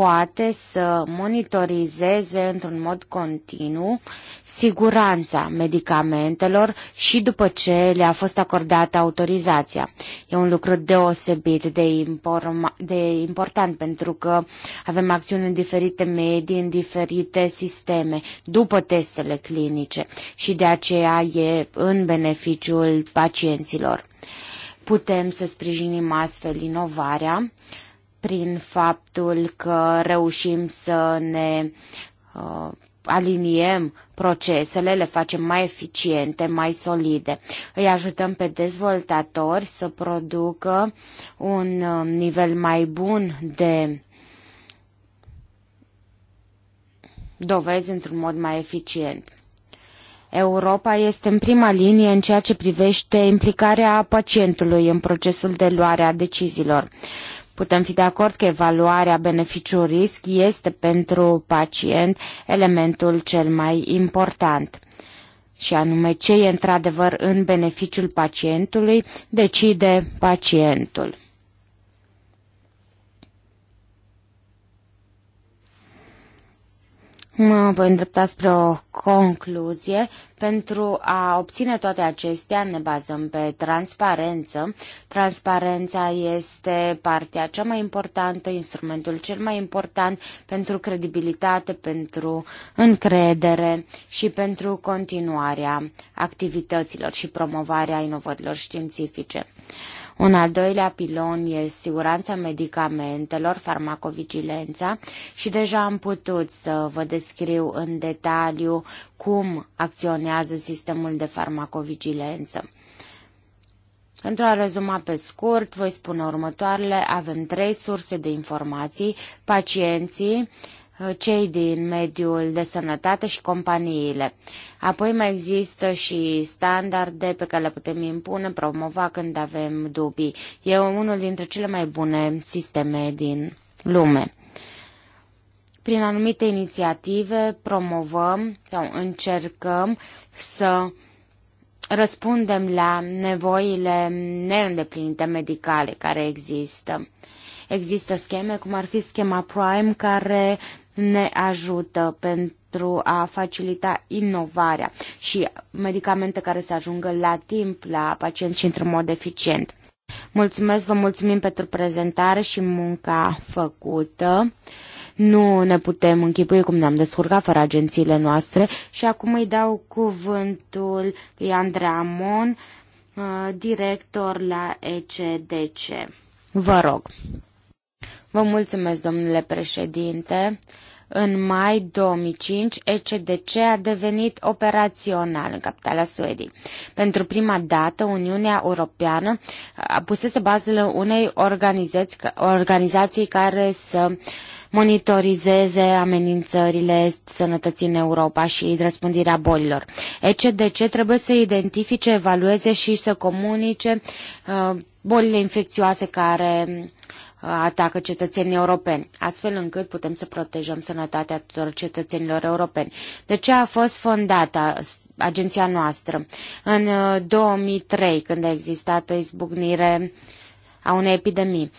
poate să monitorizeze într-un mod continuu siguranța medicamentelor și după ce le-a fost acordată autorizația. E un lucru deosebit de, de important pentru că avem acțiuni în diferite medii, în diferite sisteme, după testele clinice și de aceea e în beneficiul pacienților. Putem să sprijinim astfel inovarea, prin faptul că reușim să ne uh, aliniem procesele, le facem mai eficiente, mai solide. Îi ajutăm pe dezvoltatori să producă un uh, nivel mai bun de dovezi într-un mod mai eficient. Europa este în prima linie în ceea ce privește implicarea pacientului în procesul de luare a deciziilor. Putem fi de acord că evaluarea beneficiu-risc este pentru pacient elementul cel mai important și anume ce e într-adevăr în beneficiul pacientului, decide pacientul. Mă voi îndrepta spre o concluzie. Pentru a obține toate acestea ne bazăm pe transparență. Transparența este partea cea mai importantă, instrumentul cel mai important pentru credibilitate, pentru încredere și pentru continuarea activităților și promovarea inovărilor științifice. Un al doilea pilon e siguranța medicamentelor, farmacovigilența și deja am putut să vă descriu în detaliu cum acționează sistemul de farmacovigilență. Pentru a rezuma pe scurt, voi spune următoarele. Avem trei surse de informații, pacienții, Uh, cei din mediul de sănătate și companiile. Apoi mai există și standarde pe care le putem impune, promova când avem dubii. E unul dintre cele mai bune sisteme din lume. Prin anumite inițiative promovăm sau încercăm să răspundem la nevoile neîndeplinite medicale care există. Există scheme, cum ar fi schema Prime, care ne ajută pentru a facilita inovarea și medicamente care să ajungă la timp la pacienți și într-un mod eficient. Mulțumesc, vă mulțumim pentru prezentare și munca făcută. Nu ne putem închipui cum ne-am descurcat fără agențiile noastre și acum îi dau cuvântul lui Andrea Amon, uh, director la ECDC. Vă rog. Vă mulțumesc, domnule președinte. În mai 2005, ECDC a devenit operațional în capitala Suediei. Pentru prima dată, Uniunea Europeană a pusese bazele unei organizații, care să monitorizeze amenințările sănătății în Europa și răspândirea bolilor. ECDC trebuie să identifice, evalueze și să comunice uh, bolile infecțioase care atacă cetățenii europeni, astfel încât putem să protejăm sănătatea tuturor cetățenilor europeni. De ce a fost fondată agenția noastră? În 2003, uh, când a existat o izbucnire a unei epidemii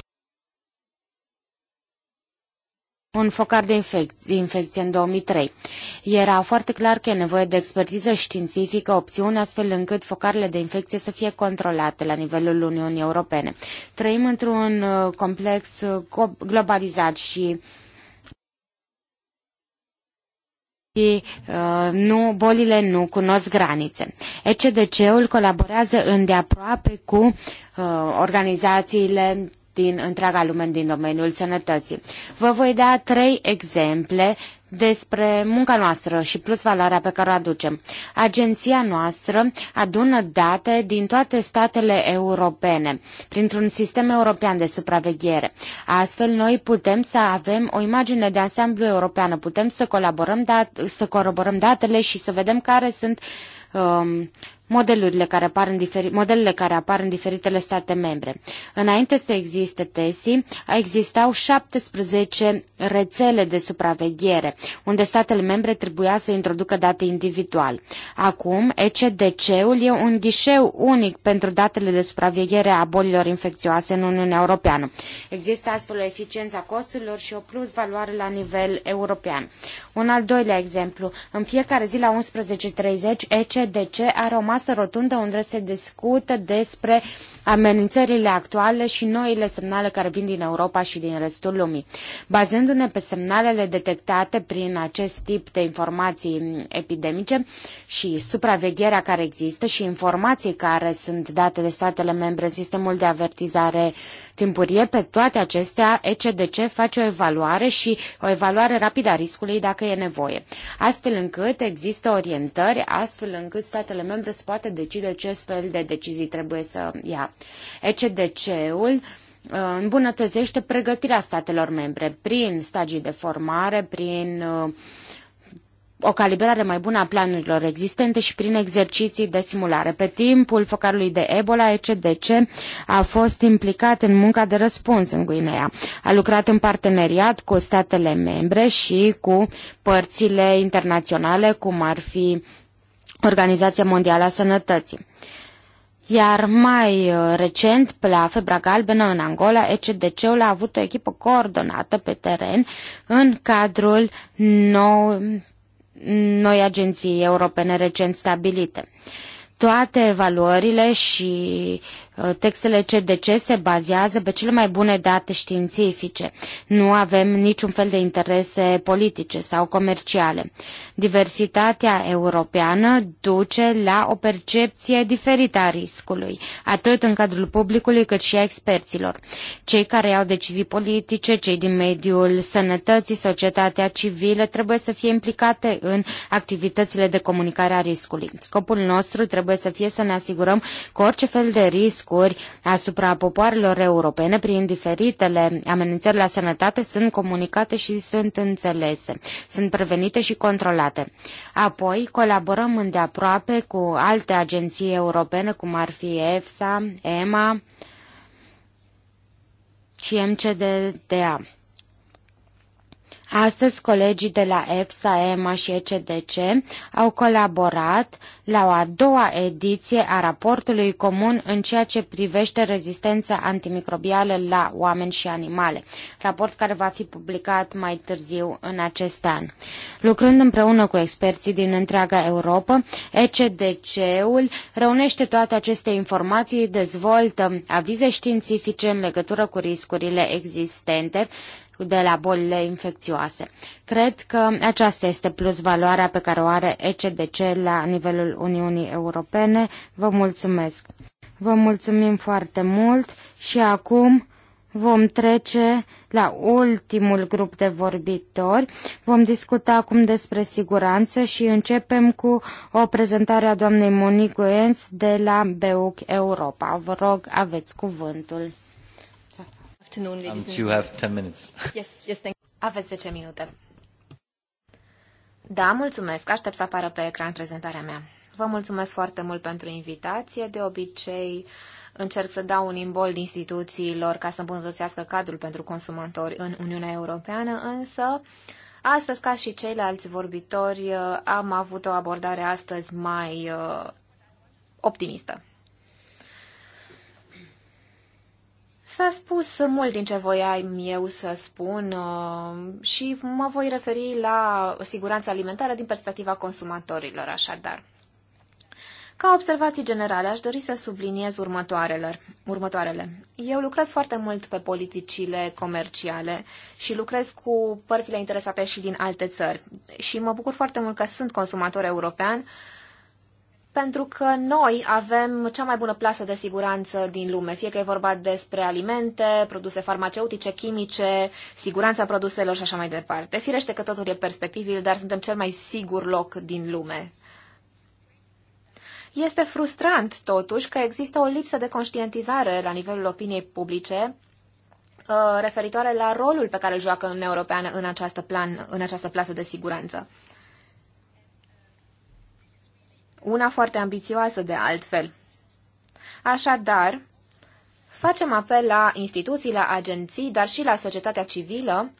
un focar de infecție, infecție în 2003. Era foarte clar că e nevoie de expertiză științifică, opțiune astfel încât focarele de infecție să fie controlate la nivelul Uniunii Europene. Trăim într-un uh, complex uh, globalizat și și uh, nu, bolile nu cunosc granițe. ECDC-ul colaborează îndeaproape cu uh, organizațiile din întreaga lume din domeniul sănătății. Vă voi da trei exemple despre munca noastră și plus valoarea pe care o aducem. Agenția noastră adună date din toate statele europene printr-un sistem european de supraveghere. Astfel, noi putem să avem o imagine de ansamblu europeană, putem să colaborăm, dat- să coroborăm datele și să vedem care sunt um, modelurile care apar în diferi, modelele care apar în diferitele state membre. Înainte să existe TESI, existau 17 rețele de supraveghere, unde statele membre trebuia să introducă date individual. Acum, ECDC-ul e un ghișeu unic pentru datele de supraveghere a bolilor infecțioase în Uniunea Europeană. Există astfel o eficiență a costurilor și o plus valoare la nivel european. Un al doilea exemplu, în fiecare zi la 11.30 ECDC are o masă masă rotundă unde se discută despre amenințările actuale și noile semnale care vin din Europa și din restul lumii. Bazându-ne pe semnalele detectate prin acest tip de informații epidemice și supravegherea care există și informații care sunt date de statele membre în sistemul de avertizare uh, timpurie. Pe toate acestea, ECDC face o evaluare și o evaluare rapidă a riscului dacă e nevoie, astfel încât există orientări, astfel încât statele membre să poată decide ce fel de decizii trebuie să ia. ECDC-ul uh, îmbunătățește pregătirea statelor membre prin stagii de formare, prin uh, o calibrare mai bună a planurilor existente și prin exerciții de simulare. Pe timpul focarului de Ebola, ECDC a fost implicat în munca de răspuns în Guinea. A lucrat în parteneriat cu statele membre și cu părțile internaționale, cum ar fi Organizația Mondială a Sănătății. Iar mai uh, recent, la febra galbenă în Angola, ECDC-ul a avut o echipă coordonată pe teren în cadrul nou, noi agenții europene recent stabilite. Toate evaluările și Uh, textele CDC se bazează pe cele mai bune date științifice. Nu avem niciun fel de interese politice sau comerciale. Diversitatea europeană duce la o percepție diferită a riscului, atât în cadrul publicului cât și a experților. Cei care iau decizii politice, cei din mediul sănătății, societatea civilă, trebuie să fie implicate în activitățile de comunicare a riscului. Scopul nostru trebuie să fie să ne asigurăm că orice fel de risc riscuri asupra popoarelor europene prin diferitele amenințări la sănătate sunt comunicate și sunt înțelese, sunt prevenite și controlate. Apoi colaborăm îndeaproape cu alte agenții europene, cum ar fi EFSA, EMA și MCDDA. Astăzi, colegii de la EFSA, EMA și ECDC au colaborat la o a doua ediție a raportului comun în ceea ce privește rezistența antimicrobială la oameni și animale, raport care va fi publicat mai târziu în acest an. Lucrând împreună cu experții din întreaga Europa, ECDC-ul reunește toate aceste informații, dezvoltă avize științifice în legătură cu riscurile existente, de la bolile infecțioase. Cred că aceasta este plus valoarea pe care o are ECDC la nivelul Uniunii Europene. Vă mulțumesc! Vă mulțumim foarte mult și acum vom trece la ultimul grup de vorbitori. Vom discuta acum despre siguranță și începem cu o prezentare a doamnei Monique Ens de la BEUC Europa. Vă rog, aveți cuvântul afternoon, ladies and you have 10 minutes. Yes, yes, thank you. Aveți 10 minute. Da, mulțumesc. Aștept să apară pe ecran prezentarea mea. Vă mulțumesc foarte mult pentru invitație. De obicei, încerc să dau un imbold instituțiilor ca să îmbunătățească cadrul pentru consumatori în Uniunea Europeană, însă astăzi, ca și ceilalți vorbitori, am avut o abordare astăzi mai uh, optimistă. S-a spus mult din ce voiam eu să spun uh, și mă voi referi la siguranța alimentară din perspectiva consumatorilor, așadar. Ca observații generale, aș dori să subliniez următoarele. următoarele. Eu lucrez foarte mult pe politicile comerciale și lucrez cu părțile interesate și din alte țări. Și mă bucur foarte mult că sunt consumator european uh, pentru că noi avem cea mai bună plasă de siguranță din lume, fie că e vorba despre alimente, produse farmaceutice, chimice, siguranța produselor și așa mai departe. Firește că totul e perspectivil, dar suntem cel mai sigur loc din lume. Este frustrant, totuși, că există o lipsă de conștientizare la nivelul opiniei publice uh, referitoare la rolul pe care îl joacă Uniunea Europeană în această, plan, în această plasă de siguranță una foarte ambițioasă de altfel. Așadar, facem apel la instituții, la agenții, dar și la societatea civilă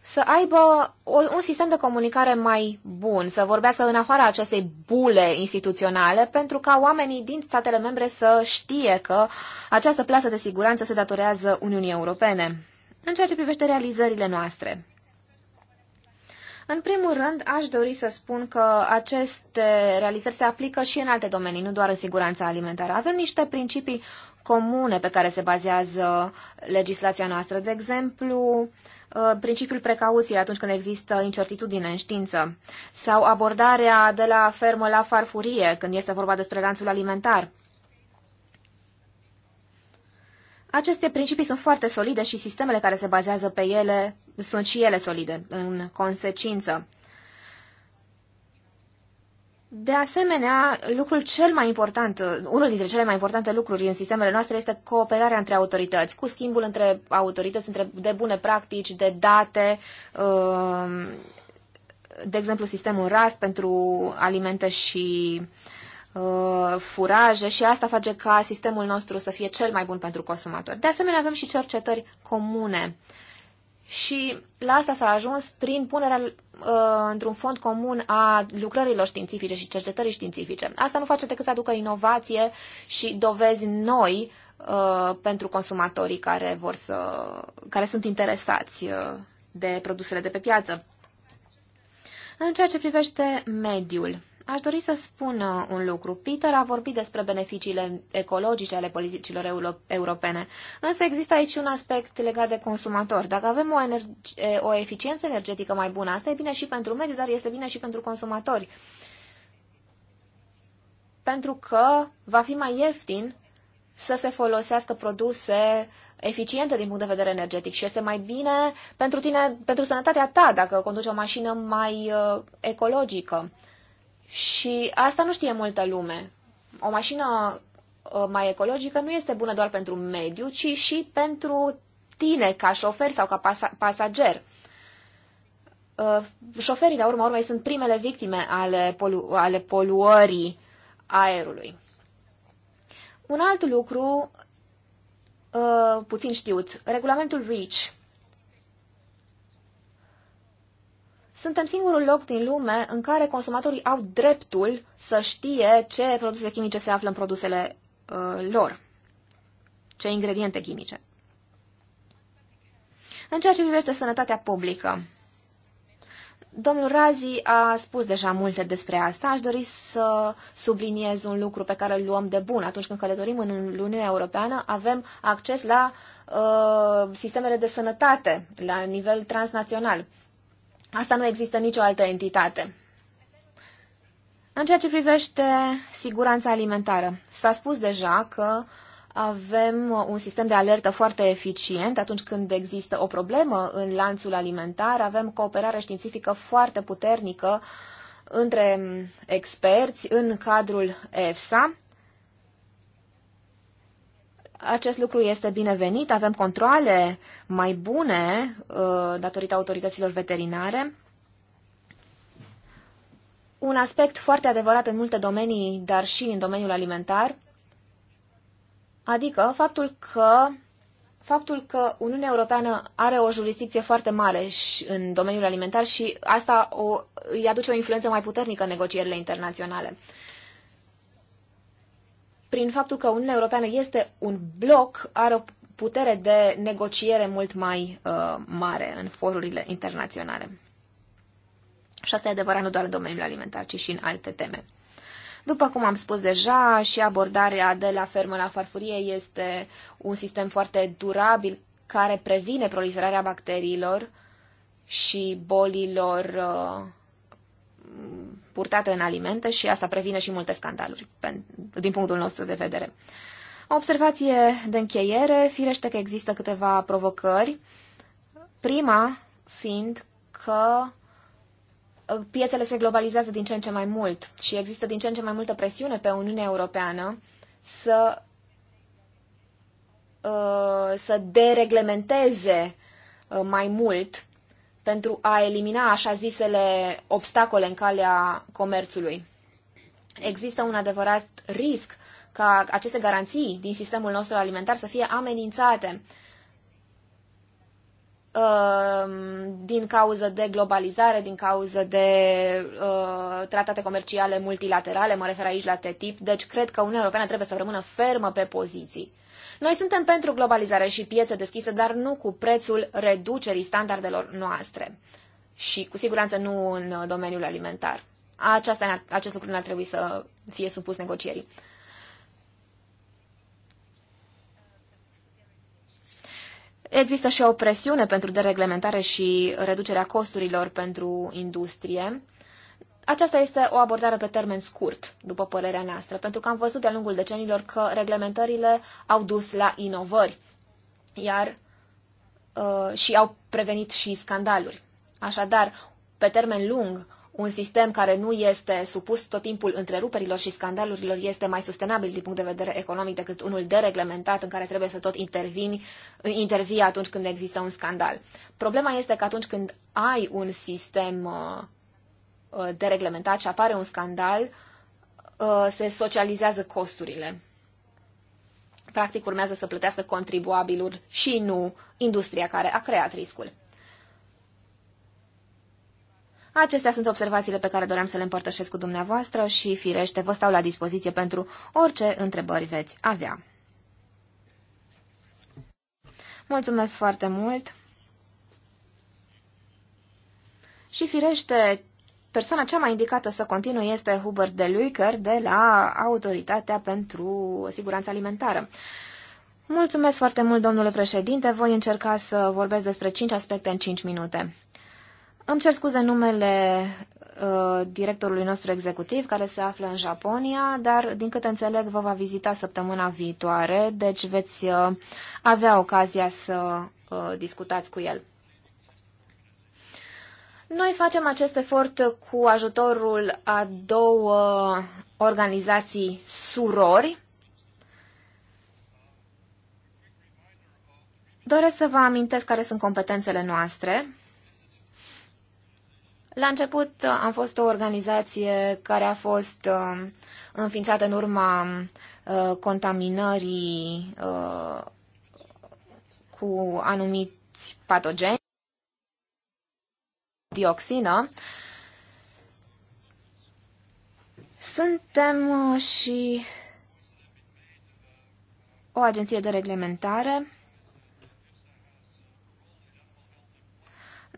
să aibă o, un sistem de comunicare mai bun, să vorbească în afara acestei bule instituționale, pentru ca oamenii din statele membre să știe că această plasă de siguranță se datorează Uniunii Europene. În ceea ce privește realizările noastre, în primul rând, aș dori să spun că aceste realizări se aplică și în alte domenii, nu doar în siguranța alimentară. Avem niște principii comune pe care se bazează legislația noastră. De exemplu, uh, principiul precauției atunci când există incertitudine în știință sau abordarea de la fermă la farfurie când este vorba despre lanțul alimentar. Aceste principii sunt foarte solide și sistemele care se bazează pe ele sunt și ele solide în consecință. De asemenea, lucrul cel mai important, unul dintre cele mai importante lucruri în sistemele noastre este cooperarea între autorități, cu schimbul între autorități, între de bune practici, de date, um, de exemplu sistemul RAS pentru alimente și uh, furaje și asta face ca sistemul nostru să fie cel mai bun pentru consumatori. De asemenea, avem și cercetări comune și la asta s-a ajuns prin punerea uh, într-un fond comun a lucrărilor științifice și cercetării științifice. Asta nu face decât să aducă inovație și dovezi noi uh, pentru consumatorii care, vor să, care sunt interesați uh, de produsele de pe piață. În ceea ce privește mediul, Aș dori să spun un lucru. Peter a vorbit despre beneficiile ecologice ale politicilor euro europene, însă există aici un aspect legat de consumator. Dacă avem o, o eficiență energetică mai bună, asta e bine și pentru mediu, dar este bine și pentru consumatori. Pentru că va fi mai ieftin să se folosească produse eficiente din punct de vedere energetic și este mai bine pentru tine, pentru sănătatea ta, dacă conduci o mașină mai uh, ecologică. Și asta nu știe multă lume. O mașină uh, mai ecologică nu este bună doar pentru mediu, ci și pentru tine ca șofer sau ca pas- pasager. Uh, șoferii, la urmă urmei, sunt primele victime ale, polu- ale poluării aerului. Un alt lucru uh, puțin știut, regulamentul REACH Suntem singurul loc din lume în care consumatorii au dreptul să știe ce produse chimice se află în produsele uh, lor, ce ingrediente chimice. În ceea ce privește sănătatea publică, domnul Razi a spus deja multe despre asta. Aș dori să subliniez un lucru pe care îl luăm de bun. Atunci când călătorim în Uniunea Europeană, avem acces la uh, sistemele de sănătate la nivel transnațional. Asta nu există nicio altă entitate. În ceea ce privește siguranța alimentară, s-a spus deja că avem un sistem de alertă foarte eficient atunci când există o problemă în lanțul alimentar, avem cooperare științifică foarte puternică între experți în cadrul EFSA acest lucru este binevenit, avem controle mai bune uh, datorită autorităților veterinare. Un aspect foarte adevărat în multe domenii, dar și în domeniul alimentar, adică faptul că faptul că Uniunea Europeană are o jurisdicție foarte mare și în domeniul alimentar și asta o, îi aduce o influență mai puternică în negocierile internaționale prin faptul că Uniunea Europeană este un bloc, are o putere de negociere mult mai uh, mare în forurile internaționale. Și asta e adevărat nu doar în domeniul alimentar, ci și în alte teme. După cum am spus deja, și abordarea de la fermă la farfurie este un sistem foarte durabil care previne proliferarea bacteriilor și bolilor uh, purtate în alimente și asta previne și multe scandaluri, din punctul nostru de vedere. O observație de încheiere, firește că există câteva provocări. Prima fiind că ă, piețele se globalizează din ce în ce mai mult și există din ce în ce mai multă presiune pe Uniunea Europeană să, ă, să dereglementeze ă, mai mult pentru a elimina așa zisele obstacole în calea comerțului. Există un adevărat risc ca aceste garanții din sistemul nostru alimentar să fie amenințate uh, din cauză de globalizare, din cauză de uh, tratate comerciale multilaterale, mă refer aici la TTIP, deci cred că Uniunea Europeană trebuie să rămână fermă pe poziții. Noi suntem pentru globalizare și piețe deschise, dar nu cu prețul reducerii standardelor noastre și cu siguranță nu în domeniul alimentar. Aceasta, acest lucru nu ar trebui să fie supus negocierii. Există și o presiune pentru dereglementare și reducerea costurilor pentru industrie. Aceasta este o abordare pe termen scurt, după părerea noastră, pentru că am văzut de-a lungul decenilor că reglementările au dus la inovări, iar uh, și au prevenit și scandaluri. Așadar, pe termen lung, un sistem care nu este supus tot timpul întreruperilor și scandalurilor este mai sustenabil din punct de vedere economic decât unul dereglementat în care trebuie să tot intervii, intervii atunci când există un scandal. Problema este că atunci când ai un sistem uh, Uh, dereglementat și apare un scandal, uh, se socializează costurile. Practic urmează să plătească contribuabilul și nu industria care a creat riscul. Acestea sunt observațiile pe care doream să le împărtășesc cu dumneavoastră și, firește, vă stau la dispoziție pentru orice întrebări veți avea. Mulțumesc foarte mult! Și, firește, Persoana cea mai indicată să continue este Hubert de Luicker de la Autoritatea pentru Siguranța Alimentară. Mulțumesc foarte mult, domnule președinte. Voi încerca să vorbesc despre 5 aspecte în 5 minute. Îmi cer scuze numele uh, directorului nostru executiv care se află în Japonia, dar din câte înțeleg vă va vizita săptămâna viitoare, deci veți uh, avea ocazia să uh, discutați cu el. Noi facem acest efort cu ajutorul a două organizații surori. Doresc să vă amintesc care sunt competențele noastre. La început am fost o organizație care a fost uh, înființată în urma uh, contaminării uh, cu anumiți patogeni dioxină, suntem uh, și o agenție de reglementare.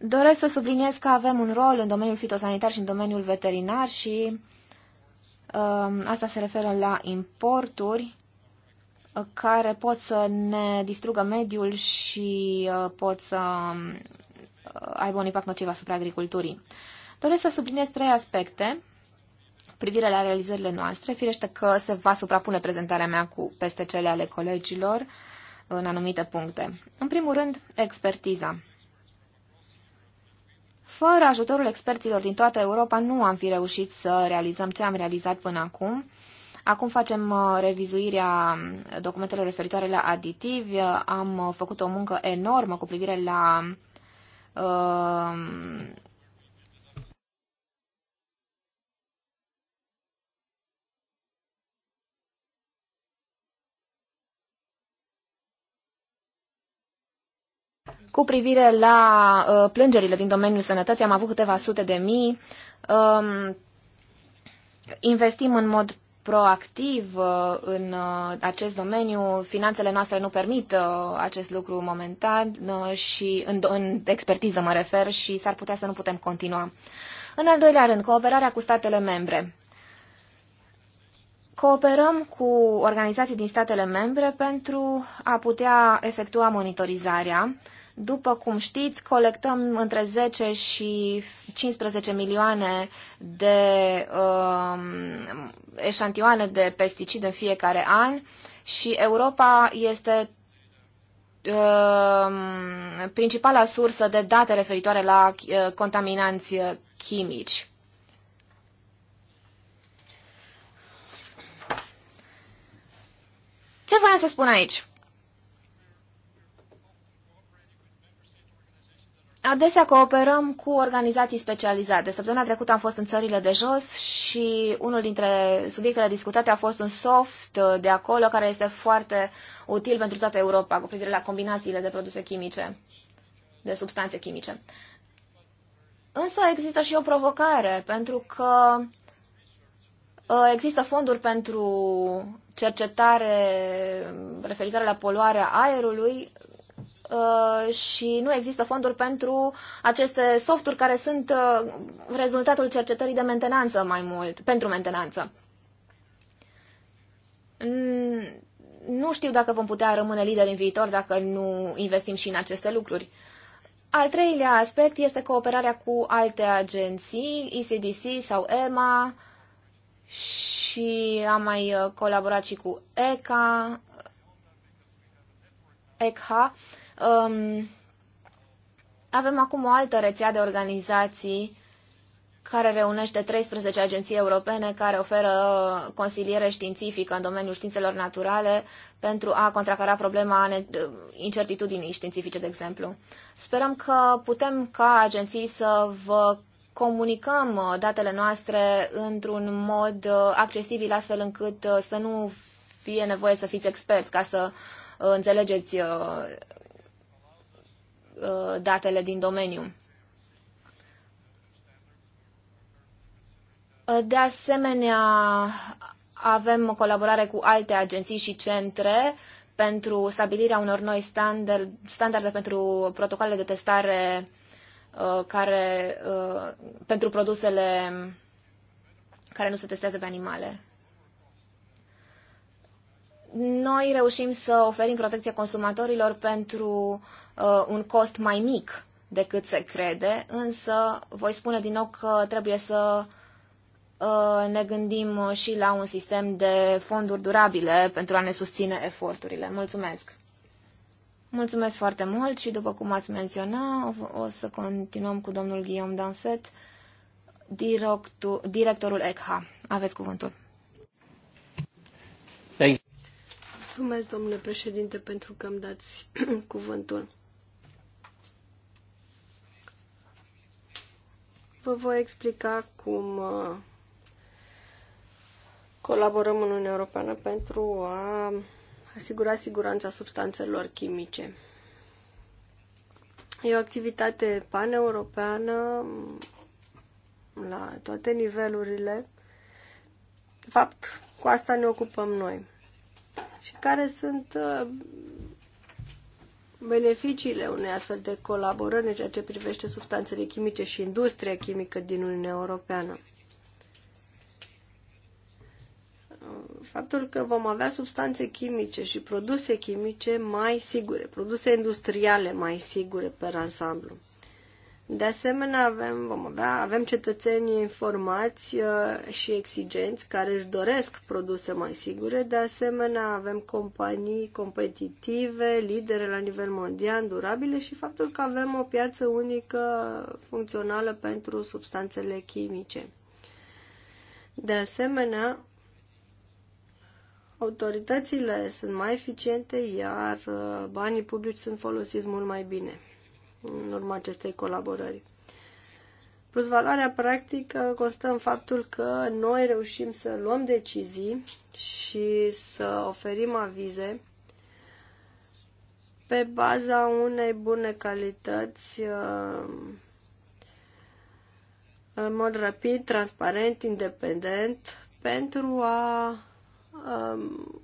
Doresc să subliniez că avem un rol în domeniul fitosanitar și în domeniul veterinar și um, asta se referă la importuri uh, care pot să ne distrugă mediul și uh, pot să um, Uh, aibă un impact nociv asupra agriculturii. Doresc să subliniez trei aspecte privire la realizările noastre. Firește că se va suprapune prezentarea mea cu peste cele ale colegilor în anumite puncte. În primul rând, expertiza. Fără ajutorul experților din toată Europa nu am fi reușit să realizăm ce am realizat până acum. Acum facem uh, revizuirea documentelor referitoare la aditivi. Am uh, făcut o muncă enormă cu privire la Um, cu privire la uh, plângerile din domeniul sănătății, am avut câteva sute de mii. Uh, investim în mod proactiv uh, în uh, acest domeniu. Finanțele noastre nu permit uh, acest lucru momentan și în, în expertiză mă refer și s-ar putea să nu putem continua. În al doilea rând, cooperarea cu statele membre. Cooperăm cu organizații din statele membre pentru a putea efectua monitorizarea după cum știți, colectăm între 10 și 15 milioane de uh, eșantioane de pesticide în fiecare an și Europa este uh, principala sursă de date referitoare la uh, contaminanți chimici. Ce voiam să spun aici? Adesea cooperăm cu organizații specializate. Săptămâna trecută am fost în țările de jos și unul dintre subiectele discutate a fost un soft de acolo care este foarte util pentru toată Europa cu privire la combinațiile de produse chimice, de substanțe chimice. Însă există și o provocare pentru că ă, există fonduri pentru cercetare referitoare la poluarea aerului Uh, și nu există fonduri pentru aceste softuri care sunt uh, rezultatul cercetării de mentenanță mai mult, pentru mentenanță. Nu știu dacă vom putea rămâne lideri în viitor dacă nu investim și în aceste lucruri. Al treilea aspect este cooperarea cu alte agenții, ECDC sau EMA, și am mai uh, colaborat și cu ECA, ECHA, Um, avem acum o altă rețea de organizații care reunește 13 agenții europene care oferă consiliere științifică în domeniul științelor naturale pentru a contracara problema incertitudinii științifice, de exemplu. Sperăm că putem ca agenții să vă comunicăm datele noastre într-un mod uh, accesibil, astfel încât uh, să nu fie nevoie să fiți experți ca să uh, înțelegeți Uh, datele din domeniu. Uh, de asemenea, avem o colaborare cu alte agenții și centre pentru stabilirea unor noi standard, standarde pentru protocoale de testare uh, care, pentru produsele care nu se testează pe animale. Noi reușim să oferim protecție consumatorilor pentru uh, un cost mai mic decât se crede, însă voi spune din nou că trebuie să uh, ne gândim și la un sistem de fonduri durabile pentru a ne susține eforturile. Mulțumesc! Mulțumesc foarte mult și după cum ați menționat, o să continuăm cu domnul Guillaume Danset, directorul ECHA. Aveți cuvântul. Mulțumesc, domnule președinte, pentru că îmi dați cuvântul. Vă voi explica cum uh, colaborăm în Uniunea Europeană pentru a asigura siguranța substanțelor chimice. E o activitate paneuropeană mm, la toate nivelurile. De fapt, cu asta ne ocupăm noi. Și care sunt uh, beneficiile unei astfel de colaborări în ceea ce privește substanțele chimice și industria chimică din Uniunea Europeană. Faptul că vom avea substanțe chimice și produse chimice mai sigure, produse industriale mai sigure pe ansamblu. De asemenea, avem, vom avea, avem cetățenii informați uh, și exigenți care își doresc produse mai sigure. De asemenea, avem companii competitive, lidere la nivel mondial, durabile și faptul că avem o piață unică funcțională pentru substanțele chimice. De asemenea, autoritățile sunt mai eficiente, iar uh, banii publici sunt folosiți mult mai bine în urma acestei colaborări. Plus valoarea practică constă în faptul că noi reușim să luăm decizii și să oferim avize pe baza unei bune calități uh, în mod rapid, transparent, independent, pentru a um,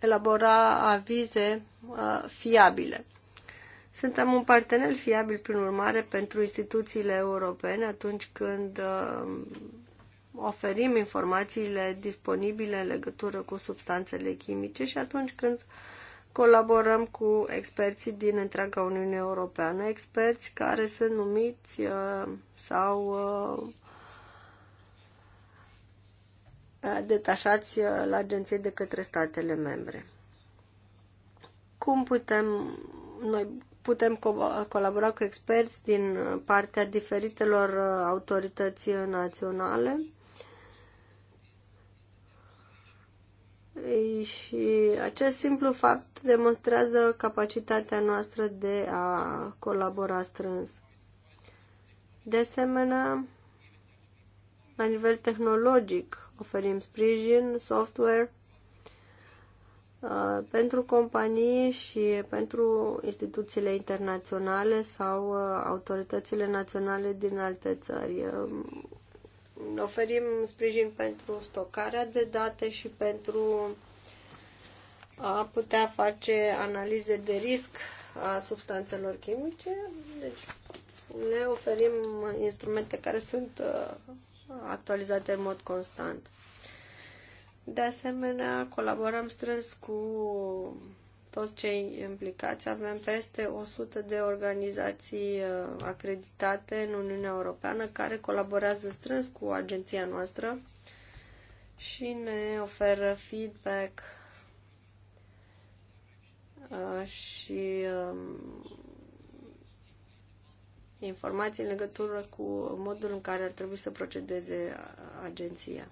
elabora avize uh, fiabile. Suntem un partener fiabil, prin urmare, pentru instituțiile europene atunci când uh, oferim informațiile disponibile în legătură cu substanțele chimice și atunci când colaborăm cu experții din întreaga Uniune Europeană, experți care sunt numiți uh, sau uh, detașați la agenție de către statele membre. Cum putem noi putem co- colabora cu experți din partea diferitelor uh, autorități naționale și acest simplu fapt demonstrează capacitatea noastră de a colabora strâns. De asemenea, la nivel tehnologic, oferim sprijin, software, Uh, pentru companii și pentru instituțiile internaționale sau uh, autoritățile naționale din alte țări. Um, oferim sprijin pentru stocarea de date și pentru a putea face analize de risc a substanțelor chimice. Deci le oferim instrumente care sunt uh, actualizate în mod constant. De asemenea, colaborăm strâns cu toți cei implicați. Avem peste 100 de organizații uh, acreditate în Uniunea Europeană care colaborează strâns cu agenția noastră și ne oferă feedback uh, și um, informații în legătură cu modul în care ar trebui să procedeze agenția.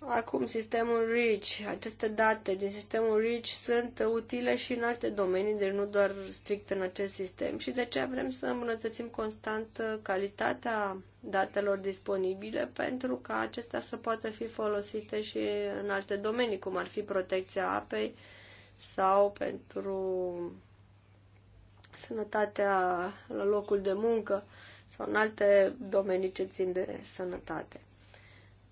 Acum, sistemul RICH, aceste date din sistemul RICH sunt utile și în alte domenii, deci nu doar strict în acest sistem. Și de ce vrem să îmbunătățim constant uh, calitatea datelor disponibile pentru ca acestea să poată fi folosite și în alte domenii, cum ar fi protecția apei sau pentru sănătatea la locul de muncă sau în alte domenii ce țin de sănătate.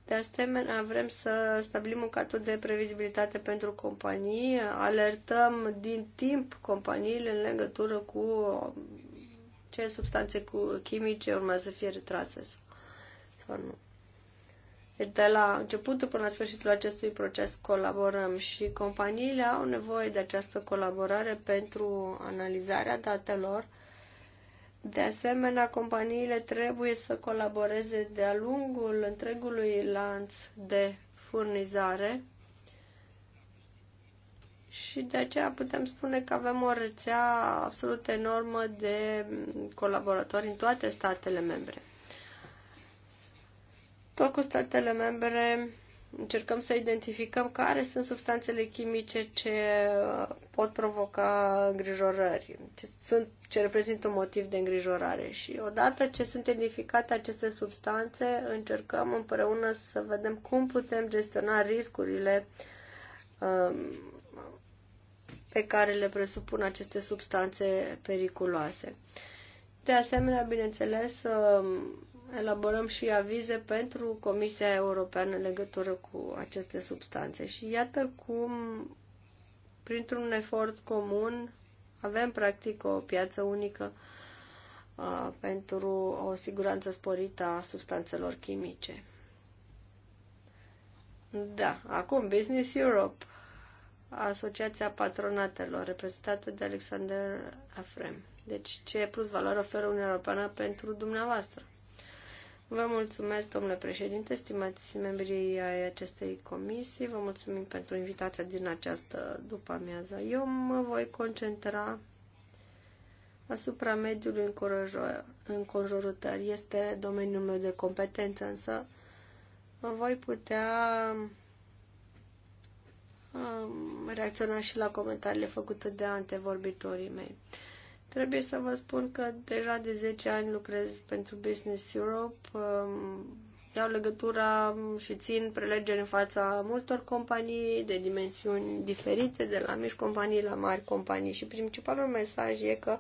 De asemenea, vrem să stabilim un cadru de previzibilitate pentru companii, alertăm din timp companiile în legătură cu ce substanțe cu chimice urmează să fie retrase sau nu. Deci de la începutul până la sfârșitul acestui proces colaborăm și companiile au nevoie de această colaborare pentru analizarea datelor, de asemenea, companiile trebuie să colaboreze de-a lungul întregului lanț de furnizare și de aceea putem spune că avem o rețea absolut enormă de colaboratori în toate statele membre. Tot cu statele membre Încercăm să identificăm care sunt substanțele chimice ce uh, pot provoca îngrijorări, ce, sunt, ce reprezintă un motiv de îngrijorare. Și odată ce sunt identificate aceste substanțe, încercăm împreună să vedem cum putem gestiona riscurile um, pe care le presupun aceste substanțe periculoase. De asemenea, bineînțeles, um, elaborăm și avize pentru Comisia Europeană în legătură cu aceste substanțe. Și iată cum, printr-un efort comun, avem practic o piață unică uh, pentru o siguranță sporită a substanțelor chimice. Da, acum Business Europe, asociația patronatelor, reprezentată de Alexander Afrem. Deci ce plus valoare oferă Uniunea Europeană pentru dumneavoastră? Vă mulțumesc, domnule președinte, stimați membrii ai acestei comisii, vă mulțumim pentru invitația din această după-amiază. Eu mă voi concentra asupra mediului înconjurător. Este domeniul meu de competență, însă voi putea um, reacționa și la comentariile făcute de antevorbitorii mei. Trebuie să vă spun că deja de 10 ani lucrez pentru Business Europe, um, iau legătura și țin prelegeri în fața multor companii de dimensiuni diferite, de la mici companii la mari companii și principalul mesaj e că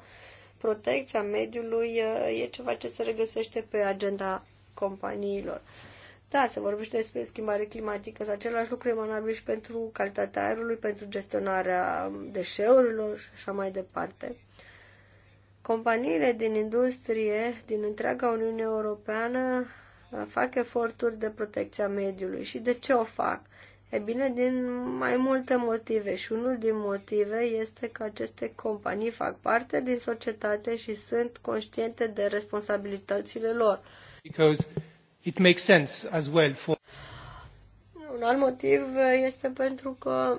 protecția mediului uh, e ceva ce se regăsește pe agenda companiilor. Da, se vorbește despre schimbare climatică, să același lucru emanabil și pentru calitatea aerului, pentru gestionarea deșeurilor și așa mai departe. Companiile din industrie din întreaga Uniune Europeană uh, fac eforturi de protecția mediului. Și de ce o fac? E bine, din mai multe motive și unul din motive este că aceste companii fac parte din societate și sunt conștiente de responsabilitățile lor. Because it makes sense as well for... Un alt motiv este pentru că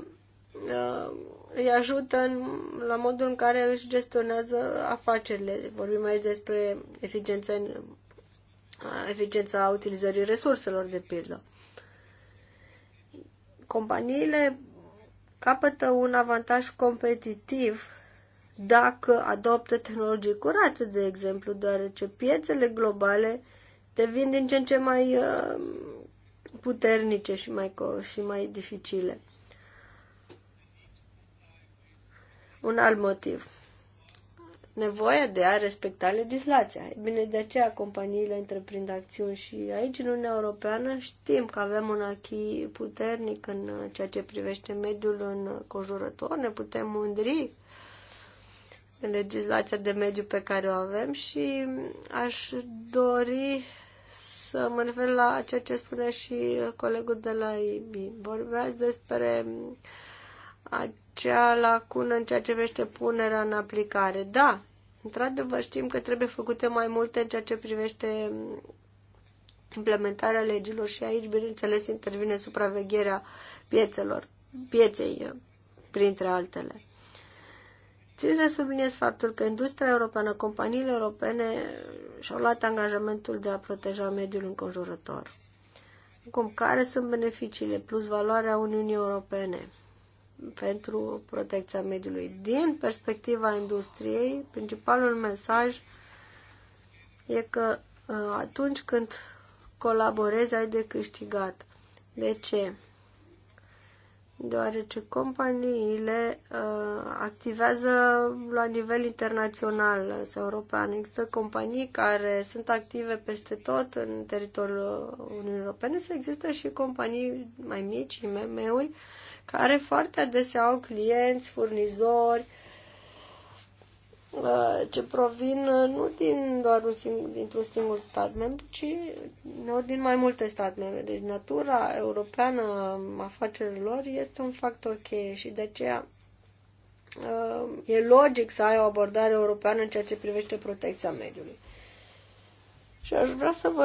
uh, îi ajută în, la modul în care își gestionează afacerile. Vorbim aici despre eficiența, eficiența utilizării resurselor, de pildă. Companiile capătă un avantaj competitiv dacă adoptă tehnologii curate, de exemplu, deoarece piețele globale devin din ce în ce mai uh, puternice și mai, și mai dificile. un alt motiv. Nevoia de a respecta legislația. E bine, de aceea companiile întreprind acțiuni și aici, în Uniunea Europeană, știm că avem un achi puternic în ceea ce privește mediul înconjurător. Ne putem mândri în legislația de mediu pe care o avem și aș dori să mă refer la ceea ce spune și colegul de la IBI. Vorbeați despre acea lacună în ceea ce vește punerea în aplicare. Da, într-adevăr știm că trebuie făcute mai multe în ceea ce privește implementarea legilor și aici, bineînțeles, intervine supravegherea piețelor, pieței, printre altele. Țin să subliniez faptul că industria europeană, companiile europene și-au luat angajamentul de a proteja mediul înconjurător. Cum care sunt beneficiile plus valoarea Uniunii Europene pentru protecția mediului. Din perspectiva industriei, principalul mesaj e că uh, atunci când colaborezi ai de câștigat. De ce? Deoarece companiile uh, activează la nivel internațional sau european. Există companii care sunt active peste tot în teritoriul Uniunii Europene, să există și companii mai mici, IMM-uri, uh, care foarte adesea au clienți, furnizori, uh, ce provin uh, nu din doar un singur, dintr-un singur stat membru, ci din mai multe state membre. Deci natura europeană a afacerilor este un factor cheie și de aceea uh, e logic să ai o abordare europeană în ceea ce privește protecția mediului. Și aș vrea să vă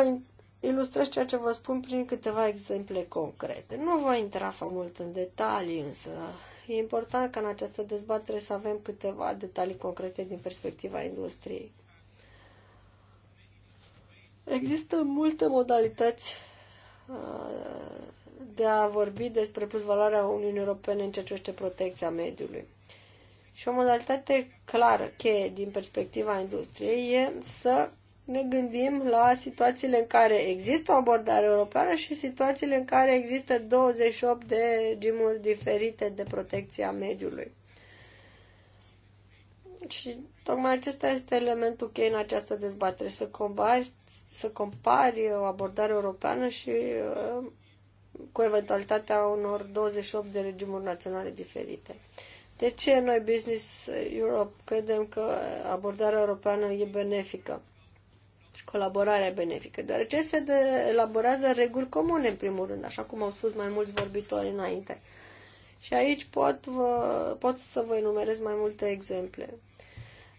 ilustrez ceea ce vă spun prin câteva exemple concrete. Nu voi intra foarte mult în detalii, însă e important ca în această dezbatere să avem câteva detalii concrete din perspectiva industriei. Există multe modalități uh, de a vorbi despre plusvaloarea Uniunii Europene în ceea ce privește protecția mediului. Și o modalitate clară, cheie din perspectiva industriei, e să ne gândim la situațiile în care există o abordare europeană și situațiile în care există 28 de regimuri diferite de protecție a mediului. Și tocmai acesta este elementul cheie în această dezbatere, să compari, să compari o abordare europeană și uh, cu eventualitatea unor 28 de regimuri naționale diferite. De ce noi Business Europe credem că abordarea europeană e benefică? și colaborarea benefică, deoarece se elaborează reguli comune, în primul rând, așa cum au spus mai mulți vorbitori înainte. Și aici pot, vă, pot să vă enumerez mai multe exemple.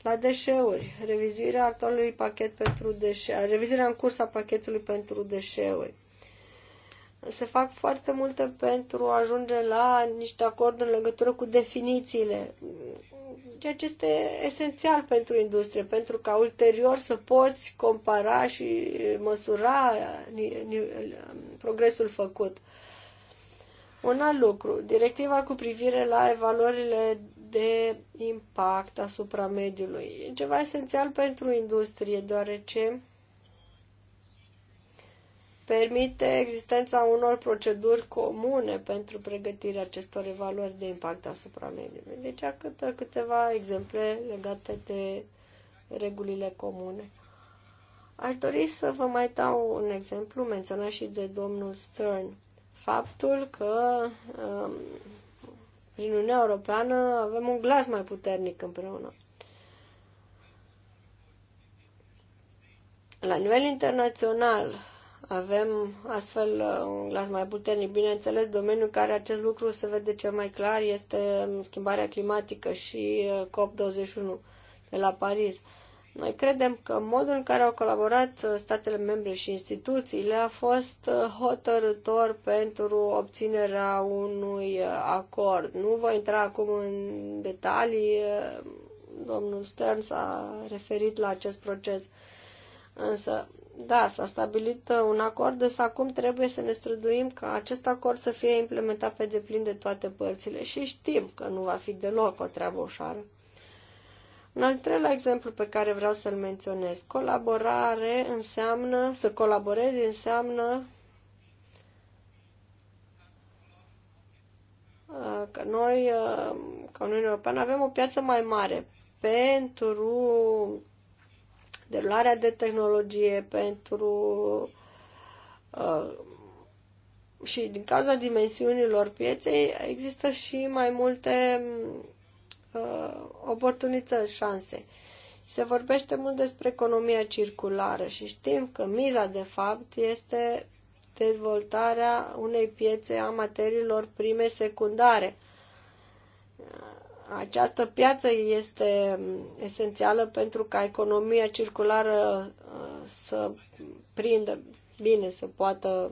La deșeuri, revizuirea actualului pachet pentru deșeuri, revizuirea în curs a pachetului pentru deșeuri. Se fac foarte multe pentru a ajunge la niște acorduri în legătură cu definițiile ceea ce este esențial pentru industrie, pentru ca ulterior să poți compara și măsura progresul făcut. Un alt lucru, directiva cu privire la evaluările de impact asupra mediului. E ceva esențial pentru industrie, deoarece permite existența unor proceduri comune pentru pregătirea acestor evaluări de impact asupra mediului. Deci, câte, câteva exemple legate de regulile comune. Aș dori să vă mai dau un exemplu menționat și de domnul Stern. Faptul că um, prin Uniunea Europeană avem un glas mai puternic împreună. La nivel internațional, avem astfel uh, un glas mai puternic. Bineînțeles, domeniul în care acest lucru se vede cel mai clar este um, schimbarea climatică și uh, COP21 de la Paris. Noi credem că modul în care au colaborat uh, statele membre și instituțiile a fost hotărător pentru obținerea unui acord. Nu voi intra acum în detalii, domnul Stern s-a referit la acest proces. Însă da, s-a stabilit uh, un acord, însă acum trebuie să ne străduim ca acest acord să fie implementat pe deplin de toate părțile și știm că nu va fi deloc o treabă ușoară. Un al treilea exemplu pe care vreau să-l menționez, colaborare înseamnă, să colaborezi înseamnă uh, că noi, uh, ca Uniunea Europeană, avem o piață mai mare pentru derularea de tehnologie, pentru uh, și din cauza dimensiunilor pieței există și mai multe uh, oportunități, șanse. Se vorbește mult despre economia circulară și știm că miza, de fapt, este dezvoltarea unei piețe a materiilor prime secundare. Această piață este esențială pentru ca economia circulară uh, să prindă bine, să poată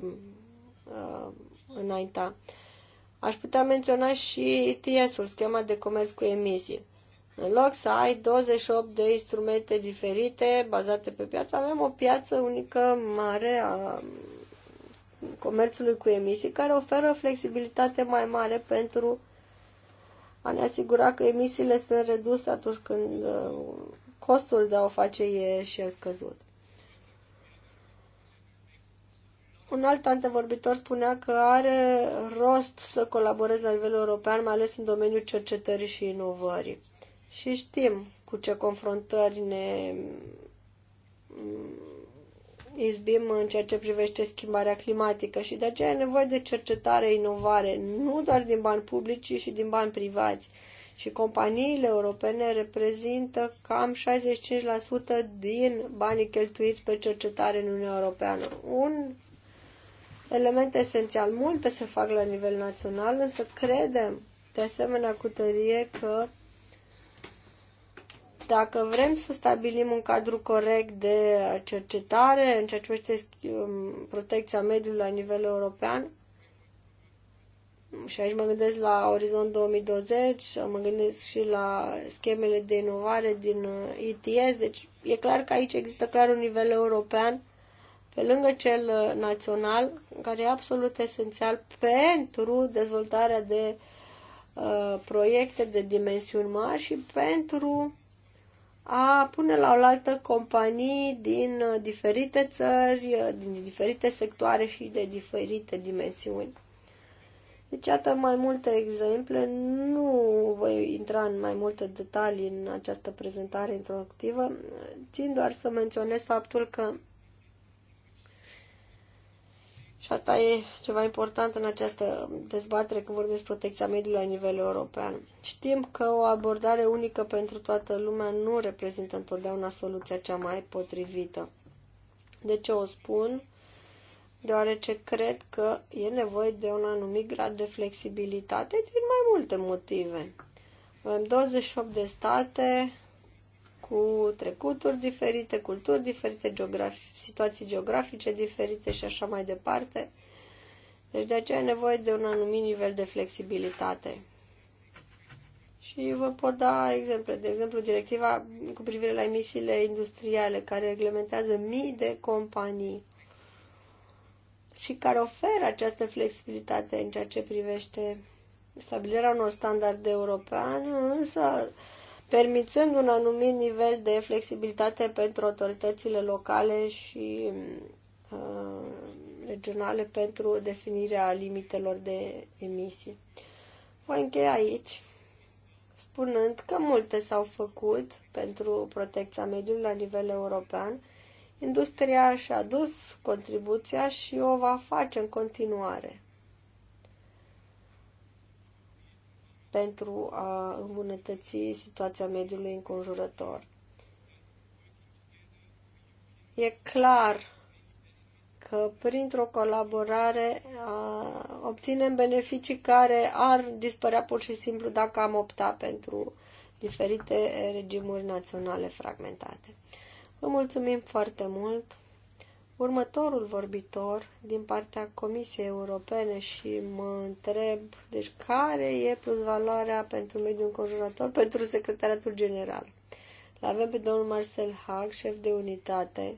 uh, înainta. Aș putea menționa și ETS-ul, schema de comerț cu emisii. În loc să ai 28 de instrumente diferite bazate pe piață, avem o piață unică mare a comerțului cu emisii care oferă flexibilitate mai mare pentru a ne asigura că emisiile sunt reduse atunci când uh, costul de a o face e și scăzut. Un alt antevorbitor spunea că are rost să colaboreze la nivel european, mai ales în domeniul cercetării și inovării. Și știm cu ce confruntări ne izbim în ceea ce privește schimbarea climatică și de aceea e nevoie de cercetare, inovare, nu doar din bani publici, ci și din bani privați. Și companiile europene reprezintă cam 65% din banii cheltuiți pe cercetare în Uniunea Europeană. Un element esențial. Multe se fac la nivel național, însă credem de asemenea cu tărie că dacă vrem să stabilim un cadru corect de cercetare în ceea ce privește um, protecția mediului la nivel european, și aici mă gândesc la Orizont 2020, mă gândesc și la schemele de inovare din uh, ETS, deci e clar că aici există clar un nivel european pe lângă cel uh, național, care e absolut esențial pentru dezvoltarea de uh, proiecte de dimensiuni mari și pentru a pune la oaltă companii din uh, diferite țări, uh, din diferite sectoare și de diferite dimensiuni. Deci, iată mai multe exemple. Nu voi intra în mai multe detalii în această prezentare introductivă. Țin doar să menționez faptul că și asta e ceva important în această dezbatere când vorbim despre protecția mediului la nivel european. Știm că o abordare unică pentru toată lumea nu reprezintă întotdeauna soluția cea mai potrivită. De ce o spun? Deoarece cred că e nevoie de un anumit grad de flexibilitate din mai multe motive. Avem 28 de state cu trecuturi diferite, culturi diferite, geografi- situații geografice diferite și așa mai departe. Deci de aceea e nevoie de un anumit nivel de flexibilitate. Și vă pot da exemple. De exemplu, directiva cu privire la emisiile industriale, care reglementează mii de companii și care oferă această flexibilitate în ceea ce privește stabilirea unor standarde europeane, însă permițând un anumit nivel de flexibilitate pentru autoritățile locale și uh, regionale pentru definirea limitelor de emisii. Voi încheia aici spunând că multe s-au făcut pentru protecția mediului la nivel european. Industria și-a dus contribuția și o va face în continuare. pentru a îmbunătăți situația mediului înconjurător. E clar că printr-o colaborare a, obținem beneficii care ar dispărea pur și simplu dacă am opta pentru diferite regimuri naționale fragmentate. Vă mulțumim foarte mult! Următorul vorbitor din partea Comisiei Europene și mă întreb, deci care e plus valoarea pentru mediul înconjurător pentru Secretariatul General? L avem pe domnul Marcel Hag, șef de unitate.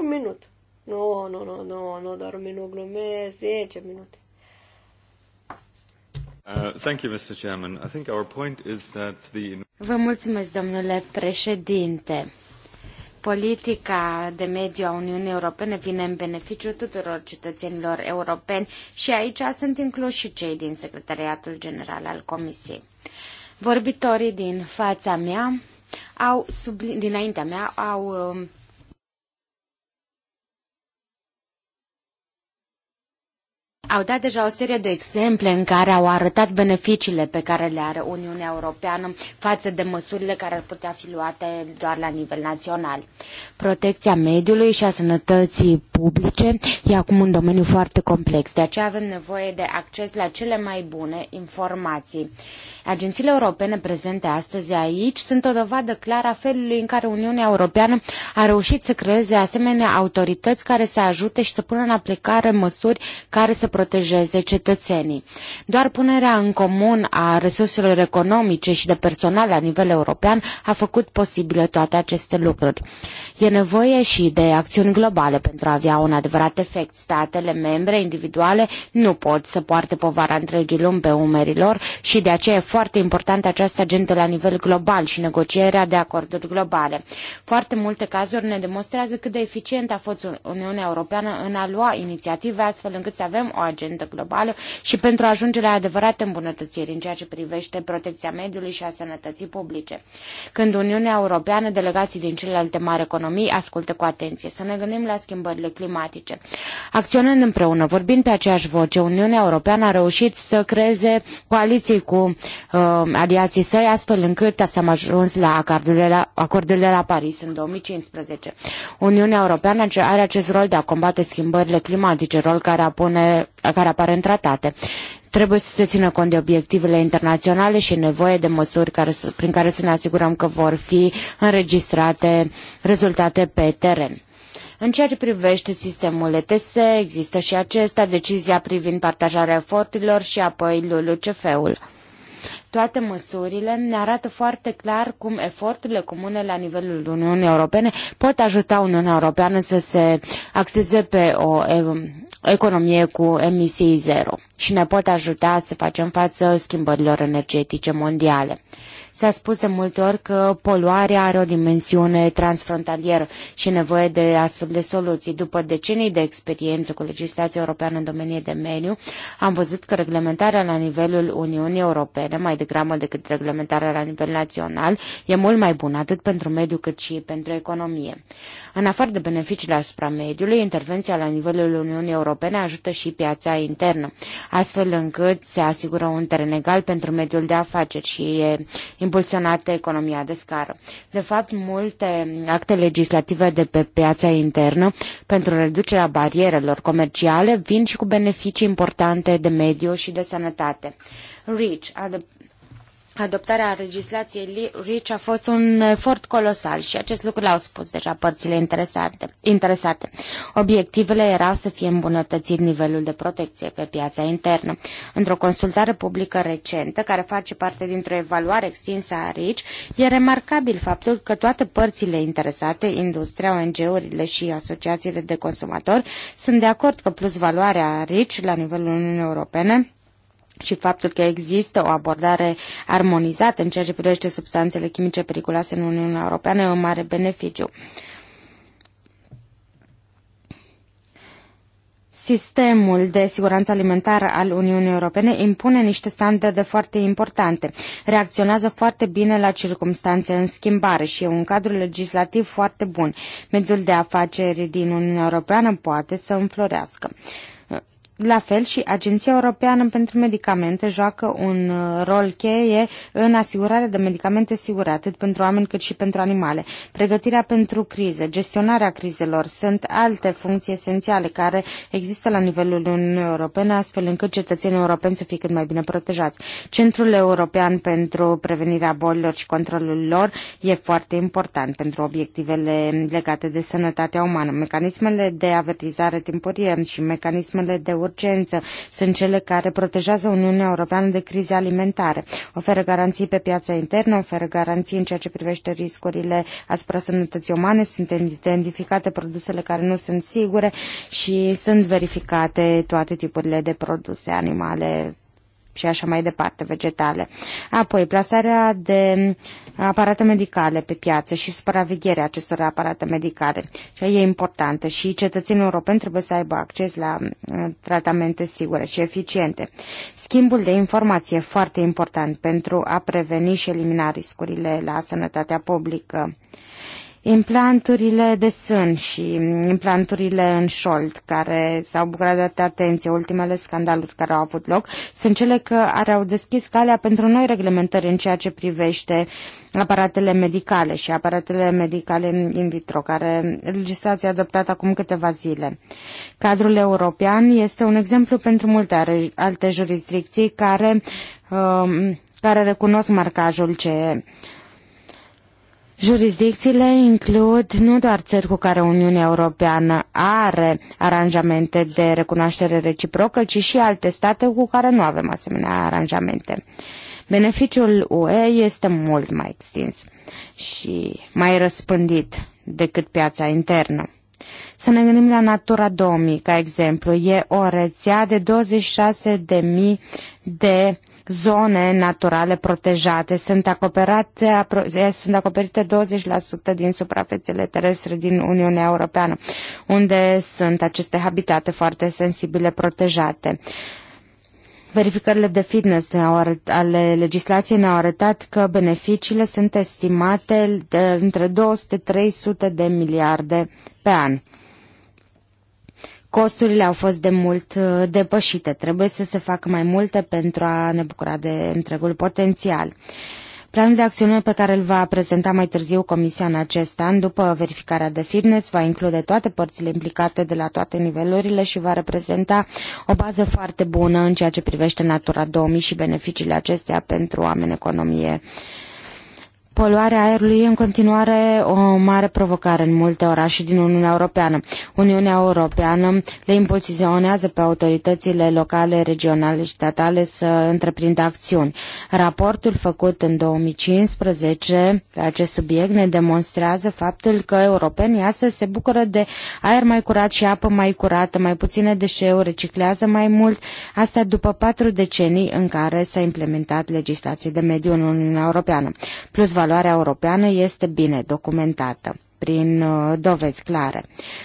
Un minut. Nu, nu, nu, nu, nu, doar un minut, glumesc, 10 minute. Vă mulțumesc, domnule președinte. Politica de mediu a Uniunii Europene vine în beneficiu tuturor cetățenilor europeni și aici sunt incluși și cei din Secretariatul General al Comisiei. Vorbitorii din fața mea au, sub, dinaintea mea au um, Au dat deja o serie de exemple în care au arătat beneficiile pe care le are Uniunea Europeană față de măsurile care ar putea fi luate doar la nivel național. Protecția mediului și a sănătății publice e acum un domeniu foarte complex, de aceea avem nevoie de acces la cele mai bune informații. Agențiile europene prezente astăzi aici sunt o dovadă clară a felului în care Uniunea Europeană a reușit să creeze asemenea autorități care să ajute și să pună în aplicare măsuri care să protejeze cetățenii. Doar punerea în comun a resurselor economice și de personal la nivel european a făcut posibile toate aceste lucruri. E nevoie și de acțiuni globale pentru a avea un adevărat efect. Statele membre individuale nu pot să poarte povara întregii lumi pe umerilor și de aceea e foarte importantă această agendă la nivel global și negocierea de acorduri globale. Foarte multe cazuri ne demonstrează cât de eficient a fost Uniunea Europeană în a lua inițiative astfel încât să avem o agendă globală și pentru a ajunge la adevărate îmbunătățiri în ceea ce privește protecția mediului și a sănătății publice. Când Uniunea Europeană, delegații din celelalte mari economii economii ascultă cu atenție, să ne gândim la schimbările climatice. Acționând împreună, vorbind pe aceeași voce, Uniunea Europeană a reușit să creeze coaliții cu uh, aliații săi, astfel încât s a ajuns la acordurile, la acordurile la Paris în 2015. Uniunea Europeană are acest rol de a combate schimbările climatice, rol care, apune, care apare în tratate. Trebuie să se țină cont de obiectivele internaționale și nevoie de măsuri care, prin care să ne asigurăm că vor fi înregistrate rezultate pe teren. În ceea ce privește sistemul ETS, există și acesta, decizia privind partajarea eforturilor și apoi LULUCF-ul. Toate măsurile ne arată foarte clar cum eforturile comune la nivelul Uniunii Europene pot ajuta Uniunea Europeană să se axeze pe o economie cu emisii zero și ne pot ajuta să facem față schimbărilor energetice mondiale. S-a spus de multe ori că poluarea are o dimensiune transfrontalieră și nevoie de astfel de soluții. După decenii de experiență cu legislația europeană în domeniul de mediu, am văzut că reglementarea la nivelul Uniunii Europene, mai degrabă decât reglementarea la nivel național, e mult mai bună atât pentru mediu cât și pentru economie. În afară de beneficiile asupra mediului, intervenția la nivelul Uniunii Europene ajută și piața internă, astfel încât se asigură un teren egal pentru mediul de afaceri și e impulsionate economia de scară. De fapt, multe acte legislative de pe piața internă pentru reducerea barierelor comerciale vin și cu beneficii importante de mediu și de sănătate. REACH, adoptarea legislației RICI a fost un efort colosal și acest lucru l-au spus deja părțile interesate. interesate. Obiectivele erau să fie îmbunătățit nivelul de protecție pe piața internă. Într-o consultare publică recentă, care face parte dintr-o evaluare extinsă a RICI, e remarcabil faptul că toate părțile interesate, industria, ONG-urile și asociațiile de consumatori, sunt de acord că plus valoarea la nivelul Uniunii Europene și faptul că există o abordare armonizată în ceea ce privește substanțele chimice periculoase în Uniunea Europeană e un mare beneficiu. Sistemul de siguranță alimentară al Uniunii Europene impune niște standarde foarte importante, reacționează foarte bine la circumstanțe în schimbare și e un cadru legislativ foarte bun. Mediul de afaceri din Uniunea Europeană poate să înflorească. La fel și Agenția Europeană pentru Medicamente joacă un uh, rol cheie în asigurarea de medicamente sigure, atât pentru oameni cât și pentru animale. Pregătirea pentru crize, gestionarea crizelor sunt alte funcții esențiale care există la nivelul Uniunii Europene, astfel încât cetățenii europeni să fie cât mai bine protejați. Centrul European pentru Prevenirea Bolilor și Controlul lor e foarte important pentru obiectivele legate de sănătatea umană. Mecanismele de avertizare timpurie și mecanismele de urmă urgență sunt cele care protejează Uniunea Europeană de crize alimentare, oferă garanții pe piața internă, oferă garanții în ceea ce privește riscurile asupra sănătății umane, sunt identificate produsele care nu sunt sigure și sunt verificate toate tipurile de produse animale și așa mai departe, vegetale. Apoi, plasarea de aparate medicale pe piață și supravegherea acestor aparate medicale. Și e importantă și cetățenii europeni trebuie să aibă acces la uh, tratamente sigure și eficiente. Schimbul de informație e foarte important pentru a preveni și elimina riscurile la sănătatea publică implanturile de sân și implanturile în șold, care s-au bucurat de atâta atenție, ultimele scandaluri care au avut loc, sunt cele care au deschis calea pentru noi reglementări în ceea ce privește aparatele medicale și aparatele medicale in vitro, care legislația a adoptat acum câteva zile. Cadrul european este un exemplu pentru multe alte jurisdicții care, um, care recunosc marcajul CE. Jurisdicțiile includ nu doar țări cu care Uniunea Europeană are aranjamente de recunoaștere reciprocă, ci și alte state cu care nu avem asemenea aranjamente. Beneficiul UE este mult mai extins și mai răspândit decât piața internă. Să ne gândim la Natura 2000, ca exemplu. E o rețea de 26.000 de zone naturale protejate. Sunt, acoperate, eh, sunt acoperite 20% din suprafețele terestre din Uniunea Europeană, unde sunt aceste habitate foarte sensibile protejate. Verificările de fitness ale legislației ne-au arătat că beneficiile sunt estimate de între 200-300 de miliarde pe an costurile au fost de mult uh, depășite. Trebuie să se facă mai multe pentru a ne bucura de întregul potențial. Planul de acțiune pe care îl va prezenta mai târziu Comisia în acest an, după verificarea de fitness, va include toate părțile implicate de la toate nivelurile și va reprezenta o bază foarte bună în ceea ce privește Natura 2000 și beneficiile acestea pentru oameni, economie, uh, Poluarea aerului e în continuare o mare provocare în multe orașe din Uniunea Europeană. Uniunea Europeană le impulsionează pe autoritățile locale, regionale și statale să întreprindă acțiuni. Raportul făcut în 2015 pe acest subiect ne demonstrează faptul că europenii astăzi se bucură de aer mai curat și apă mai curată, mai puține deșeuri, reciclează mai mult, asta după patru decenii în care s-a implementat legislație de mediu în Uniunea Europeană. Plus valoarea europeană este bine documentată prin uh, dovezi clare.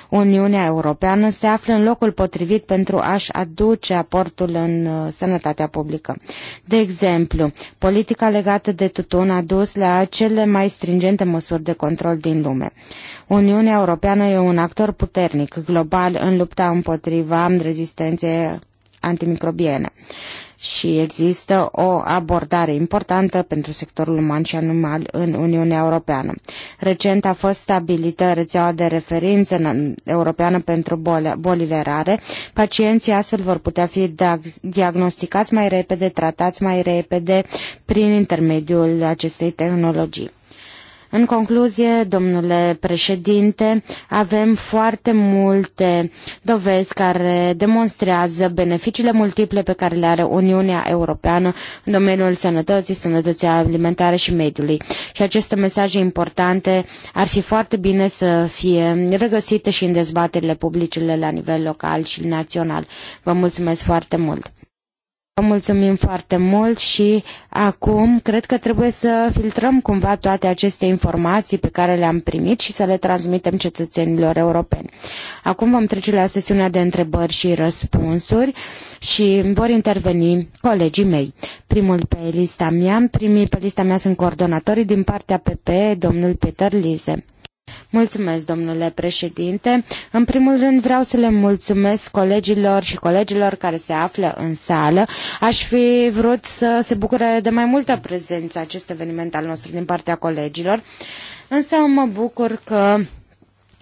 Uniunea Europeană se află în locul potrivit pentru a-și aduce aportul în uh, sănătatea publică. De exemplu, politica legată de tutun a dus la cele mai stringente măsuri de control din lume. Uniunea Europeană e un actor puternic global în lupta împotriva rezistenței antimicrobiene și există o abordare importantă pentru sectorul uman și animal în Uniunea Europeană. Recent a fost stabilită rețeaua de referință europeană pentru bolile rare. Pacienții astfel vor putea fi diagnosticați mai repede, tratați mai repede prin intermediul acestei tehnologii. În concluzie, domnule președinte, avem foarte multe dovezi care demonstrează beneficiile multiple pe care le are Uniunea Europeană în domeniul sănătății, sănătății alimentare și mediului. Și aceste mesaje importante ar fi foarte bine să fie regăsite și în dezbaterile publice la nivel local și național. Vă mulțumesc foarte mult! Vă mulțumim foarte mult și acum cred că trebuie să filtrăm cumva toate aceste informații pe care le-am primit și să le transmitem cetățenilor europeni. Acum vom trece la sesiunea de întrebări și răspunsuri și vor interveni colegii mei. Primul pe lista mea, primii pe lista mea sunt coordonatorii din partea PP, domnul Peter Lise. Mulțumesc, domnule președinte. În primul rând vreau să le mulțumesc colegilor și colegilor care se află în sală. Aș fi vrut să se bucure de mai multă prezență acest eveniment al nostru din partea colegilor, însă mă bucur că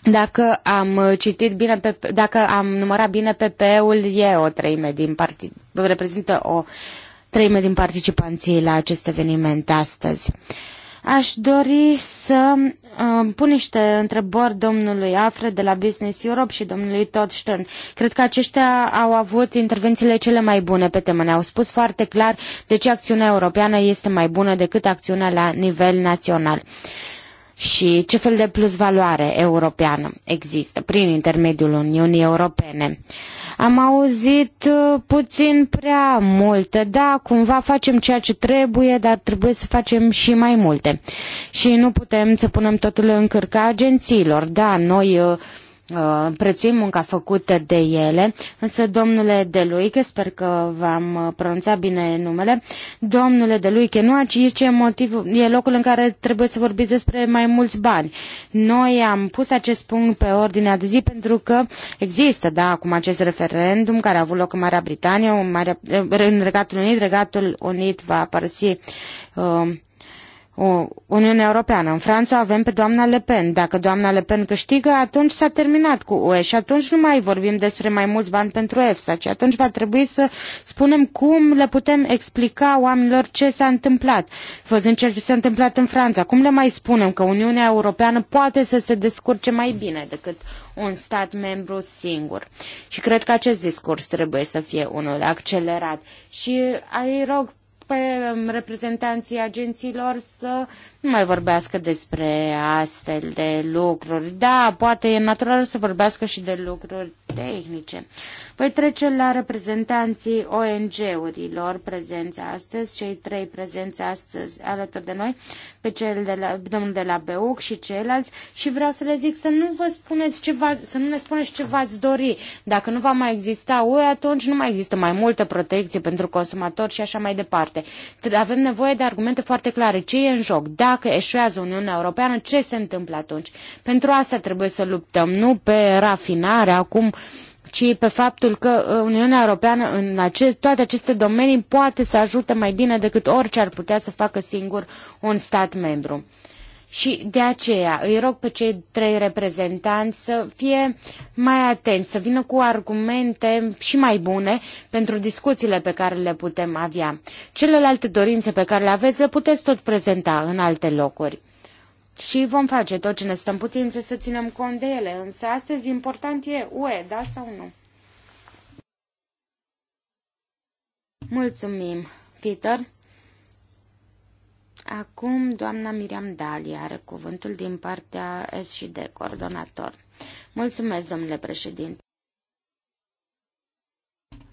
dacă am citit bine, pe, dacă am numărat bine PP-ul, e o treime din partid, reprezintă o treime din participanții la acest eveniment astăzi. Aș dori să pun niște întrebări domnului Afre de la Business Europe și domnului Todd Stern. Cred că aceștia au avut intervențiile cele mai bune pe temă. Ne-au spus foarte clar de ce acțiunea europeană este mai bună decât acțiunea la nivel național. Uh, și ce fel de plusvaloare europeană există prin intermediul Uniunii Europene. Am auzit uh, puțin prea multe, da, cumva facem ceea ce trebuie, dar trebuie să facem și mai multe. Și nu putem să punem totul în cârca agențiilor, da, noi uh, Uh, prețuim munca făcută de ele, însă domnule Deluiche, sper că v-am uh, pronunțat bine numele, domnule Deluiche, nu aici e, motiv, e locul în care trebuie să vorbiți despre mai mulți bani. Noi am pus acest punct pe ordinea de zi pentru că există, da, acum acest referendum care a avut loc în Marea Britanie, în, Marea, în Regatul Unit, Regatul Unit va părăsi uh, Uniunea Europeană. În Franța avem pe doamna Le Pen. Dacă doamna Le Pen câștigă, atunci s-a terminat cu UE și atunci nu mai vorbim despre mai mulți bani pentru EFSA, ci atunci va trebui să spunem cum le putem explica oamenilor ce s-a întâmplat, văzând ce s-a întâmplat în Franța. Cum le mai spunem că Uniunea Europeană poate să se descurce mai bine decât un stat membru singur. Și cred că acest discurs trebuie să fie unul accelerat. Și ai rog pe reprezentanții agențiilor să nu mai vorbească despre astfel de lucruri. Da, poate e natural să vorbească și de lucruri tehnice. Voi trece la reprezentanții ONG-urilor prezenți astăzi, cei trei prezenți astăzi alături de noi, pe cel de la, domnul de la Beuc și ceilalți și vreau să le zic să nu vă spuneți ce va, să nu ne spuneți ce v-ați dori. Dacă nu va mai exista UE, atunci nu mai există mai multă protecție pentru consumator și așa mai departe. Avem nevoie de argumente foarte clare. Ce e în joc? Dacă eșuează Uniunea Europeană, ce se întâmplă atunci? Pentru asta trebuie să luptăm, nu pe rafinare, acum ci pe faptul că uh, Uniunea Europeană în acest, toate aceste domenii poate să ajute mai bine decât orice ar putea să facă singur un stat membru. Și de aceea îi rog pe cei trei reprezentanți să fie mai atenți, să vină cu argumente și mai bune pentru discuțiile pe care le putem avea. Celelalte dorințe pe care le aveți le puteți tot prezenta în alte locuri și vom face tot ce ne stă în putință să ținem cont de ele, însă astăzi important e UE, da sau nu? Mulțumim, Peter. Acum doamna Miriam Dali are cuvântul din partea S și de coordonator. Mulțumesc, domnule președinte.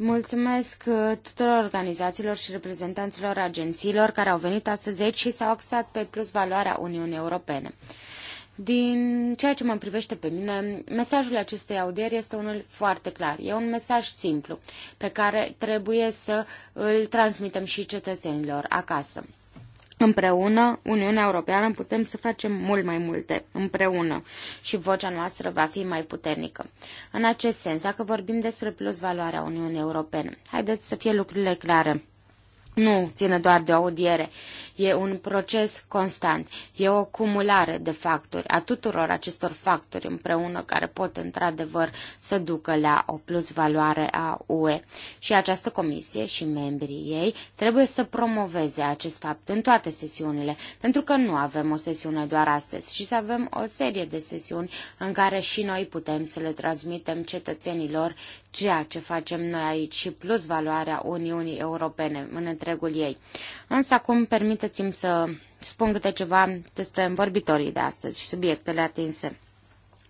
Mulțumesc uh, tuturor organizațiilor și reprezentanților agențiilor care au venit astăzi aici și s-au axat pe plus valoarea Uniunii Europene. Din ceea ce mă privește pe mine, mesajul acestei audieri este unul foarte clar. E un mesaj simplu pe care trebuie să îl transmitem și cetățenilor acasă. Împreună, Uniunea Europeană, putem să facem mult mai multe împreună și vocea noastră va fi mai puternică. În acest sens, dacă vorbim despre plus valoarea Uniunii Europene, haideți să fie lucrurile clare. Nu ține doar de audiere, E un proces constant, e o cumulare de factori, a tuturor acestor factori împreună care pot într-adevăr să ducă la o plus valoare a UE. Și această comisie și membrii ei trebuie să promoveze acest fapt în toate sesiunile, pentru că nu avem o sesiune doar astăzi și să avem o serie de sesiuni în care și noi putem să le transmitem cetățenilor ceea ce facem noi aici și plus valoarea Uniunii Europene în întregul ei. Însă acum permite să spun câte ceva despre învorbitorii de astăzi și subiectele atinse.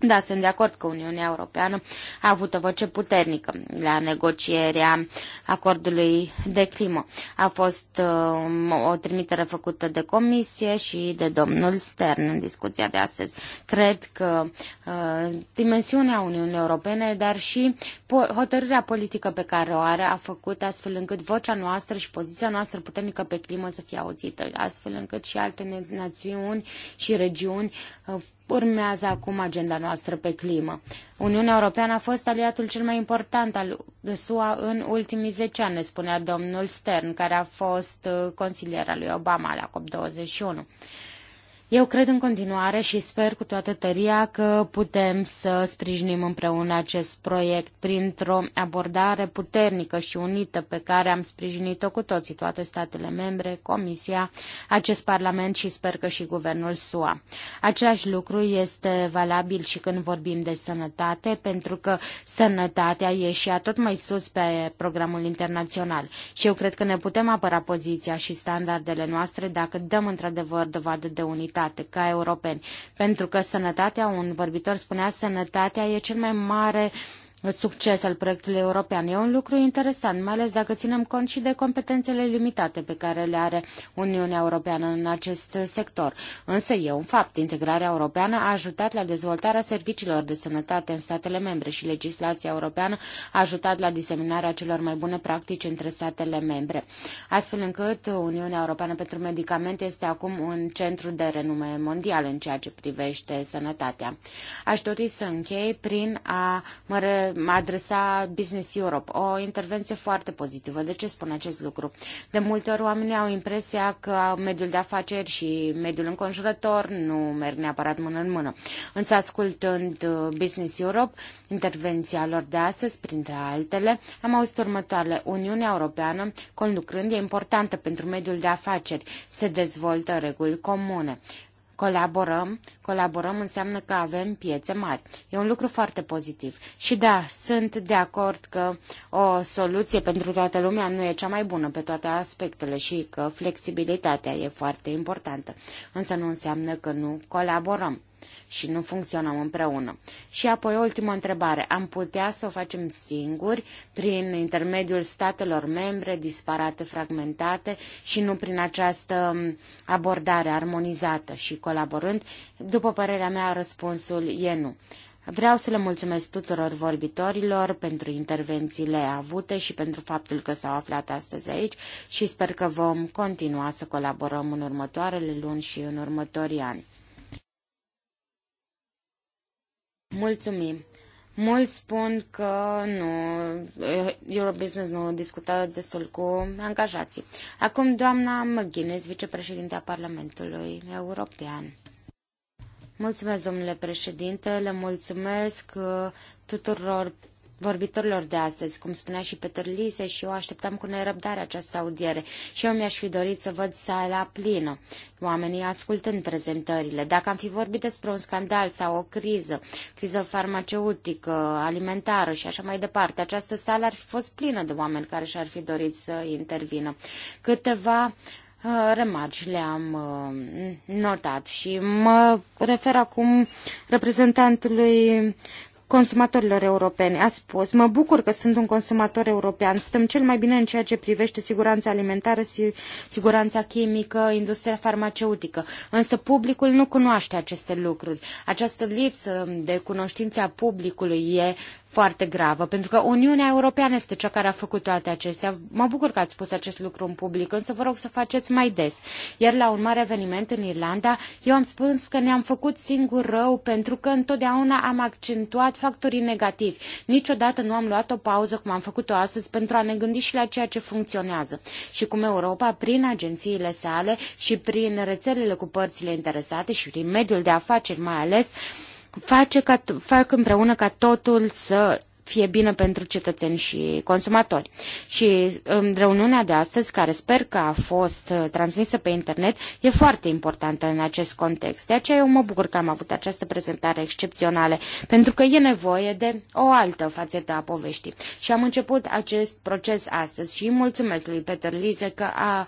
Da, sunt de acord că Uniunea Europeană a avut o voce puternică la negocierea acordului de climă. A fost uh, o trimitere făcută de comisie și de domnul Stern în discuția de astăzi. Cred că uh, dimensiunea Uniunii Europene, dar și po- hotărârea politică pe care o are a făcut astfel încât vocea noastră și poziția noastră puternică pe climă să fie auzită, astfel încât și alte națiuni și regiuni uh, Urmează acum agenda noastră pe climă. Uniunea Europeană a fost aliatul cel mai important al SUA în ultimii 10 ani, ne spunea domnul Stern, care a fost uh, consilier al lui Obama la COP21. Eu cred în continuare și sper cu toată tăria că putem să sprijinim împreună acest proiect printr-o abordare puternică și unită pe care am sprijinit-o cu toții, toate statele membre, Comisia, acest Parlament și sper că și Guvernul SUA. Același lucru este valabil și când vorbim de sănătate, pentru că sănătatea e și a tot mai sus pe programul internațional și eu cred că ne putem apăra poziția și standardele noastre dacă dăm într-adevăr dovadă de unitate sănătate ca europeni. Pentru că sănătatea, un vorbitor spunea, sănătatea e cel mai mare succes al proiectului european. E un lucru interesant, mai ales dacă ținem cont și de competențele limitate pe care le are Uniunea Europeană în acest sector. Însă e un fapt. Integrarea europeană a ajutat la dezvoltarea serviciilor de sănătate în statele membre și legislația europeană a ajutat la diseminarea celor mai bune practici între statele membre. Astfel încât Uniunea Europeană pentru Medicamente este acum un centru de renume mondial în ceea ce privește sănătatea. Aș dori să închei prin a mă adresa Business Europe. O intervenție foarte pozitivă. De ce spun acest lucru? De multe ori oamenii au impresia că mediul de afaceri și mediul înconjurător nu merg neapărat mână în mână. Însă ascultând uh, Business Europe, intervenția lor de astăzi, printre altele, am auzit următoarele. Uniunea Europeană, conducând, e importantă pentru mediul de afaceri. Se dezvoltă reguli comune colaborăm, colaborăm înseamnă că avem piețe mari. E un lucru foarte pozitiv. Și da, sunt de acord că o soluție pentru toată lumea nu e cea mai bună pe toate aspectele și că flexibilitatea e foarte importantă. Însă nu înseamnă că nu colaborăm și nu funcționăm împreună. Și apoi, ultima întrebare. Am putea să o facem singuri prin intermediul statelor membre disparate, fragmentate și nu prin această abordare armonizată și colaborând? După părerea mea, răspunsul e nu. Vreau să le mulțumesc tuturor vorbitorilor pentru intervențiile avute și pentru faptul că s-au aflat astăzi aici și sper că vom continua să colaborăm în următoarele luni și în următorii ani. Mulțumim. Mulți spun că nu, Eurobusiness nu discută destul cu angajații. Acum doamna McGuinness, a Parlamentului European. Mulțumesc, domnule președinte, le mulțumesc uh, tuturor vorbitorilor de astăzi. Cum spunea și Peter Lise și eu așteptam cu nerăbdare această audiere și eu mi-aș fi dorit să văd sala plină, oamenii ascultând prezentările. Dacă am fi vorbit despre un scandal sau o criză, criză farmaceutică, alimentară și așa mai departe, această sală ar fi fost plină de oameni care și-ar fi dorit să intervină. Câteva uh, remarci le-am uh, notat și mă refer acum reprezentantului consumatorilor europeni. A spus, mă bucur că sunt un consumator european, stăm cel mai bine în ceea ce privește siguranța alimentară, siguranța chimică, industria farmaceutică, însă publicul nu cunoaște aceste lucruri. Această lipsă de cunoștință a publicului e foarte gravă, pentru că Uniunea Europeană este cea care a făcut toate acestea. Mă bucur că ați spus acest lucru în public, însă vă rog să faceți mai des. Iar la un mare eveniment în Irlanda, eu am spus că ne-am făcut singur rău pentru că întotdeauna am accentuat factorii negativi. Niciodată nu am luat o pauză cum am făcut-o astăzi pentru a ne gândi și la ceea ce funcționează. Și cum Europa, prin agențiile sale și prin rețelele cu părțile interesate și prin mediul de afaceri mai ales, uh, face ca, fac împreună ca totul să fie bine pentru cetățeni și consumatori. Și în um, reuniunea de astăzi, care sper că a fost uh, transmisă pe internet, e foarte importantă în acest context. De aceea eu mă bucur că am avut această prezentare excepțională, pentru că e nevoie de o altă fațetă a poveștii. Și am început acest proces astăzi și mulțumesc lui Peter Lise că a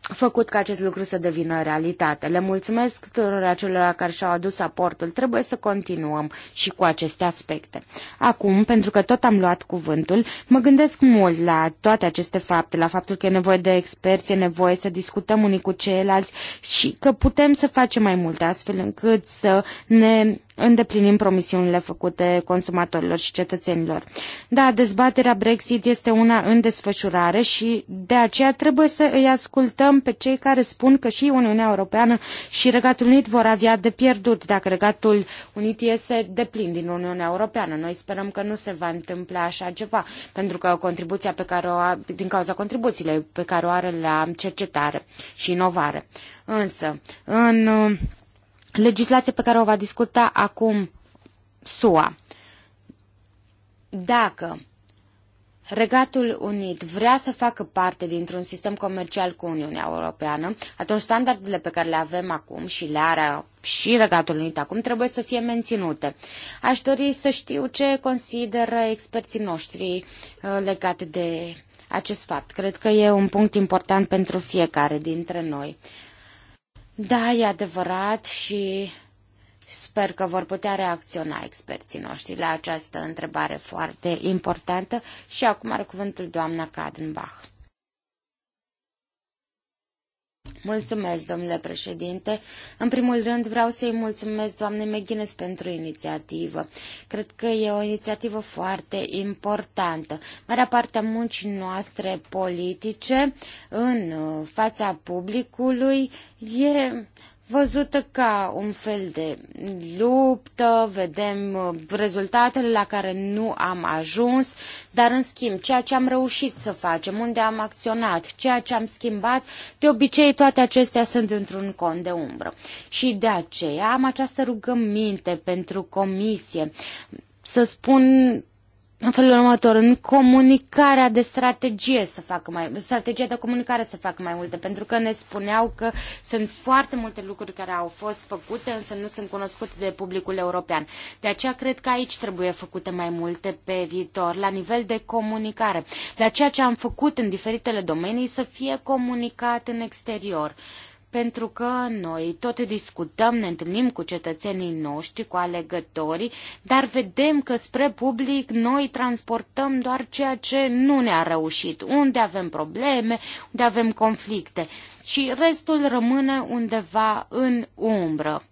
făcut ca acest lucru să devină realitate. Le mulțumesc tuturor celor care și-au adus aportul. Trebuie să continuăm și cu aceste aspecte. Acum, pentru că tot am luat cuvântul, mă gândesc mult la toate aceste fapte, la faptul că e nevoie de experți, e nevoie să discutăm unii cu ceilalți și că putem să facem mai multe astfel încât să ne îndeplinim promisiunile făcute consumatorilor și cetățenilor. Da, dezbaterea Brexit este una în desfășurare și de aceea trebuie să îi ascultăm pe cei care spun că și Uniunea Europeană și Regatul Unit vor avea de pierdut dacă Regatul Unit iese deplin din Uniunea Europeană. Noi sperăm că nu se va întâmpla așa ceva, pentru că contribuția pe care o a, din cauza contribuțiile pe care o are la cercetare și inovare. Însă, în legislație pe care o va discuta acum SUA. Dacă Regatul Unit vrea să facă parte dintr-un sistem comercial cu Uniunea Europeană, atunci standardele pe care le avem acum și le are și Regatul Unit acum trebuie să fie menținute. Aș dori să știu ce consideră experții noștri uh, legate de acest fapt. Cred că e un punct important pentru fiecare dintre noi. Da, e adevărat și sper că vor putea reacționa experții noștri la această întrebare foarte importantă și acum are cuvântul doamna Kadenbach. Mulțumesc, domnule președinte. În primul rând vreau să-i mulțumesc doamnei McGuinness pentru inițiativă. Cred că e o inițiativă foarte importantă. Marea parte a muncii noastre politice în uh, fața publicului e văzută ca un fel de luptă, vedem uh, rezultatele la care nu am ajuns, dar în schimb, ceea ce am reușit să facem, unde am acționat, ceea ce am schimbat, de obicei toate acestea sunt într-un cont de umbră. Și de aceea am această rugăminte pentru comisie, să spun în felul următor, în comunicarea de strategie să facă mai, strategia de comunicare să facă mai multe, pentru că ne spuneau că sunt foarte multe lucruri care au fost făcute, însă nu sunt cunoscute de publicul european. De aceea cred că aici trebuie făcute mai multe pe viitor, la nivel de comunicare. De ceea ce am făcut în diferitele domenii să fie comunicat în exterior pentru că noi tot discutăm, ne întâlnim cu cetățenii noștri, cu alegătorii, dar vedem că spre public noi transportăm doar ceea ce nu ne-a reușit, unde avem probleme, unde avem conflicte și restul rămâne undeva în umbră.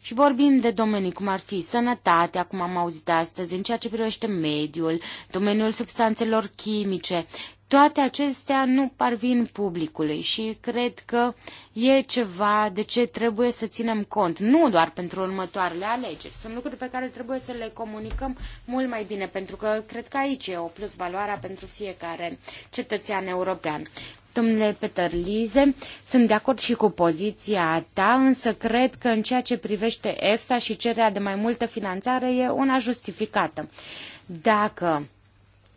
Și vorbim de domenii cum ar fi sănătatea, cum am auzit astăzi, în ceea ce privește mediul, domeniul substanțelor chimice toate acestea nu parvin publicului și cred că e ceva de ce trebuie să ținem cont, nu doar pentru următoarele alegeri. Sunt lucruri pe care trebuie să le comunicăm mult mai bine, pentru că cred că aici e o plus valoare pentru fiecare cetățean european. Domnule Peter Lize, sunt de acord și cu poziția ta, însă cred că în ceea ce privește EFSA și cererea de mai multă finanțare e una justificată. Dacă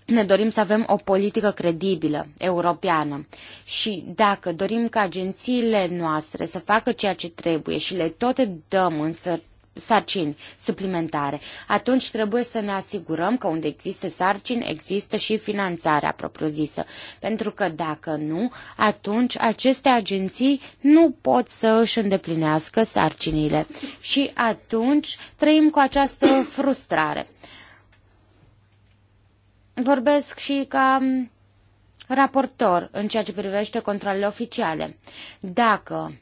ne dorim să avem o politică credibilă, europeană. Și dacă dorim ca agențiile noastre să facă ceea ce trebuie și le tot dăm însă sarcini suplimentare, atunci trebuie să ne asigurăm că unde există sarcini, există și finanțarea propriu-zisă. Pentru că dacă nu, atunci aceste agenții nu pot să își îndeplinească sarcinile. Și atunci trăim cu această frustrare Vorbesc și ca mm, raportor în ceea ce privește controlele oficiale. Dacă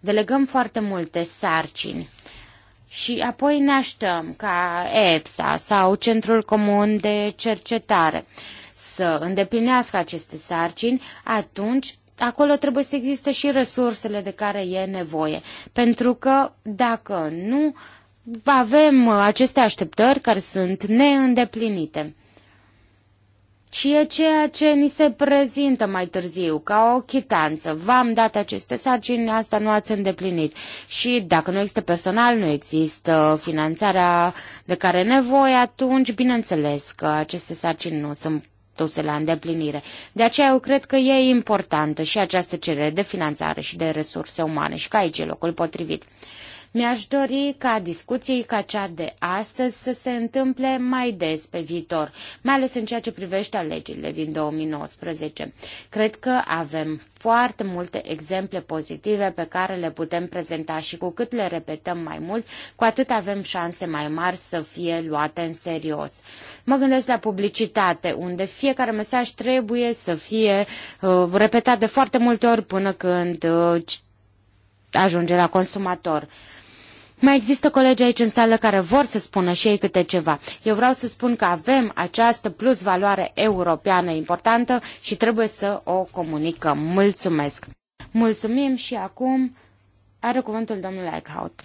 delegăm foarte multe sarcini și apoi ne așteptăm ca EPSA sau Centrul Comun de Cercetare să îndeplinească aceste sarcini, atunci acolo trebuie să existe și resursele de care e nevoie. Pentru că dacă nu, avem aceste așteptări care sunt neîndeplinite ci e ceea ce ni se prezintă mai târziu, ca o chitanță. V-am dat aceste sarcini, asta nu ați îndeplinit. Și dacă nu există personal, nu există finanțarea de care nevoie, atunci, bineînțeles că aceste sarcini nu sunt duse la îndeplinire. De aceea eu cred că e importantă și această cerere de finanțare și de resurse umane și că aici e locul potrivit. Mi-aș dori ca discuții ca cea de astăzi să se întâmple mai des pe viitor, mai ales în ceea ce privește alegerile din 2019. Cred că avem foarte multe exemple pozitive pe care le putem prezenta și cu cât le repetăm mai mult, cu atât avem șanse mai mari să fie luate în serios. Mă gândesc la publicitate, unde fiecare mesaj trebuie să fie uh, repetat de foarte multe ori până când uh, ajunge la consumator. Uh, mai există colegi aici în sală care vor să spună și ei câte ceva. Eu vreau să spun că avem această plus valoare europeană importantă și trebuie să o comunicăm. Mulțumesc! Mulțumim și acum are cuvântul domnul Eichhout.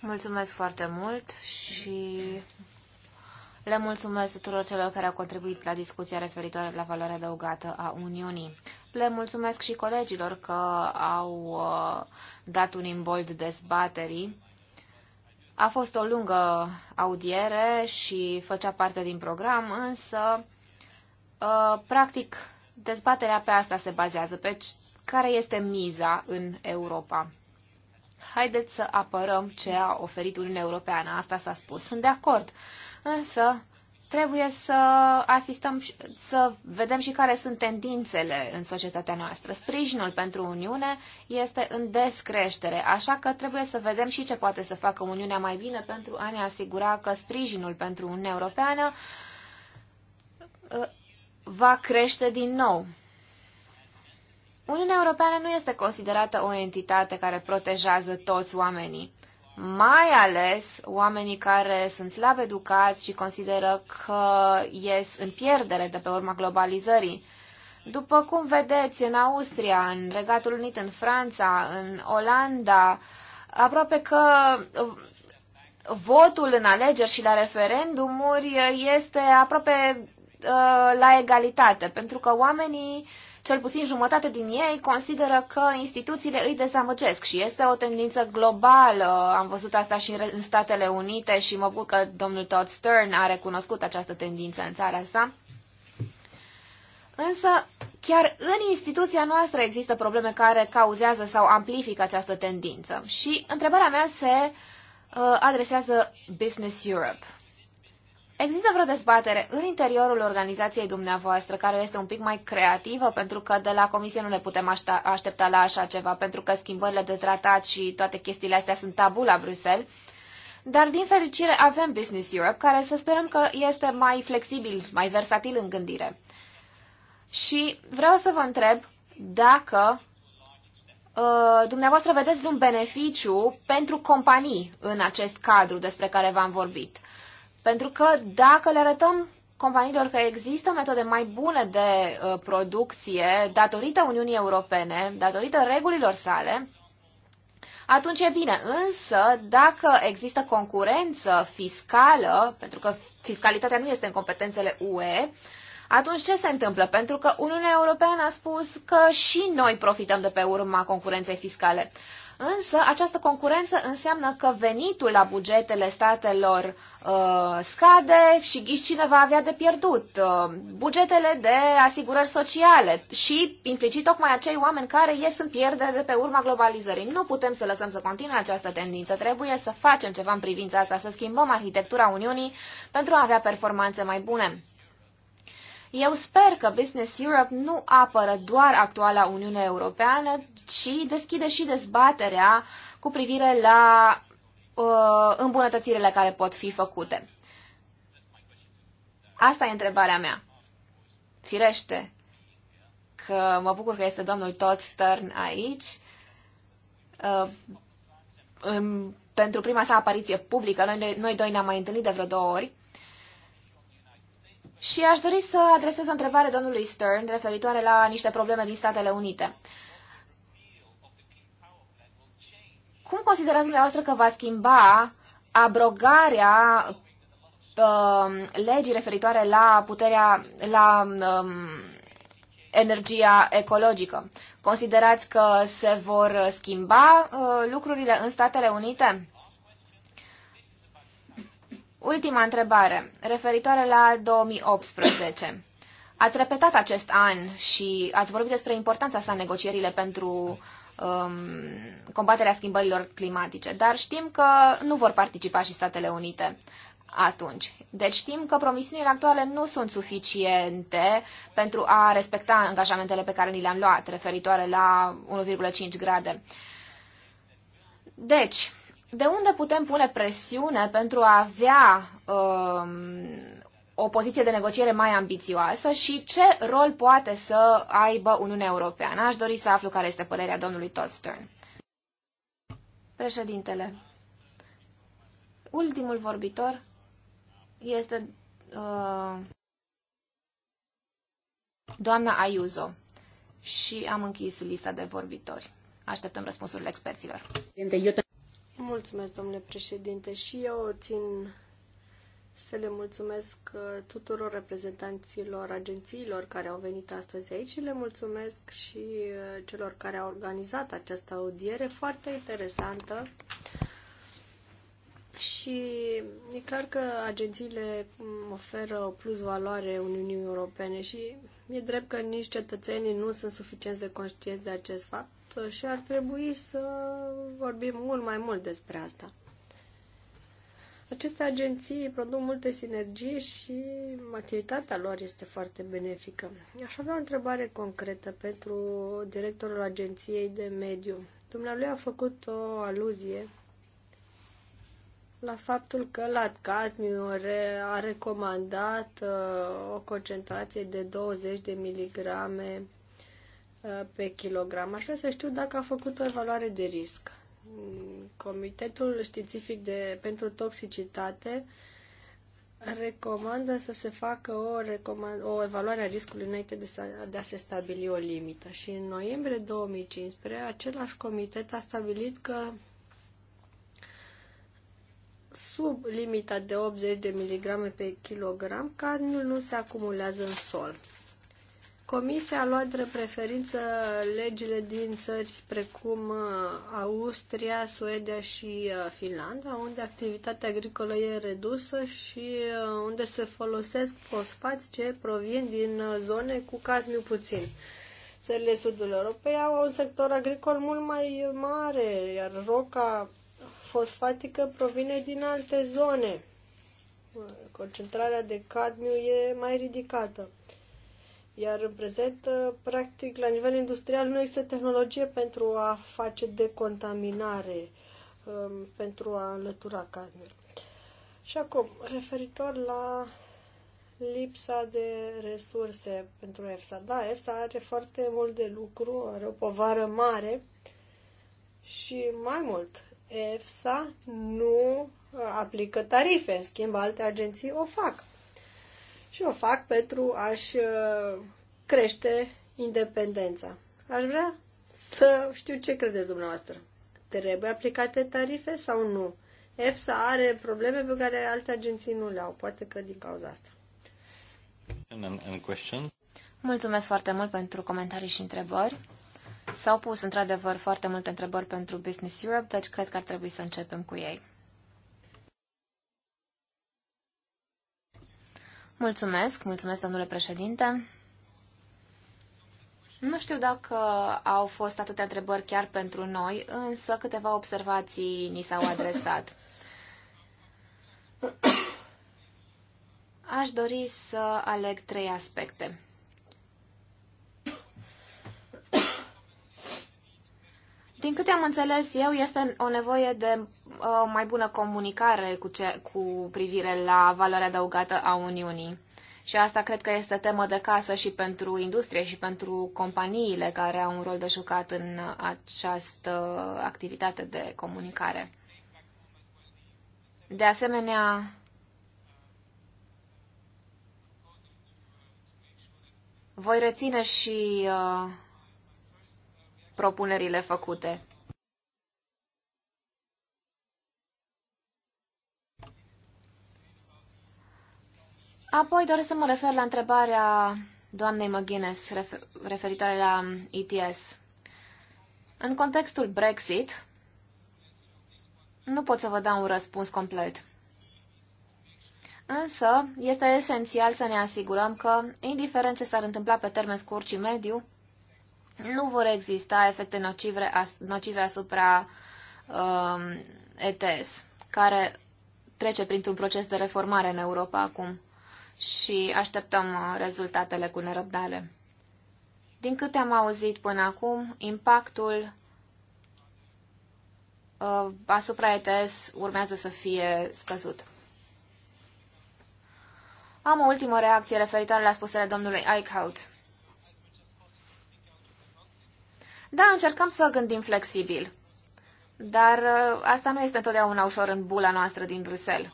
Mulțumesc foarte mult și le mulțumesc tuturor celor care au contribuit la discuția referitoare la valoarea adăugată a Uniunii. Le mulțumesc și colegilor că au uh, dat un imbold dezbaterii. A fost o lungă audiere și făcea parte din program, însă, uh, practic, dezbaterea pe asta se bazează, pe care este miza în Europa. Haideți să apărăm ce a oferit Uniunea Europeană, asta s-a spus. Sunt de acord, însă trebuie să asistăm, să vedem și care sunt tendințele în societatea noastră. Sprijinul pentru Uniune este în descreștere, așa că trebuie să vedem și ce poate să facă Uniunea mai bine pentru a ne asigura că sprijinul pentru Uniunea Europeană uh, va crește din nou. Uniunea Europeană nu este considerată o entitate care protejează toți oamenii mai ales oamenii care sunt slab educați și consideră că ies în pierdere de pe urma globalizării. După cum vedeți, în Austria, în Regatul Unit, în Franța, în Olanda, aproape că uh, votul în alegeri și la referendumuri este aproape uh, la egalitate, pentru că oamenii cel puțin jumătate din ei consideră că instituțiile îi dezamăgesc și este o tendință globală. Am văzut asta și în Statele Unite și mă bucur că domnul Todd Stern a recunoscut această tendință în țara sa. Însă, chiar în instituția noastră există probleme care cauzează sau amplifică această tendință. Și întrebarea mea se uh, adresează Business Europe. Există vreo dezbatere în interiorul organizației dumneavoastră care este un pic mai creativă pentru că de la comisie nu ne putem aștepta la așa ceva pentru că schimbările de tratat și toate chestiile astea sunt tabu la Bruxelles. Dar din fericire avem Business Europe care să sperăm că este mai flexibil, mai versatil în gândire. Și vreau să vă întreb dacă uh, dumneavoastră vedeți vreun beneficiu pentru companii în acest cadru despre care v-am vorbit pentru că dacă le arătăm companiilor că există metode mai bune de uh, producție datorită Uniunii Europene, datorită regulilor sale, atunci e bine. Însă, dacă există concurență fiscală, pentru că fiscalitatea nu este în competențele UE, atunci ce se întâmplă? Pentru că Uniunea Europeană a spus că și noi profităm de pe urma concurenței fiscale. Însă, această concurență înseamnă că venitul la bugetele statelor uh, scade și cine va avea de pierdut. Uh, bugetele de asigurări sociale și, implicit, tocmai acei oameni care ies în pierdere de pe urma globalizării. Nu putem să lăsăm să continue această tendință. Trebuie să facem ceva în privința asta, să schimbăm arhitectura Uniunii pentru a avea performanțe mai bune. Eu sper că Business Europe nu apără doar actuala Uniune Europeană, ci deschide și dezbaterea cu privire la uh, îmbunătățirile care pot fi făcute. Asta e întrebarea mea. Firește că mă bucur că este domnul Todd Stern aici. Uh, în, pentru prima sa apariție publică, noi, noi doi ne-am mai întâlnit de vreo două ori. Și aș dori să adresez o întrebare domnului Stern referitoare la niște probleme din Statele Unite. Cum considerați dumneavoastră că va schimba abrogarea uh, legii referitoare la puterea, la um, energia ecologică? Considerați că se vor schimba uh, lucrurile în Statele Unite? Ultima întrebare, referitoare la 2018. Ați repetat acest an și ați vorbit despre importanța sa în negocierile pentru um, combaterea schimbărilor climatice, dar știm că nu vor participa și Statele Unite atunci. Deci știm că promisiunile actuale nu sunt suficiente pentru a respecta angajamentele pe care ni le-am luat referitoare la 1,5 grade. Deci, de unde putem pune presiune pentru a avea um, o poziție de negociere mai ambițioasă și ce rol poate să aibă Uniunea Europeană? Aș dori să aflu care este părerea domnului Todd Stern. Președintele, ultimul vorbitor este uh, doamna Ayuso și am închis lista de vorbitori. Așteptăm răspunsurile experților. Mulțumesc, domnule președinte, și eu țin să le mulțumesc uh, tuturor reprezentanților agențiilor care au venit astăzi aici și le mulțumesc și uh, celor care au organizat această audiere foarte interesantă. Și e clar că agențiile mm, oferă o plus valoare Uniunii Europene și e drept că nici cetățenii nu sunt suficient de conștienți de acest fapt și ar trebui să vorbim mult mai mult despre asta. Aceste agenții produc multe sinergii și activitatea lor este foarte benefică. Aș avea o întrebare concretă pentru directorul Agenției de Mediu. Dumnealui a făcut o aluzie la faptul că la cadmiu a recomandat uh, o concentrație de 20 de miligrame pe kilogram. Aș vrea să știu dacă a făcut o evaluare de risc. Comitetul Științific de, pentru Toxicitate recomandă să se facă o, recomand, o evaluare a riscului înainte de, sa, de a se stabili o limită. Și în noiembrie 2015, același comitet a stabilit că sub limita de 80 de miligrame pe kilogram, cadmiul nu se acumulează în sol. Comisia a luat drept preferință legile din țări precum uh, Austria, Suedia și uh, Finlanda, unde activitatea agricolă e redusă și uh, unde se folosesc fosfați ce provin din zone cu cadmiu puțin. Țările sudul Europei au un sector agricol mult mai mare, iar roca fosfatică provine din alte zone. Concentrarea de cadmiu e mai ridicată. Iar în prezent, uh, practic, la nivel industrial nu există tehnologie pentru a face decontaminare, um, pentru a înlătura cadmiul. Și acum, referitor la lipsa de resurse pentru EFSA. Da, EFSA are foarte mult de lucru, are o povară mare și mai mult, EFSA nu uh, aplică tarife, în schimb alte agenții o fac și o fac pentru a-și uh, crește independența. Aș vrea să știu ce credeți dumneavoastră. Trebuie aplicate tarife sau nu? EFSA are probleme pe care alte agenții nu le au, poate că din cauza asta. Mulțumesc foarte mult pentru comentarii și întrebări. S-au pus într-adevăr foarte multe întrebări pentru Business Europe, deci cred că ar trebui să începem cu ei. Mulțumesc, mulțumesc, domnule președinte. Nu știu dacă au fost atâtea întrebări chiar pentru noi, însă câteva observații ni s-au adresat. Aș dori să aleg trei aspecte. Din câte am înțeles eu, este o nevoie de o uh, mai bună comunicare cu, ce, cu privire la valoarea adăugată a Uniunii. Și asta cred că este temă de casă și pentru industrie și pentru companiile care au un rol de jucat în această activitate de comunicare. De asemenea, voi reține și uh, propunerile făcute. Apoi doresc să mă refer la întrebarea doamnei McGuinness referitoare la ETS. În contextul Brexit, nu pot să vă dau un răspuns complet. Însă, este esențial să ne asigurăm că, indiferent ce s-ar întâmpla pe termen scurt și mediu, nu vor exista efecte nocive, nocive asupra um, ETS, care trece printr-un proces de reformare în Europa acum și așteptăm uh, rezultatele cu nerăbdare. Din câte am auzit până acum, impactul uh, asupra ETS urmează să fie scăzut. Am o ultimă reacție referitoare la spusele domnului Eichhout. Da, încercăm să gândim flexibil. Dar uh, asta nu este întotdeauna ușor în bula noastră din Bruxelles.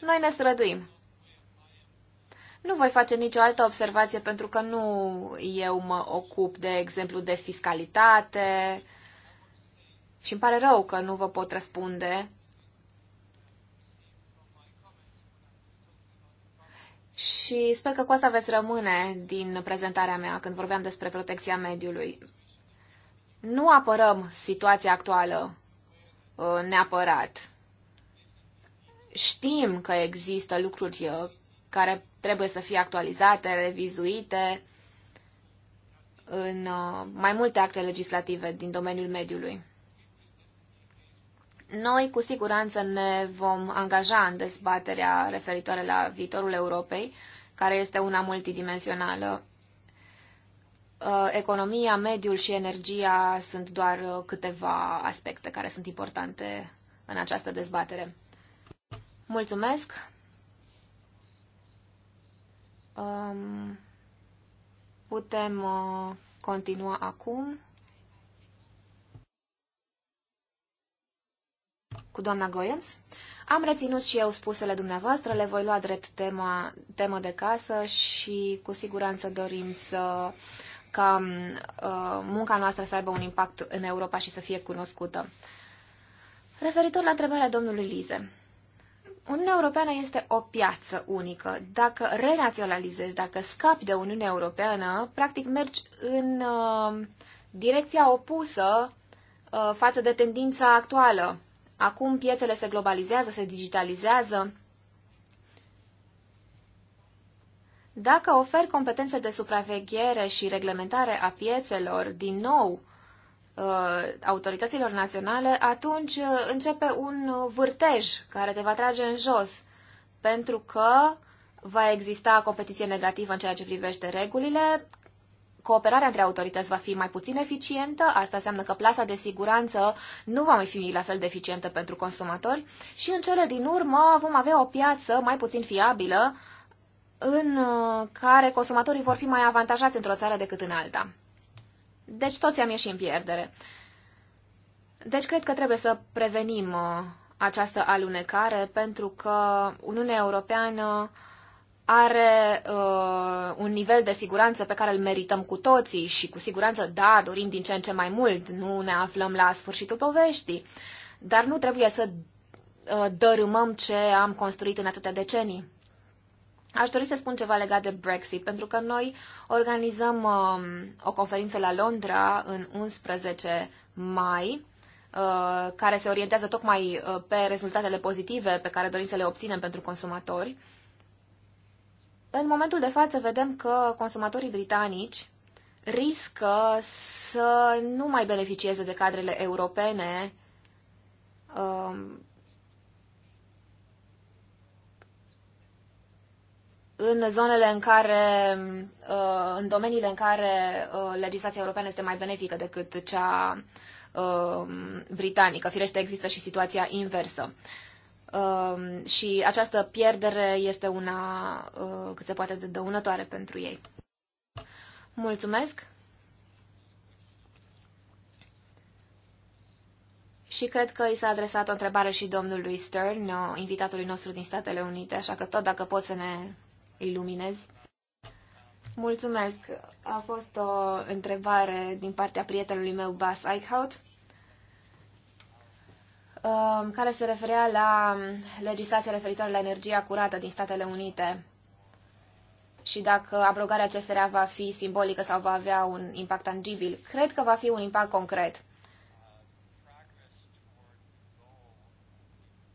Noi ne străduim. Nu voi face nicio altă observație pentru că nu eu mă ocup, de exemplu, de fiscalitate și îmi pare rău că nu vă pot răspunde Și sper că cu asta veți rămâne din prezentarea mea când vorbeam despre protecția mediului. Nu apărăm situația actuală uh, neapărat. Știm că există lucruri uh, care trebuie să fie actualizate, revizuite în uh, mai multe acte legislative din domeniul mediului. Noi cu siguranță ne vom angaja în dezbaterea referitoare la viitorul Europei, care este una multidimensională. Uh, economia, mediul și energia sunt doar uh, câteva aspecte care sunt importante în această dezbatere. Mulțumesc! Um, putem uh, continua acum. cu doamna Goyens. Am reținut și eu spusele dumneavoastră, le voi lua drept tema, temă de casă și cu siguranță dorim să ca uh, munca noastră să aibă un impact în Europa și să fie cunoscută. Referitor la întrebarea domnului Lize, Uniunea Europeană este o piață unică. Dacă renaționalizezi, dacă scapi de Uniunea Europeană, practic mergi în uh, direcția opusă uh, față de tendința actuală Acum piețele se globalizează, se digitalizează. Dacă oferi competențe de supraveghere și reglementare a piețelor din nou uh, autorităților naționale, atunci uh, începe un uh, vârtej care te va trage în jos, pentru că va exista competiție negativă în ceea ce privește regulile, cooperarea între autorități va fi mai puțin eficientă, asta înseamnă că plasa de siguranță nu va mai fi la fel de eficientă pentru consumatori și în cele din urmă vom avea o piață mai puțin fiabilă în uh, care consumatorii vor fi mai avantajați într-o țară decât în alta. Deci toți am ieșit în pierdere. Deci cred că trebuie să prevenim uh, această alunecare pentru că Uniunea Europeană uh, are uh, un nivel de siguranță pe care îl merităm cu toții și cu siguranță, da, dorim din ce în ce mai mult, nu ne aflăm la sfârșitul poveștii, dar nu trebuie să uh, dărâmăm ce am construit în atâtea decenii. Aș dori să spun ceva legat de Brexit, pentru că noi organizăm uh, o conferință la Londra în 11 mai, uh, care se orientează tocmai uh, pe rezultatele pozitive pe care dorim să le obținem pentru consumatori. Uh, în momentul de față vedem că consumatorii britanici riscă să nu mai beneficieze de cadrele europene um, în zonele în care, uh, în domeniile în care uh, legislația europeană este mai benefică decât cea um, britanică. Firește, există și situația inversă. Um, și această pierdere este una uh, cât se poate de dăunătoare pentru ei. Mulțumesc! Și cred că i s-a adresat o întrebare și domnului Stern, uh, invitatului nostru din Statele Unite, așa că tot dacă poți să ne iluminezi. Mulțumesc! A fost o întrebare din partea prietenului meu, Bas Eichhout. Um, care se referea la legislația referitoare la energia curată din Statele Unite și dacă abrogarea acesteia va fi simbolică sau va avea un impact tangibil. Cred că va fi un impact concret.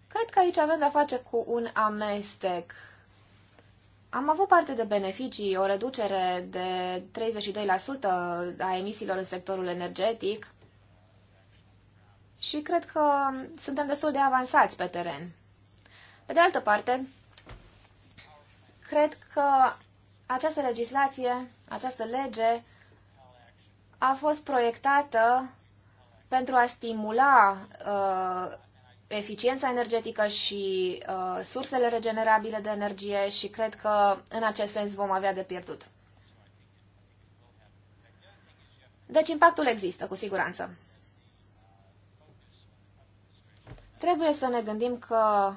Cred că aici avem de-a face cu un amestec. Am avut parte de beneficii, o reducere de 32% a emisiilor în sectorul energetic, și cred că suntem destul de avansați pe teren. Pe de altă parte, cred că această legislație, această lege a fost proiectată pentru a stimula uh, eficiența energetică și uh, sursele regenerabile de energie și cred că în acest sens vom avea de pierdut. Deci impactul există, cu siguranță. Trebuie să ne gândim că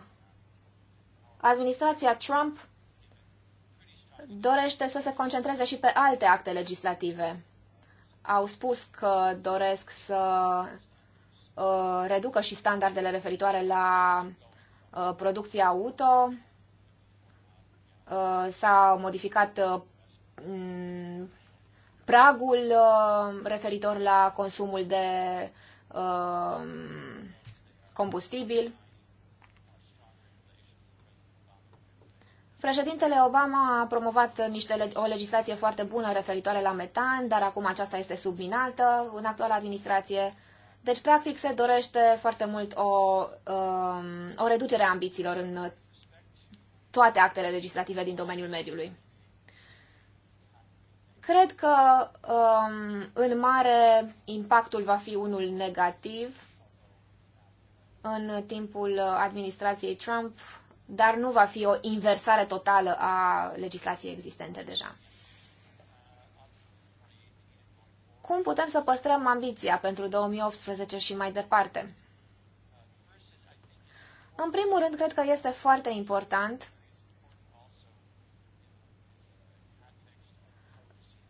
administrația Trump dorește să se concentreze și pe alte acte legislative. Au spus că doresc să uh, reducă și standardele referitoare la uh, producția auto. Uh, s-a modificat uh, mm, pragul uh, referitor la consumul de uh, combustibil. Președintele Obama a promovat niște, o legislație foarte bună referitoare la metan, dar acum aceasta este subminată în actuala administrație. Deci, practic, se dorește foarte mult o, um, o reducere a ambițiilor în toate actele legislative din domeniul mediului. Cred că, um, în mare, impactul va fi unul negativ în timpul administrației Trump, dar nu va fi o inversare totală a legislației existente deja. Cum putem să păstrăm ambiția pentru 2018 și mai departe? În primul rând, cred că este foarte important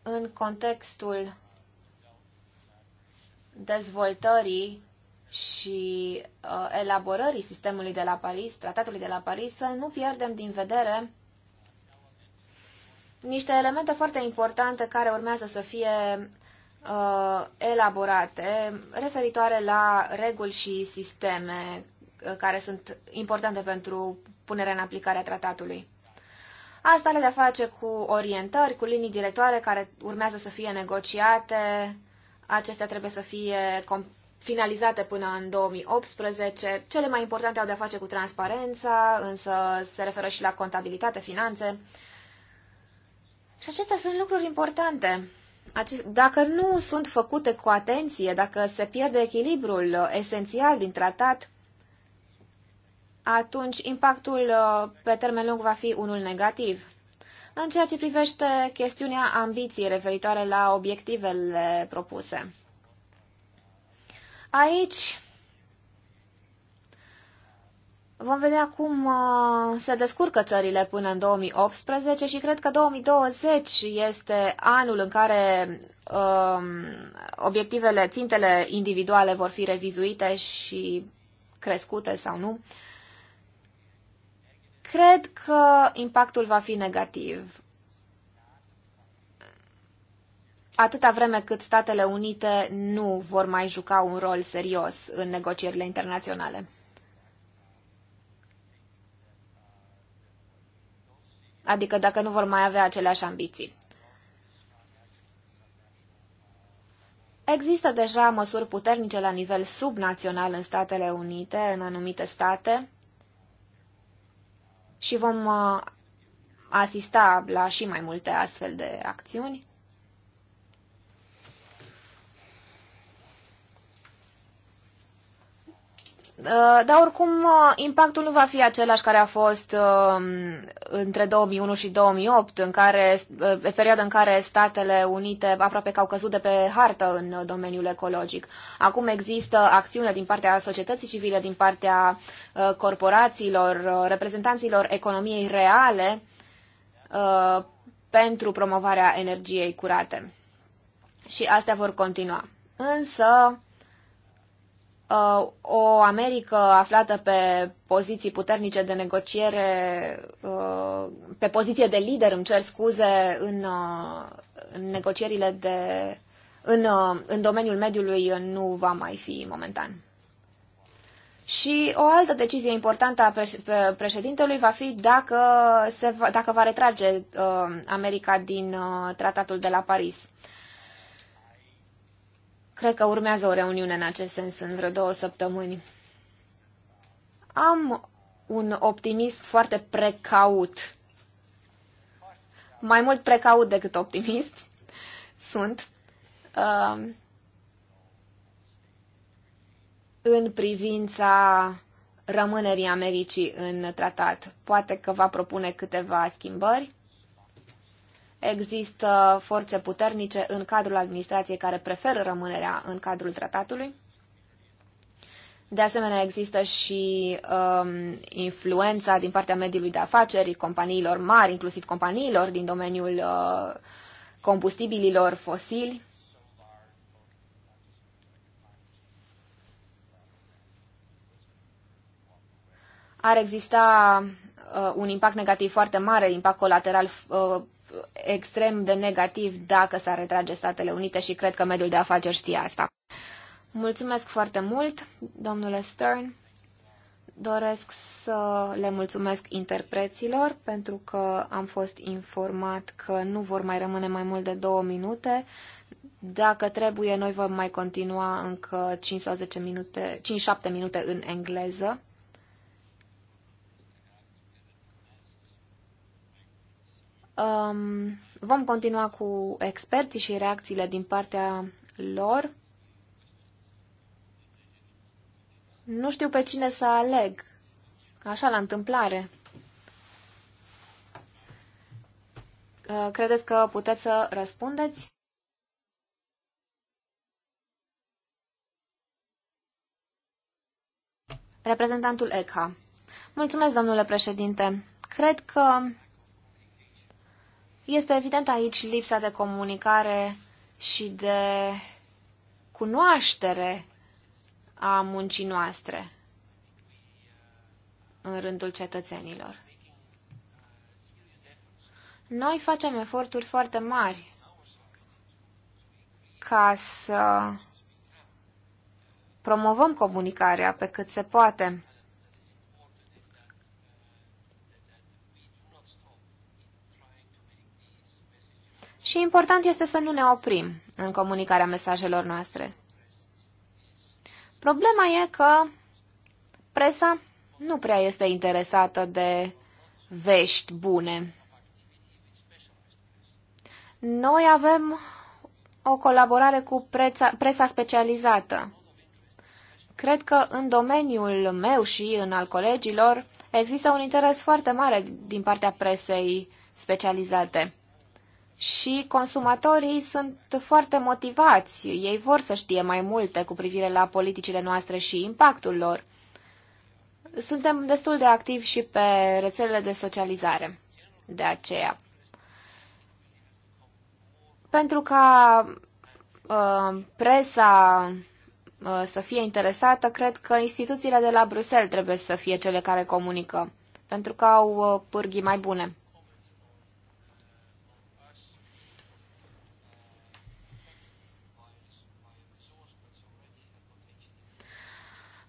în contextul dezvoltării și uh, elaborării sistemului de la Paris, tratatului de la Paris, să nu pierdem din vedere niște elemente foarte importante care urmează să fie uh, elaborate referitoare la reguli și sisteme uh, care sunt importante pentru punerea în aplicare a tratatului. Asta le de-a face cu orientări, cu linii directoare care urmează să fie negociate. Acestea trebuie să fie finalizate până în 2018. Cele mai importante au de-a face cu transparența, însă se referă și la contabilitate, finanțe. Și acestea sunt lucruri importante. Dacă nu sunt făcute cu atenție, dacă se pierde echilibrul esențial din tratat, atunci impactul uh, pe termen lung va fi unul negativ. În ceea ce privește chestiunea ambiției referitoare la obiectivele propuse. Aici vom vedea cum uh, se descurcă țările până în 2018 și cred că 2020 este anul în care um, obiectivele, țintele individuale vor fi revizuite și crescute sau nu. Cred că impactul va fi negativ atâta vreme cât Statele Unite nu vor mai juca un rol serios în negocierile internaționale. Adică dacă nu vor mai avea aceleași ambiții. Există deja măsuri puternice la nivel subnațional în Statele Unite, în anumite state, și vom uh, asista la și mai multe astfel de acțiuni. Uh, dar oricum uh, impactul nu va fi același care a fost um, între 2001 și 2008, în care, uh, perioada în care Statele Unite aproape că au căzut de pe hartă în domeniul ecologic. Acum există acțiune din partea societății civile, din partea corporațiilor, reprezentanților economiei reale pentru promovarea energiei curate. Și astea vor continua. Însă, uh, o Americă aflată pe poziții puternice de negociere, uh, pe poziție de lider, îmi cer scuze, în, uh, în negocierile de, în, uh, în domeniul mediului uh, nu va mai fi momentan. Și o altă decizie importantă a președintelui va fi dacă, se va, dacă va retrage uh, America din uh, tratatul de la Paris. Uh, Cred că urmează o reuniune în acest sens în vreo două săptămâni. Am un optimism foarte precaut. Mai mult precaut decât optimist sunt. Uh, în privința rămânerii Americii în tratat. Poate că va propune câteva schimbări Există forțe puternice în cadrul administrației care preferă rămânerea în cadrul tratatului. De asemenea, există și um, influența din partea mediului de afaceri, companiilor mari, inclusiv companiilor din domeniul uh, combustibililor fosili. Ar exista uh, un impact negativ foarte mare, impact colateral uh, extrem de negativ dacă s-ar retrage Statele Unite și cred că mediul de afaceri știe asta. Mulțumesc foarte mult, domnule Stern. Doresc să le mulțumesc interpreților pentru că am fost informat că nu vor mai rămâne mai mult de două minute. Dacă trebuie, noi vom mai continua încă 5 7 minute, minute în engleză. Um, vom continua cu experții și reacțiile din partea lor. Nu știu pe cine să aleg. Așa, la întâmplare. Uh, credeți că puteți să răspundeți? Reprezentantul ECHA. Mulțumesc, domnule președinte. Cred că este evident aici lipsa de comunicare și de cunoaștere a muncii noastre în rândul cetățenilor. Noi facem eforturi foarte mari ca să promovăm comunicarea pe cât se poate. Și important este să nu ne oprim în comunicarea mesajelor noastre. Problema e că presa nu prea este interesată de vești bune. Noi avem o colaborare cu presa, presa specializată. Cred că în domeniul meu și în al colegilor există un interes foarte mare din partea presei specializate și consumatorii sunt foarte motivați. Ei vor să știe mai multe cu privire la politicile noastre și impactul lor. Suntem destul de activi și pe rețelele de socializare. De aceea. Pentru ca uh, presa uh, să fie interesată, cred că instituțiile de la Bruxelles trebuie să fie cele care comunică, pentru că au uh, pârghii mai bune.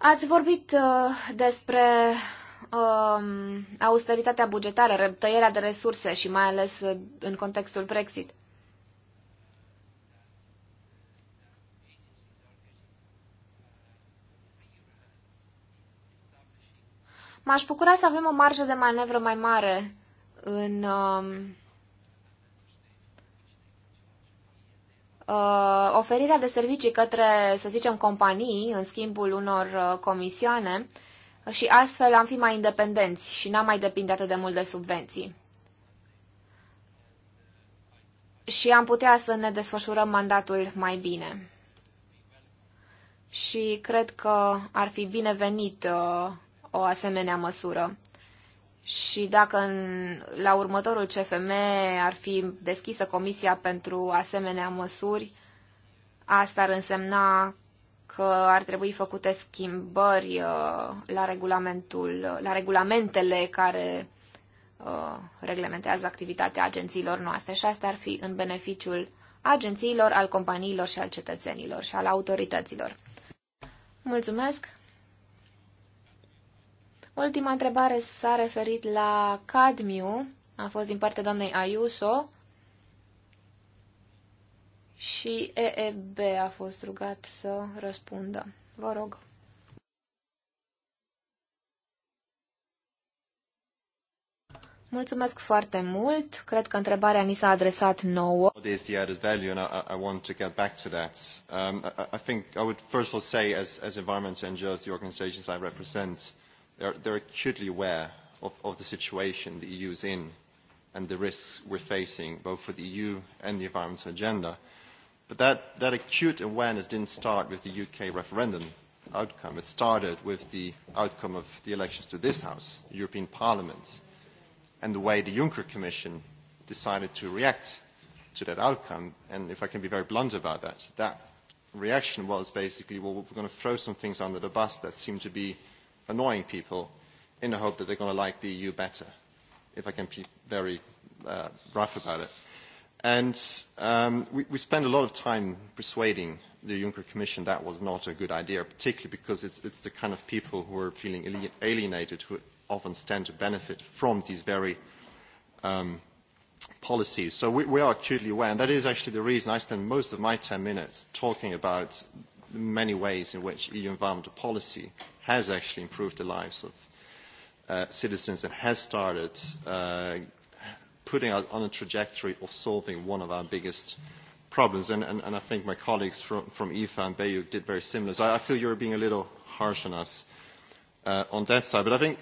Ați vorbit uh, despre uh, austeritatea bugetară, tăierea de resurse și mai ales uh, în contextul Brexit. M-aș bucura să avem o marjă de manevră mai mare în uh, uh, oferirea de servicii către, să zicem, companii în schimbul unor uh, comisioane uh, și astfel am fi mai independenți și n-am mai depinde atât de mult de subvenții. Și am putea să ne desfășurăm mandatul mai bine. Și cred că ar fi binevenit uh, o asemenea măsură și dacă în, la următorul CFM ar fi deschisă comisia pentru asemenea măsuri, asta ar însemna că ar trebui făcute schimbări uh, la, regulamentul, uh, la regulamentele care uh, reglementează activitatea agențiilor noastre și asta ar fi în beneficiul agențiilor, al companiilor și al cetățenilor și al autorităților. Mulțumesc! Ultima întrebare s-a referit la cadmiu, a fost din partea doamnei Ayuso și EEB a fost rugat să răspundă. Vă rog. Mulțumesc foarte mult. Cred că întrebarea ni s-a adresat nouă. What is the added value? And I, I want to get back to that. Um, I, I think I would first of all say, as, as environment NGOs, the organizations I represent, they're, they're acutely aware of, of the situation the EU is in and the risks we're facing, both for the EU and the environmental agenda. But that, that acute awareness didn't start with the UK referendum outcome. It started with the outcome of the elections to this House, European Parliament, and the way the Juncker Commission decided to react to that outcome. And if I can be very blunt about that, that reaction was basically, well, we're going to throw some things under the bus that seem to be annoying people in the hope that they're going to like the EU better, if I can be very uh, rough about it. And um, we, we spend a lot of time persuading the Juncker Commission that was not a good idea, particularly because it's, it's the kind of people who are feeling alienated who often stand to benefit from these very um, policies. So we, we are acutely aware, and that is actually the reason I spend most of my 10 minutes talking about many ways in which EU environmental policy has actually improved the lives of uh, citizens and has started uh, putting us on a trajectory of solving one of our biggest problems. And, and, and I think my colleagues from, from IFA and Bayou did very similar. So I, I feel you're being a little harsh on us uh, on that side. But I think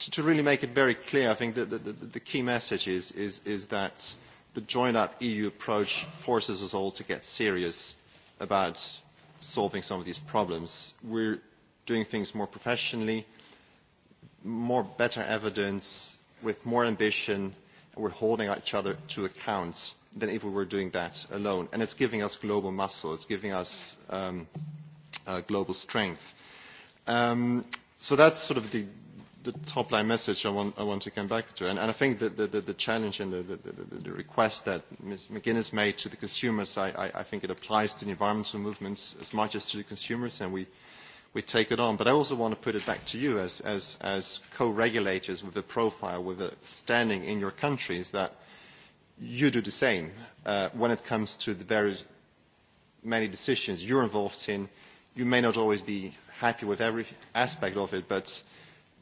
to, to really make it very clear, I think that the, the, the key message is, is, is that the joined-up EU approach forces us all to get serious about solving some of these problems. We're doing things more professionally, more better evidence, with more ambition, and we're holding each other to account than if we were doing that alone. And it's giving us global muscle. It's giving us um, uh, global strength. Um, so that's sort of the, the top line message I want, I want to come back to. And, and I think that the, the, the challenge and the, the, the, the request that Ms. McGuinness made to the consumers, I, I, I think it applies to the environmental movements as much as to the consumers, and we we take it on. But I also want to put it back to you as, as, as co-regulators with a profile, with a standing in your countries, that you do the same uh, when it comes to the very many decisions you're involved in. You may not always be happy with every aspect of it, but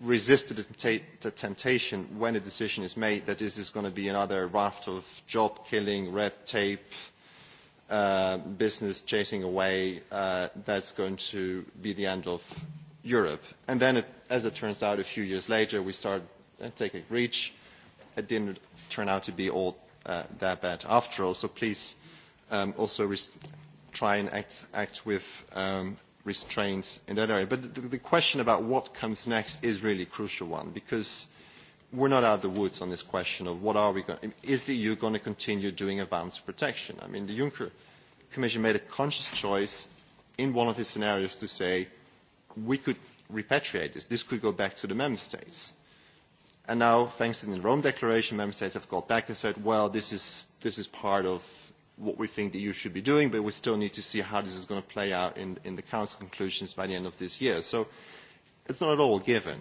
resist the, temptation when a decision is made that this is going to be another raft of job killing, red tape, uh, Uh, business chasing away, uh, that's going to be the end of Europe. And then, it, as it turns out, a few years later, we started uh, taking reach. It didn't turn out to be all uh, that bad after all. So please um, also try and act, act with um, restraints in that area. But the, the question about what comes next is really a crucial one because – we're not out of the woods on this question of what are we going is the EU going to continue doing advanced protection? I mean, the Juncker Commission made a conscious choice in one of his scenarios to say we could repatriate this. This could go back to the member states. And now, thanks to the Rome Declaration, member states have got back and said, well, this is, this is part of what we think the EU should be doing, but we still need to see how this is going to play out in, in the Council conclusions by the end of this year. So it's not at all given.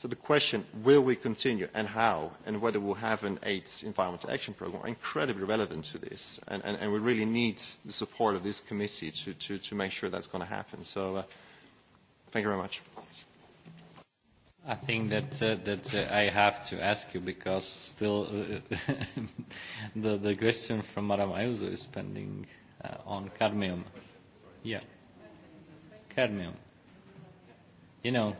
So the question, will we continue and how, and whether we'll have an eighth environmental action program, are incredibly relevant to this. And, and, and we really need the support of this committee to, to, to make sure that's going to happen. So uh, thank you very much. I think that uh, that uh, I have to ask you because still uh, the the question from Madame Ayuso is pending uh, on cadmium. Yeah, cadmium. You know,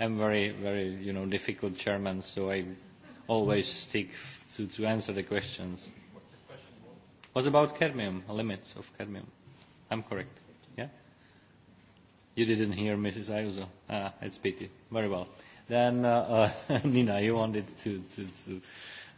am very, very, you know, difficult chairman, so I always stick to, to answer the questions. What the question was? was about cadmium, limits of cadmium. I'm correct, yeah? You didn't hear Mrs. Ayuso. Ah, it's pity. Very well. Then, uh, uh, Nina, you wanted to, to, to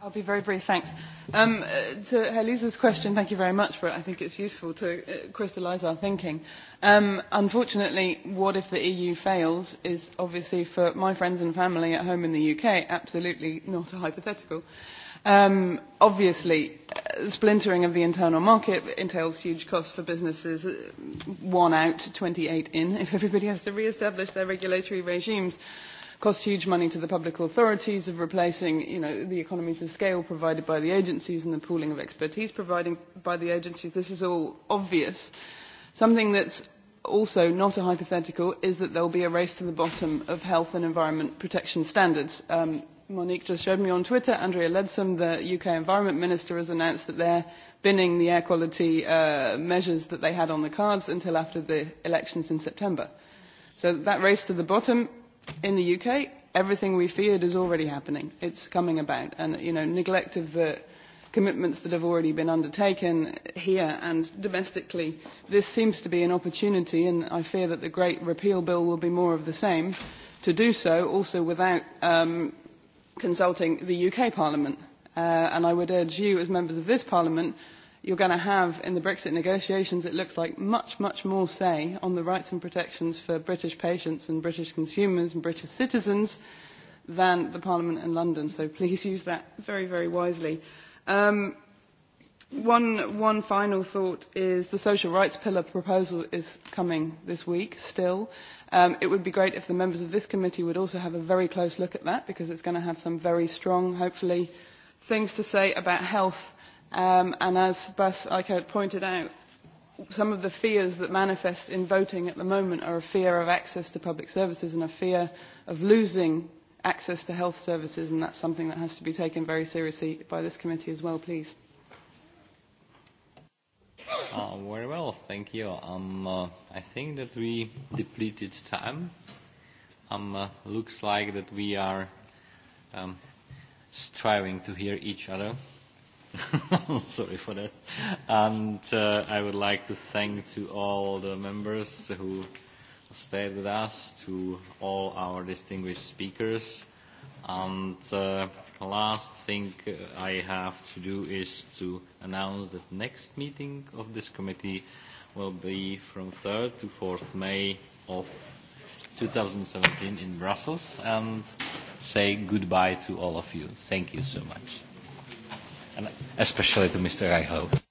I'll be very brief, thanks. Um, uh, to Helisa's question, thank you very much for it. I think it's useful to uh, crystallise our thinking. Um, unfortunately, what if the EU fails is obviously for my friends and family at home in the UK, absolutely not a hypothetical. Um, obviously, uh, splintering of the internal market entails huge costs for businesses, uh, one out, 28 in, if everybody has to re-establish their regulatory regimes cost huge money to the public authorities of replacing you know, the economies of scale provided by the agencies and the pooling of expertise provided by the agencies. This is all obvious. Something that's also not a hypothetical is that there will be a race to the bottom of health and environment protection standards. Um, Monique just showed me on Twitter, Andrea Ledsom, the UK Environment Minister, has announced that they're binning the air quality uh, measures that they had on the cards until after the elections in September. So that race to the bottom in the UK, everything we feared is already happening. It's coming about. And, you know, neglect of the commitments that have already been undertaken here and domestically, this seems to be an opportunity, and I fear that the Great Repeal Bill will be more of the same, to do so also without um, consulting the UK Parliament. Uh, and I would urge you, as members of this Parliament, you're going to have in the Brexit negotiations, it looks like, much, much more say on the rights and protections for British patients and British consumers and British citizens than the Parliament in London. So please use that very, very wisely. Um, one, one final thought is the social rights pillar proposal is coming this week still. Um, it would be great if the members of this committee would also have a very close look at that because it's going to have some very strong, hopefully, things to say about health Um, and as Bas Eichert pointed out, some of the fears that manifest in voting at the moment are a fear of access to public services and a fear of losing access to health services, and that's something that has to be taken very seriously by this committee as well, please. Uh, very well, thank you. Um, uh, I think that we depleted time. Um, uh, looks like that we are um, striving to hear each other. Sorry for that. And uh, I would like to thank to all the members who stayed with us, to all our distinguished speakers. And uh, last thing I have to do is to announce that next meeting of this committee will be from 3rd to 4th May of 2017 in Brussels and say goodbye to all of you. Thank you so much and especially to Mr. Eichhout.